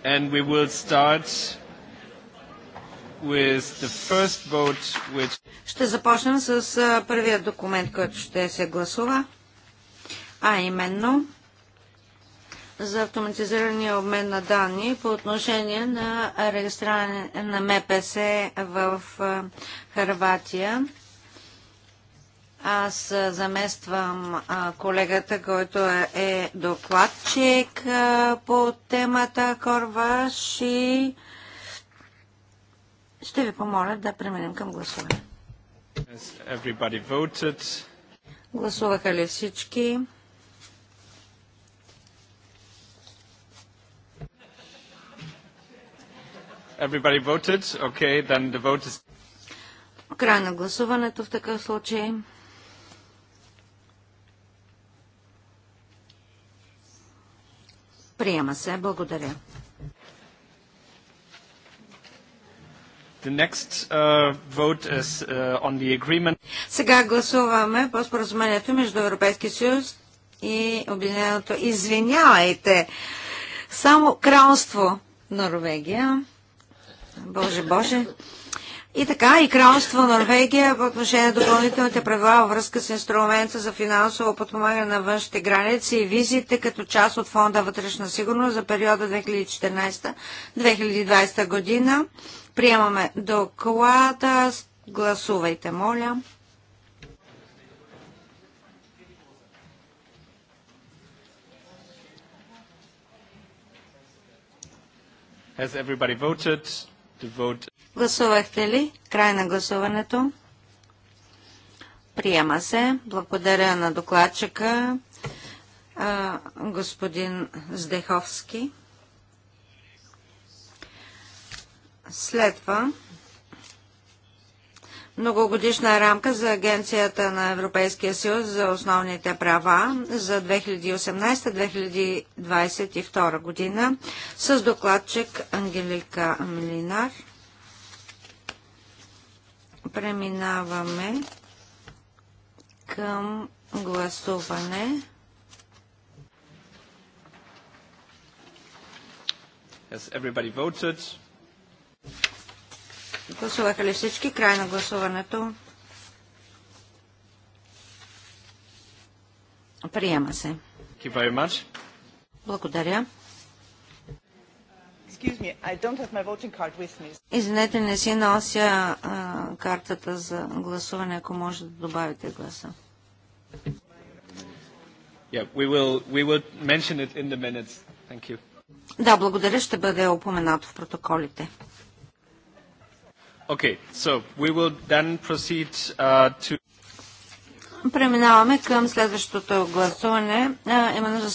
Speaker 1: and we will start with the first vote, which...
Speaker 2: Ще започнем с първия документ, който ще се гласува, а именно за автоматизирания обмен на данни по отношение на регистриране на МПС в Харватия. Аз замествам колегата, който е, е докладчик по темата Корваш и ще ви помоля да преминем към гласуване. Гласуваха ли всички?
Speaker 1: Everybody voted? Okay, then the vote is...
Speaker 2: Край на гласуването в такъв случай. Приема се. Благодаря.
Speaker 1: The next uh, vote is uh, on the agreement.
Speaker 2: Сега гласуваме по споразумението между Европейския съюз и Обединеното. Извинявайте, само кралство Норвегия. Боже, Боже. И така, и кралство Норвегия по отношение на допълнителните правила във връзка с инструмента за финансово подпомагане на външните граници и визите като част от фонда вътрешна сигурност за периода 2014-2020 година. Приемаме доклада. Гласувайте, моля.
Speaker 1: Has everybody voted?
Speaker 2: Гласувахте ли? Край на гласуването. Приема се. Благодаря на докладчика господин Здеховски. Следва многогодишна рамка за Агенцията на Европейския съюз за основните права за 2018-2022 година с докладчик Ангелика Милинар. Преминаваме към гласуване.
Speaker 6: Has everybody voted?
Speaker 2: Гласуваха ли всички? Край на гласуването. Приема се. Благодаря. Извинете, не си нося а, картата за гласуване, ако може да добавите гласа.
Speaker 1: Yeah, we will, we will
Speaker 2: да, благодаря, ще бъде опоменато в протоколите.
Speaker 1: Okay, so we will then proceed uh, to...
Speaker 2: Преминаваме към следващото гласуване, а, именно за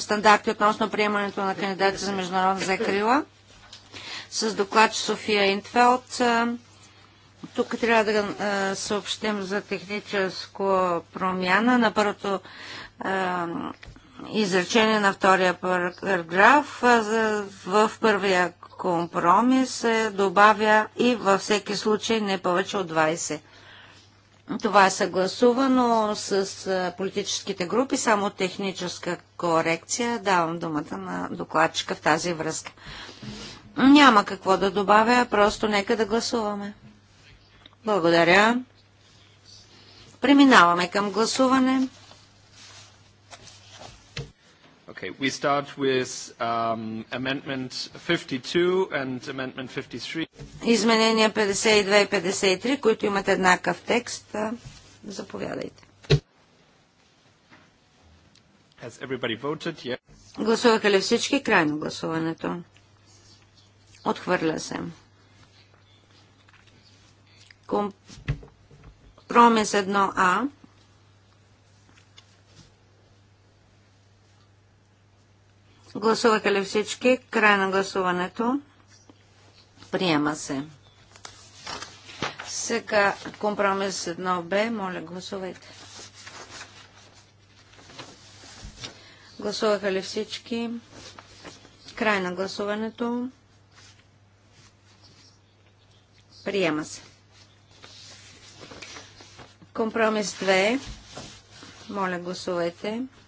Speaker 2: стандарти относно приемането на кандидати за международна закрила. С доклад София Интфелд. Тук трябва да а, съобщим за техническо промяна на първото а, изречение на втория параграф. В първия компромис добавя и във всеки случай не повече от 20. Това е съгласувано с политическите групи, само техническа корекция. Давам думата на докладчика в тази връзка. Няма какво да добавя, просто нека да гласуваме. Благодаря. Преминаваме към гласуване.
Speaker 1: Okay, we start with um, amendment 52 and amendment 53.
Speaker 2: Изменения 52 и 53, които имат еднакъв текст. Заповядайте.
Speaker 1: Has everybody voted? Yeah.
Speaker 2: Гласуваха ли всички? Край на гласуването. Отхвърля се. Компромис 1А. Гласуваха ли всички? Край на гласуването. Приема се. Сега компромис 1Б. Моля, гласувайте. Гласуваха ли всички? Край на гласуването. Приема се. Компромис 2. Моля, гласувайте. Гласувайте.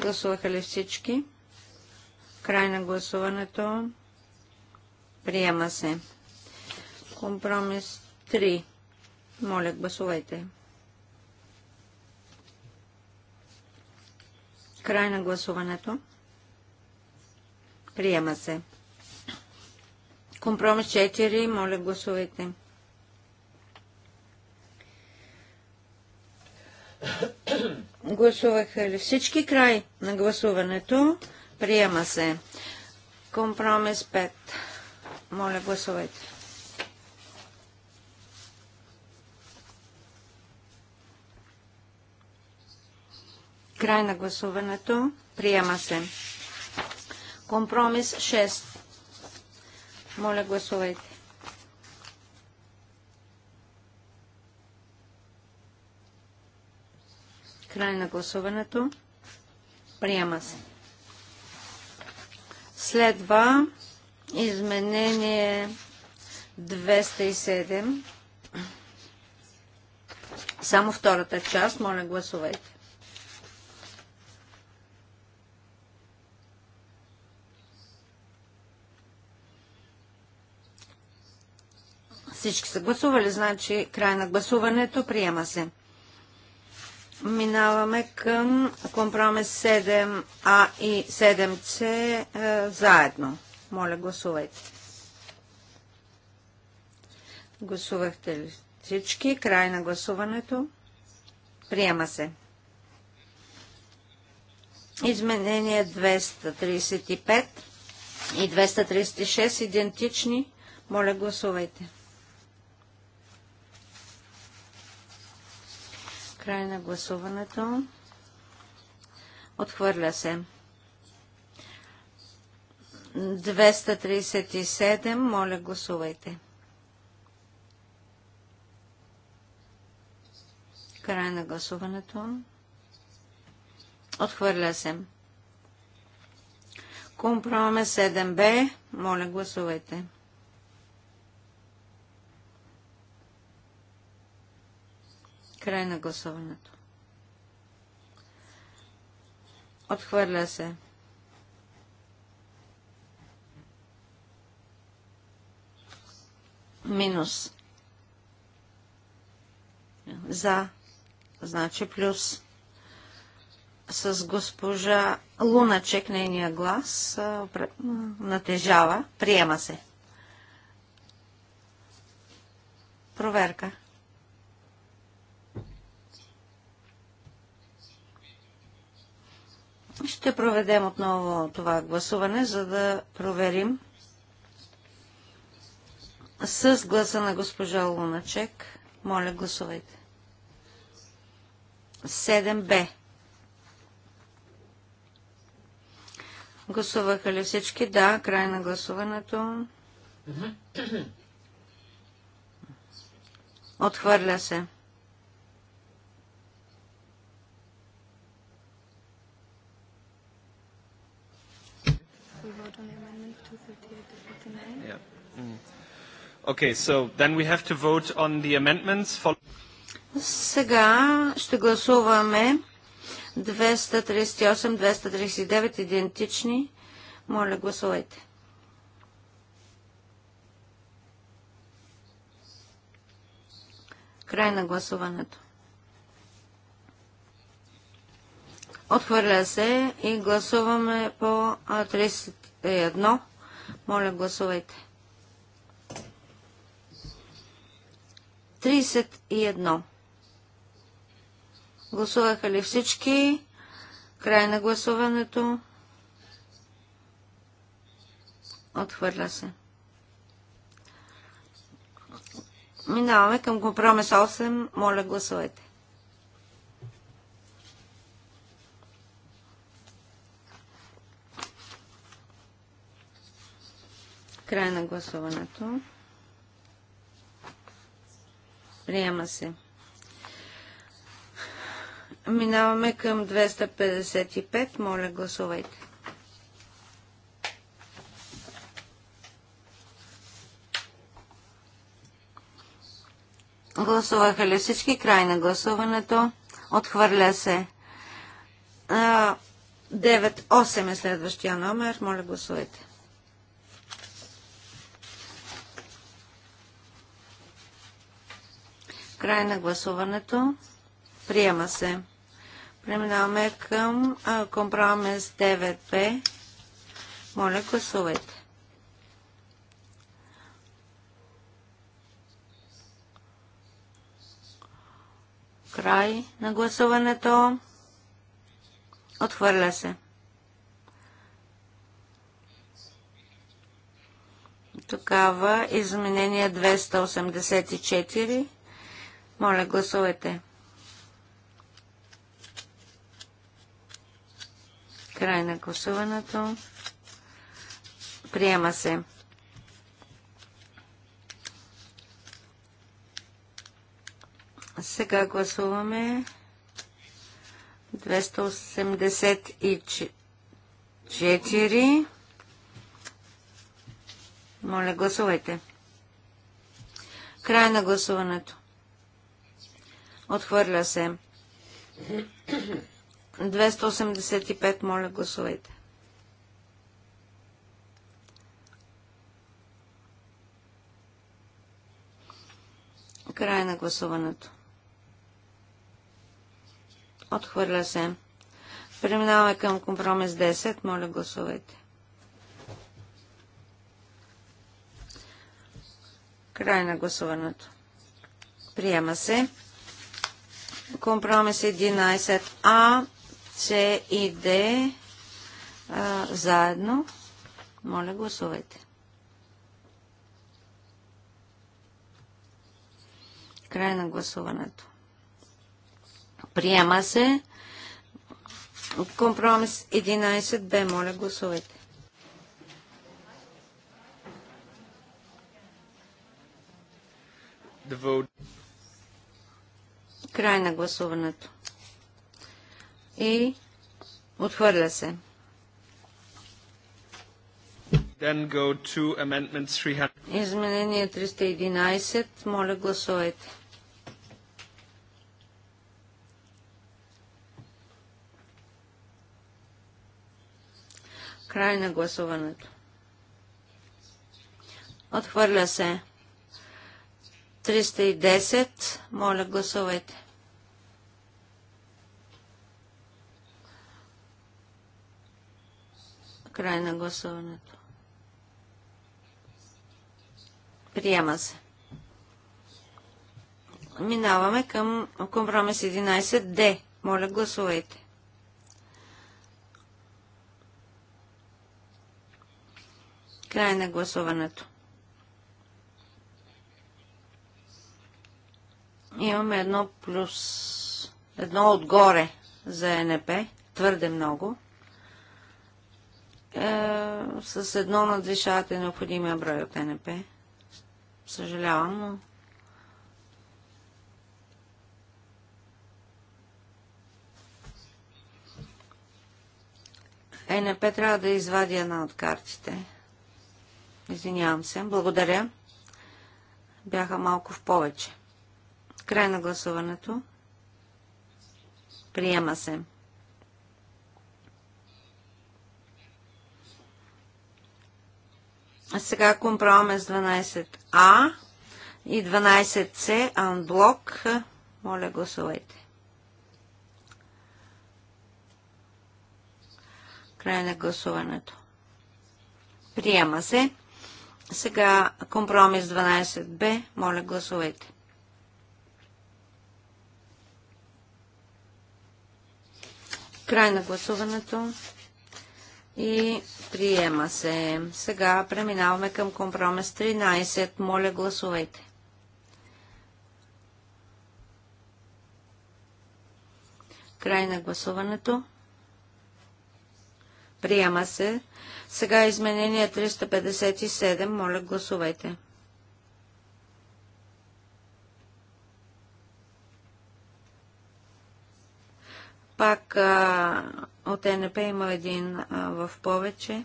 Speaker 2: Гласуваха ли всички? Край на гласуването. Приема се. Компромис 3. Моля, гласувайте. Край на гласуването. Приема се. Компромис 4. Моля, гласувайте. Гласуваха ли всички? Край на гласуването. Приема се. Компромис 5. Моля, гласувайте. Край на гласуването. Приема се. Компромис 6. Моля, гласувайте. Край на гласуването. Приема се. Следва изменение 207. Само втората част. Моля, гласувайте. Всички са гласували, значи край на гласуването приема се. Минаваме към компромис 7А и 7C е, заедно. Моля, гласувайте. Гласувахте ли всички? Край на гласуването. Приема се. Изменение 235 и 236 идентични. Моля, гласувайте. Край на гласуването. Отхвърля се. 237. Моля, гласувайте. Край на гласуването. Отхвърля се. Компромис 7Б. Моля, гласувайте. Край на гласуването. Отхвърля се. Минус. За. Значи плюс. С госпожа Чек нейния глас натежава. Приема се. Проверка. Ще проведем отново това гласуване, за да проверим с гласа на госпожа Луначек. Моля, гласувайте. 7Б. Гласуваха ли всички? Да, край на гласуването. Отхвърля се.
Speaker 1: Mm. Okay, so then we have to vote on the amendments
Speaker 2: Сега ще гласуваме 238-239 идентични. Моля, гласувайте. Край на гласуването. Отхвърля се и гласуваме по 31. Моля, гласувайте. 31. Гласуваха ли всички? Край на гласуването. Отхвърля се. Минаваме към компромис 8. Моля, гласувайте. Край на гласуването. Приема се. Минаваме към 255. Моля, гласувайте. Гласуваха ли всички? Край на гласуването. Отхвърля се. 9-8 е следващия номер. Моля, гласувайте. Край на гласуването. Приема се. Преминаваме към компромис 9 п Моля, гласувайте. Край на гласуването. Отхвърля се. Тогава изменение 284. Моля, гласувайте. Край на гласуването. Приема се. Сега гласуваме 284. Моля, гласувайте. Край на гласуването. Отхвърля се. 285, моля, гласувайте. Край на гласуването. Отхвърля се. Преминаваме към компромис 10. Моля, гласувайте. Край на гласуването. Приема се. Компромис 11А, С и Д а, заедно. Моля, гласувайте. Край на гласуването. Приема се. Компромис 11Б. Моля, гласувайте. The Край на гласуването. И отхвърля се.
Speaker 1: Then go to amendment 300.
Speaker 2: Изменение 311. Моля, гласувайте. Край на гласуването. Отхвърля се. 310. Моля, гласувайте. Край на гласуването. Приема се. Минаваме към компромис 11D. Моля, гласувайте. Край на гласуването. Имаме едно плюс, едно отгоре за НП, твърде много. Е, с едно надвишавате необходимия брой от НП. Съжалявам, но... НП трябва да извади една от картите. Извинявам се. Благодаря. Бяха малко в повече. Край на гласуването. Приема се. Сега компромис 12А и 12C анблок. Моля, гласувайте. Край на гласуването. Приема се. Сега компромис 12Б. Моля, гласувайте. Край на гласуването и приема се. Сега преминаваме към компромис 13. Моля, гласувайте. Край на гласуването. Приема се. Сега изменение 357. Моля, гласувайте. Пак а, от ЕНП има един а, в повече.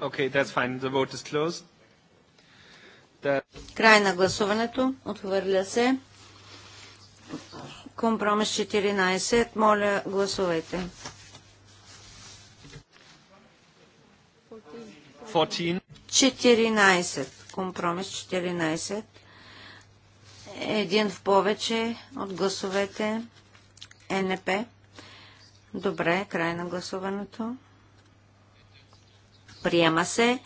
Speaker 1: Okay, that's fine. The vote is closed. The...
Speaker 2: Край на гласуването. Отвърля се. Компромис 14. Моля, гласувайте. 14. 14. Компромис 14. Един в повече от гласовете НП. Добре, край на гласуването. Приема се.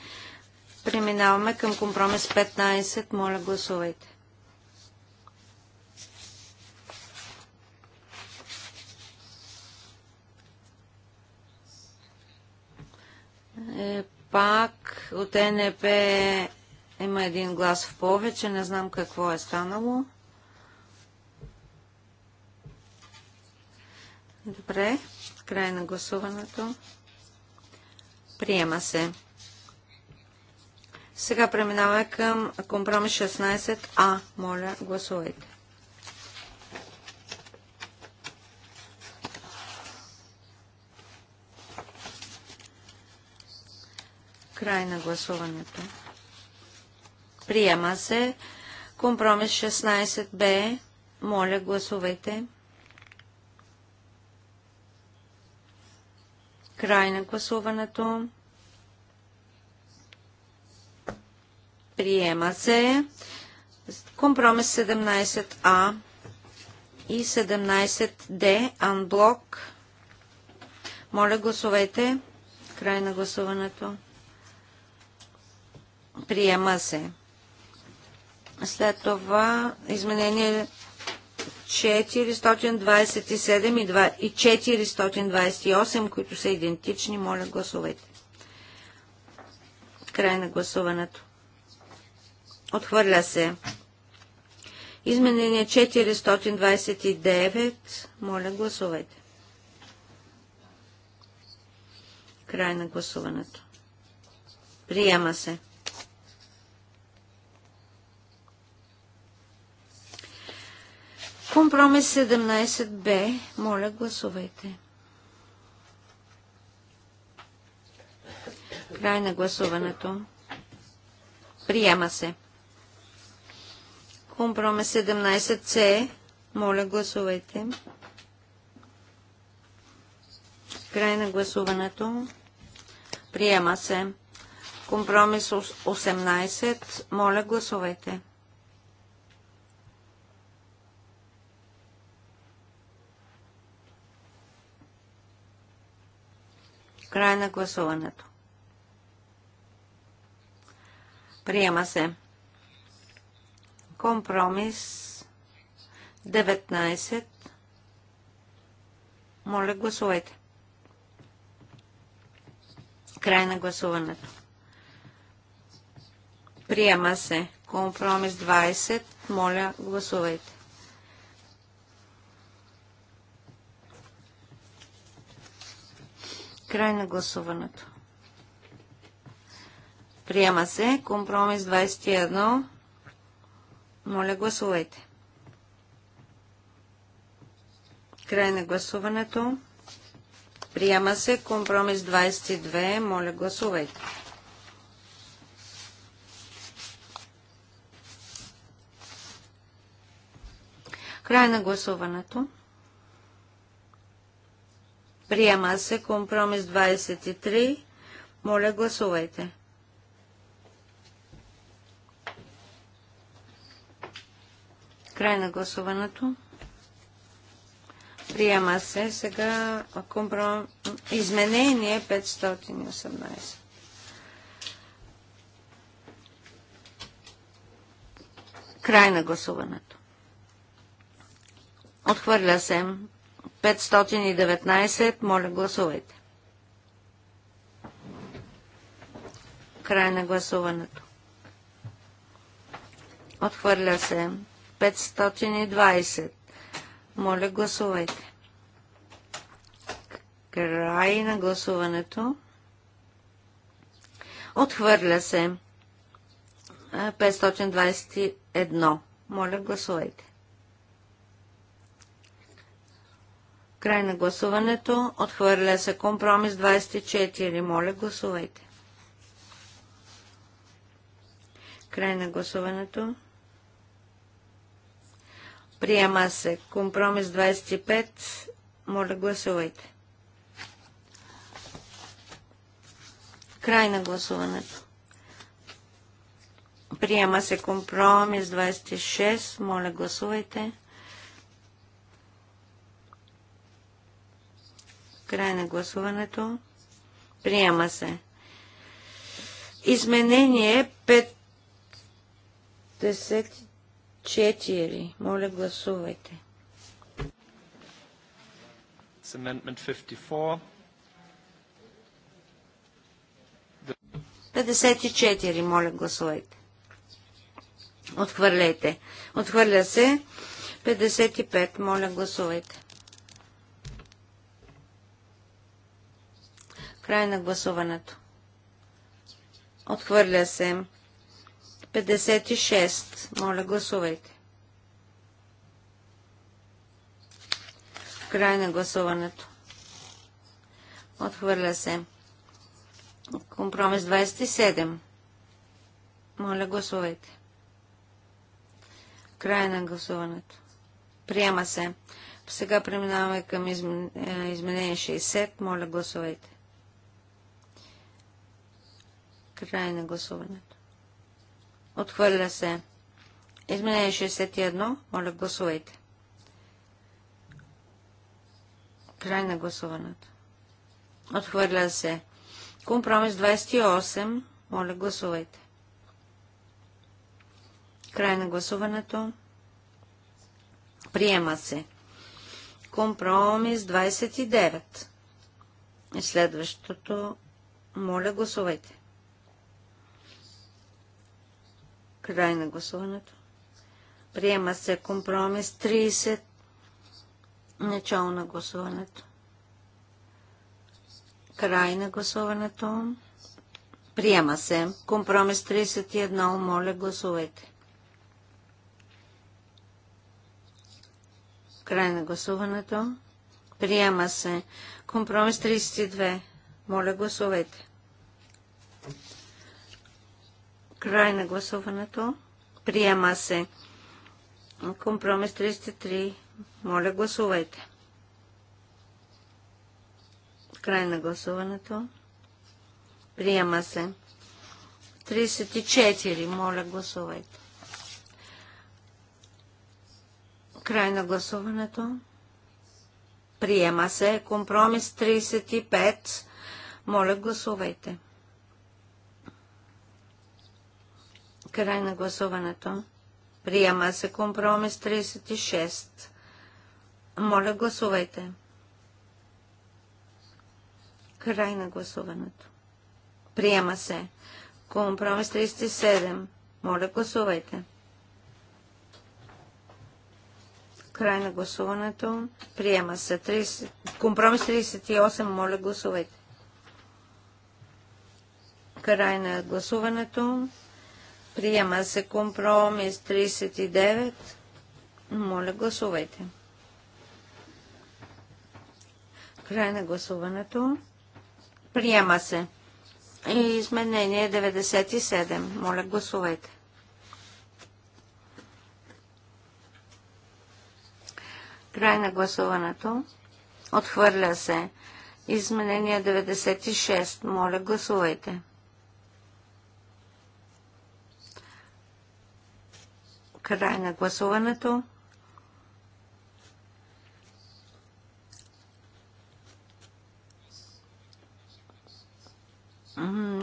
Speaker 2: Преминаваме към компромис 15. Моля, гласувайте. Е, пак от НП има един глас в повече, не знам какво е станало. Добре, край на гласуването. Приема се. Сега преминаваме към компромис 16А. Моля, гласувайте. Край на гласуването. Приема се. Компромис 16Б. Моля, гласувайте. Край на гласуването. Приема се. Компромис 17А и 17 Д анблок. Моля, гласувайте. Край на гласуването. Приема се. След това изменение 427 и 428, които са идентични. Моля, гласувайте. Край на гласуването. Отхвърля се. Изменение 429. Моля, гласувайте. Край на гласуването. Приема се. Компромис 17Б. Моля, гласувайте. Край на гласуването. Приема се. Компромис 17С. Моля, гласувайте. Край на гласуването. Приема се. Компромис 18. Моля, гласувайте. Край на гласуването. Приема се. Компромис 19. Моля, гласувайте. Край на гласуването. Приема се. Компромис 20. Моля, гласувайте. Край на гласуването. Приема се. Компромис 21. Моля, гласувайте. Край на гласуването. Приема се. Компромис 22. Моля, гласувайте. Край на гласуването. Приема се компромис 23. Моля, гласувайте. Край на гласуването. Приема се сега компром... изменение 518. Край на гласуването. Отхвърля се 519. Моля, гласувайте. Край на гласуването. Отхвърля се. 520. Моля, гласувайте. Край на гласуването. Отхвърля се. 521. Моля, гласувайте. Край на гласуването. Отхвърля се компромис 24. Моля, гласувайте. Край на гласуването. Приема се компромис 25. Моля, гласувайте. Край на гласуването. Приема се компромис 26. Моля, гласувайте. Край на гласуването. Приема се. Изменение 54. Моля, гласувайте.
Speaker 1: Amendment 54.
Speaker 2: 54. Моля, гласувайте. Отхвърляйте. Отхвърля се. 55. Моля, гласувайте. Край на гласуването. Отхвърля се. 56. Моля, гласувайте. Край на гласуването. Отхвърля се. Компромис 27. Моля, гласувайте. Край на гласуването. Приема се. Сега преминаваме към е, изменение 60. Моля, гласувайте. Край на гласуването. Отхвърля се. Изменение 61. Моля, гласувайте. Край на гласуването. Отхвърля се. Компромис 28. Моля, гласувайте. Край на гласуването. Приема се. Компромис 29. И следващото. Моля, гласувайте. Край на гласуването. Приема се компромис 30. Начало на гласуването. Край на гласуването. Приема се. Компромис 31. Моля, гласувайте. Край на гласуването. Приема се. Компромис 32. Моля, гласувайте. Край на гласуването. Приема се. Компромис 33. Моля, гласувайте. Край на гласуването. Приема се. 34. Моля, гласувайте. Край на гласуването. Приема се. Компромис 35. Моля, гласувайте. Край на гласуването. Приема се компромис 36. Моля, гласувайте. Край на гласуването. Приема се. Компромис 37. Моля, гласувайте. Край на гласуването. Приема се. 30... Компромис 38. Моля, гласувайте. Край на гласуването. Приема се компромис 39. Моля, гласувайте. Край на гласуването. Приема се. И изменение 97. Моля, гласувайте. Край на гласуването. Отхвърля се. Изменение 96. Моля, гласувайте. Край на гласуването.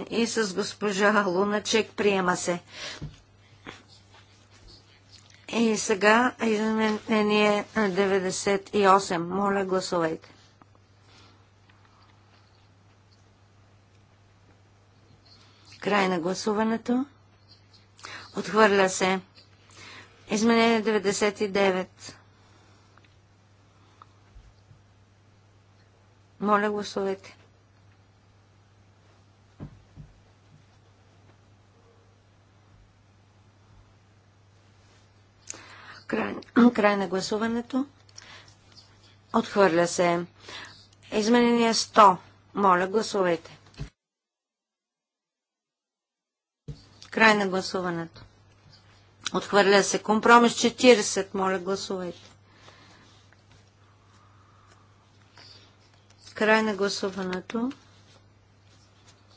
Speaker 2: И с госпожа Луначек приема се. И сега изменение 98. Моля, гласувайте. Край на гласуването. Отхвърля се. Изменение 99. Моля, гласувайте. Край, край на гласуването. Отхвърля се. Изменение 100. Моля, гласувайте. Край на гласуването. Отхвърля се. Компромис 40. Моля, гласувайте. Край на гласуването.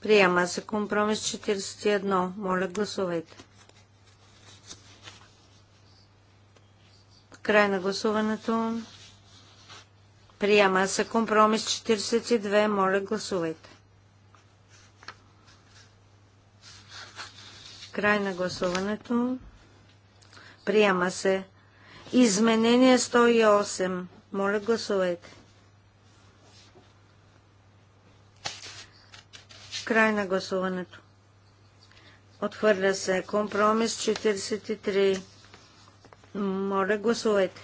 Speaker 2: Приема се компромис 41. Моля, гласувайте. Край на гласуването. Приема се компромис 42. Моля, гласувайте. Край на гласуването. Приема се. Изменение 108. Моля, гласувайте. Край на гласуването. Отхвърля се. Компромис 43. Моля, гласувайте.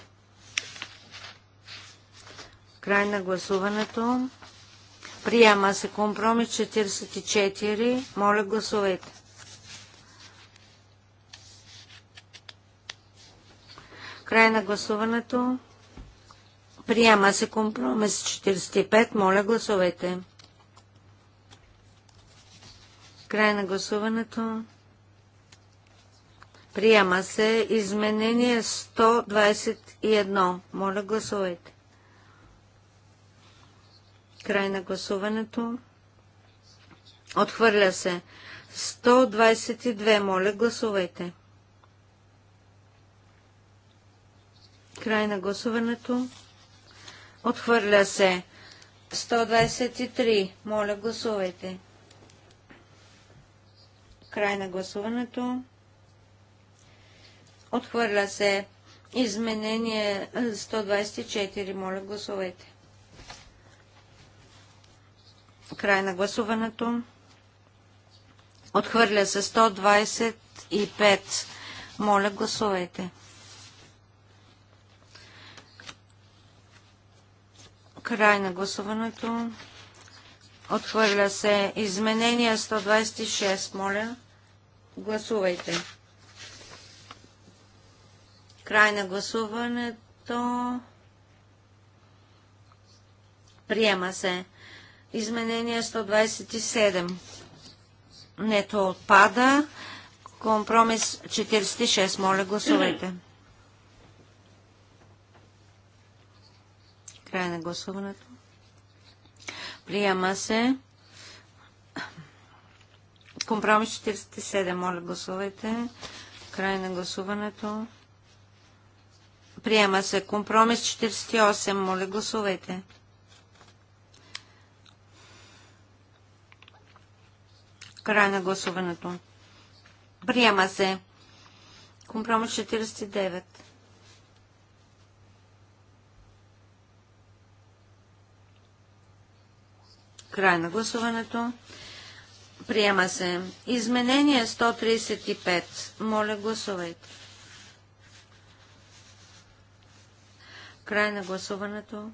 Speaker 2: Край на гласуването. Приема се компромис 44. Моля, гласувайте. Край на гласуването. Приема се компромис 45. Моля, гласувайте. Край на гласуването. Приема се изменение 121. Моля, гласувайте. Край на гласуването. Отхвърля се. 122. Моля, гласувайте. Край на гласуването. Отхвърля се. 123. Моля, гласувайте. Край на гласуването. Отхвърля се. Изменение 124. Моля, гласувайте. Край на гласуването. Отхвърля се 125. Моля, гласувайте. Край на гласуването. Отхвърля се изменение 126. Моля, гласувайте. Край на гласуването. Приема се. Изменение 127. Не, то отпада. Компромис 46. Моля, гласувайте. Край на гласуването. Приема се. Компромис 47. Моля, гласувайте. Край на гласуването. Приема се. Компромис 48. Моля, гласувайте. Край на гласуването. Приема се. Компромис 49. Край на гласуването. Приема се. Изменение 135. Моля, гласувайте. Край на гласуването.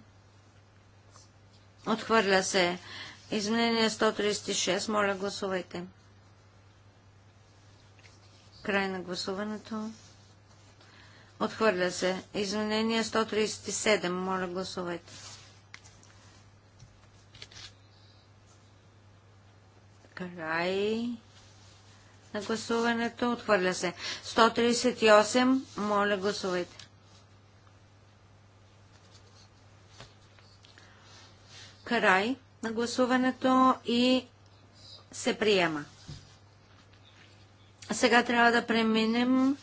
Speaker 2: Отхвърля се. Изменение 136. Моля, гласувайте. Край на гласуването. Отхвърля се. Изменение 137. Моля, гласувайте. Край на гласуването. Отхвърля се. 138. Моля, гласувайте. Край на гласуването и се приема. Сега трябва да преминем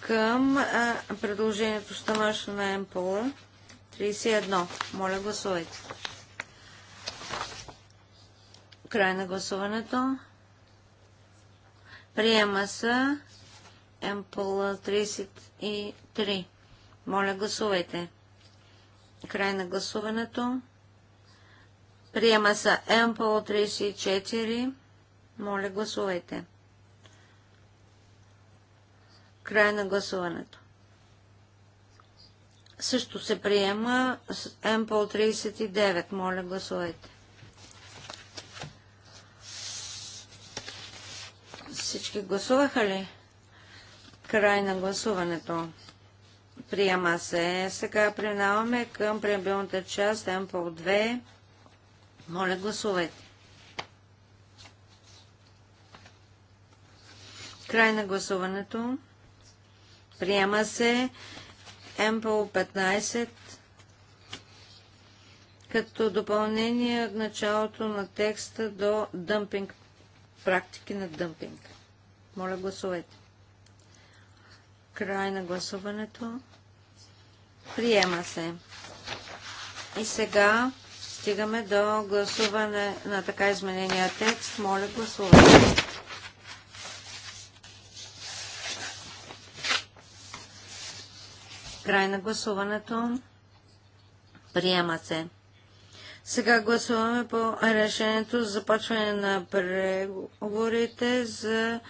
Speaker 2: към а, предложението становище на МПО 31. Моля, гласувайте. Край на гласуването. Приема са МПЛ 33. Моля, гласувайте. Край на гласуването. Приема са МПЛ 34. Моля, гласувайте. Край на гласуването. Също се приема МПЛ 39. Моля, гласувайте. Всички гласуваха ли? Край на гласуването. Приема се. Сега преминаваме към преамбилната част, МПО 2. Моля, гласувайте. Край на гласуването. Приема се МПО 15 като допълнение от началото на текста до дъмпинг, практики на дъмпинг. Моля, гласувайте. Край на гласуването. Приема се. И сега стигаме до гласуване на така изменения текст. Моля, гласувайте. Край на гласуването. Приема се. Сега гласуваме по решението за започване на преговорите за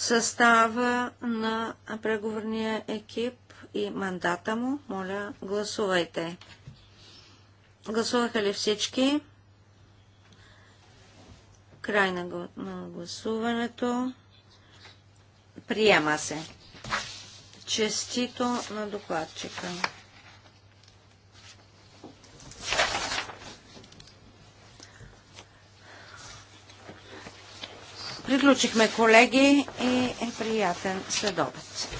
Speaker 2: състава на преговорния екип и мандата му. Моля, гласувайте. Гласуваха ли всички? Край на гласуването. Приема се. Честито на докладчика. Приключихме, колеги, и е приятен следобед.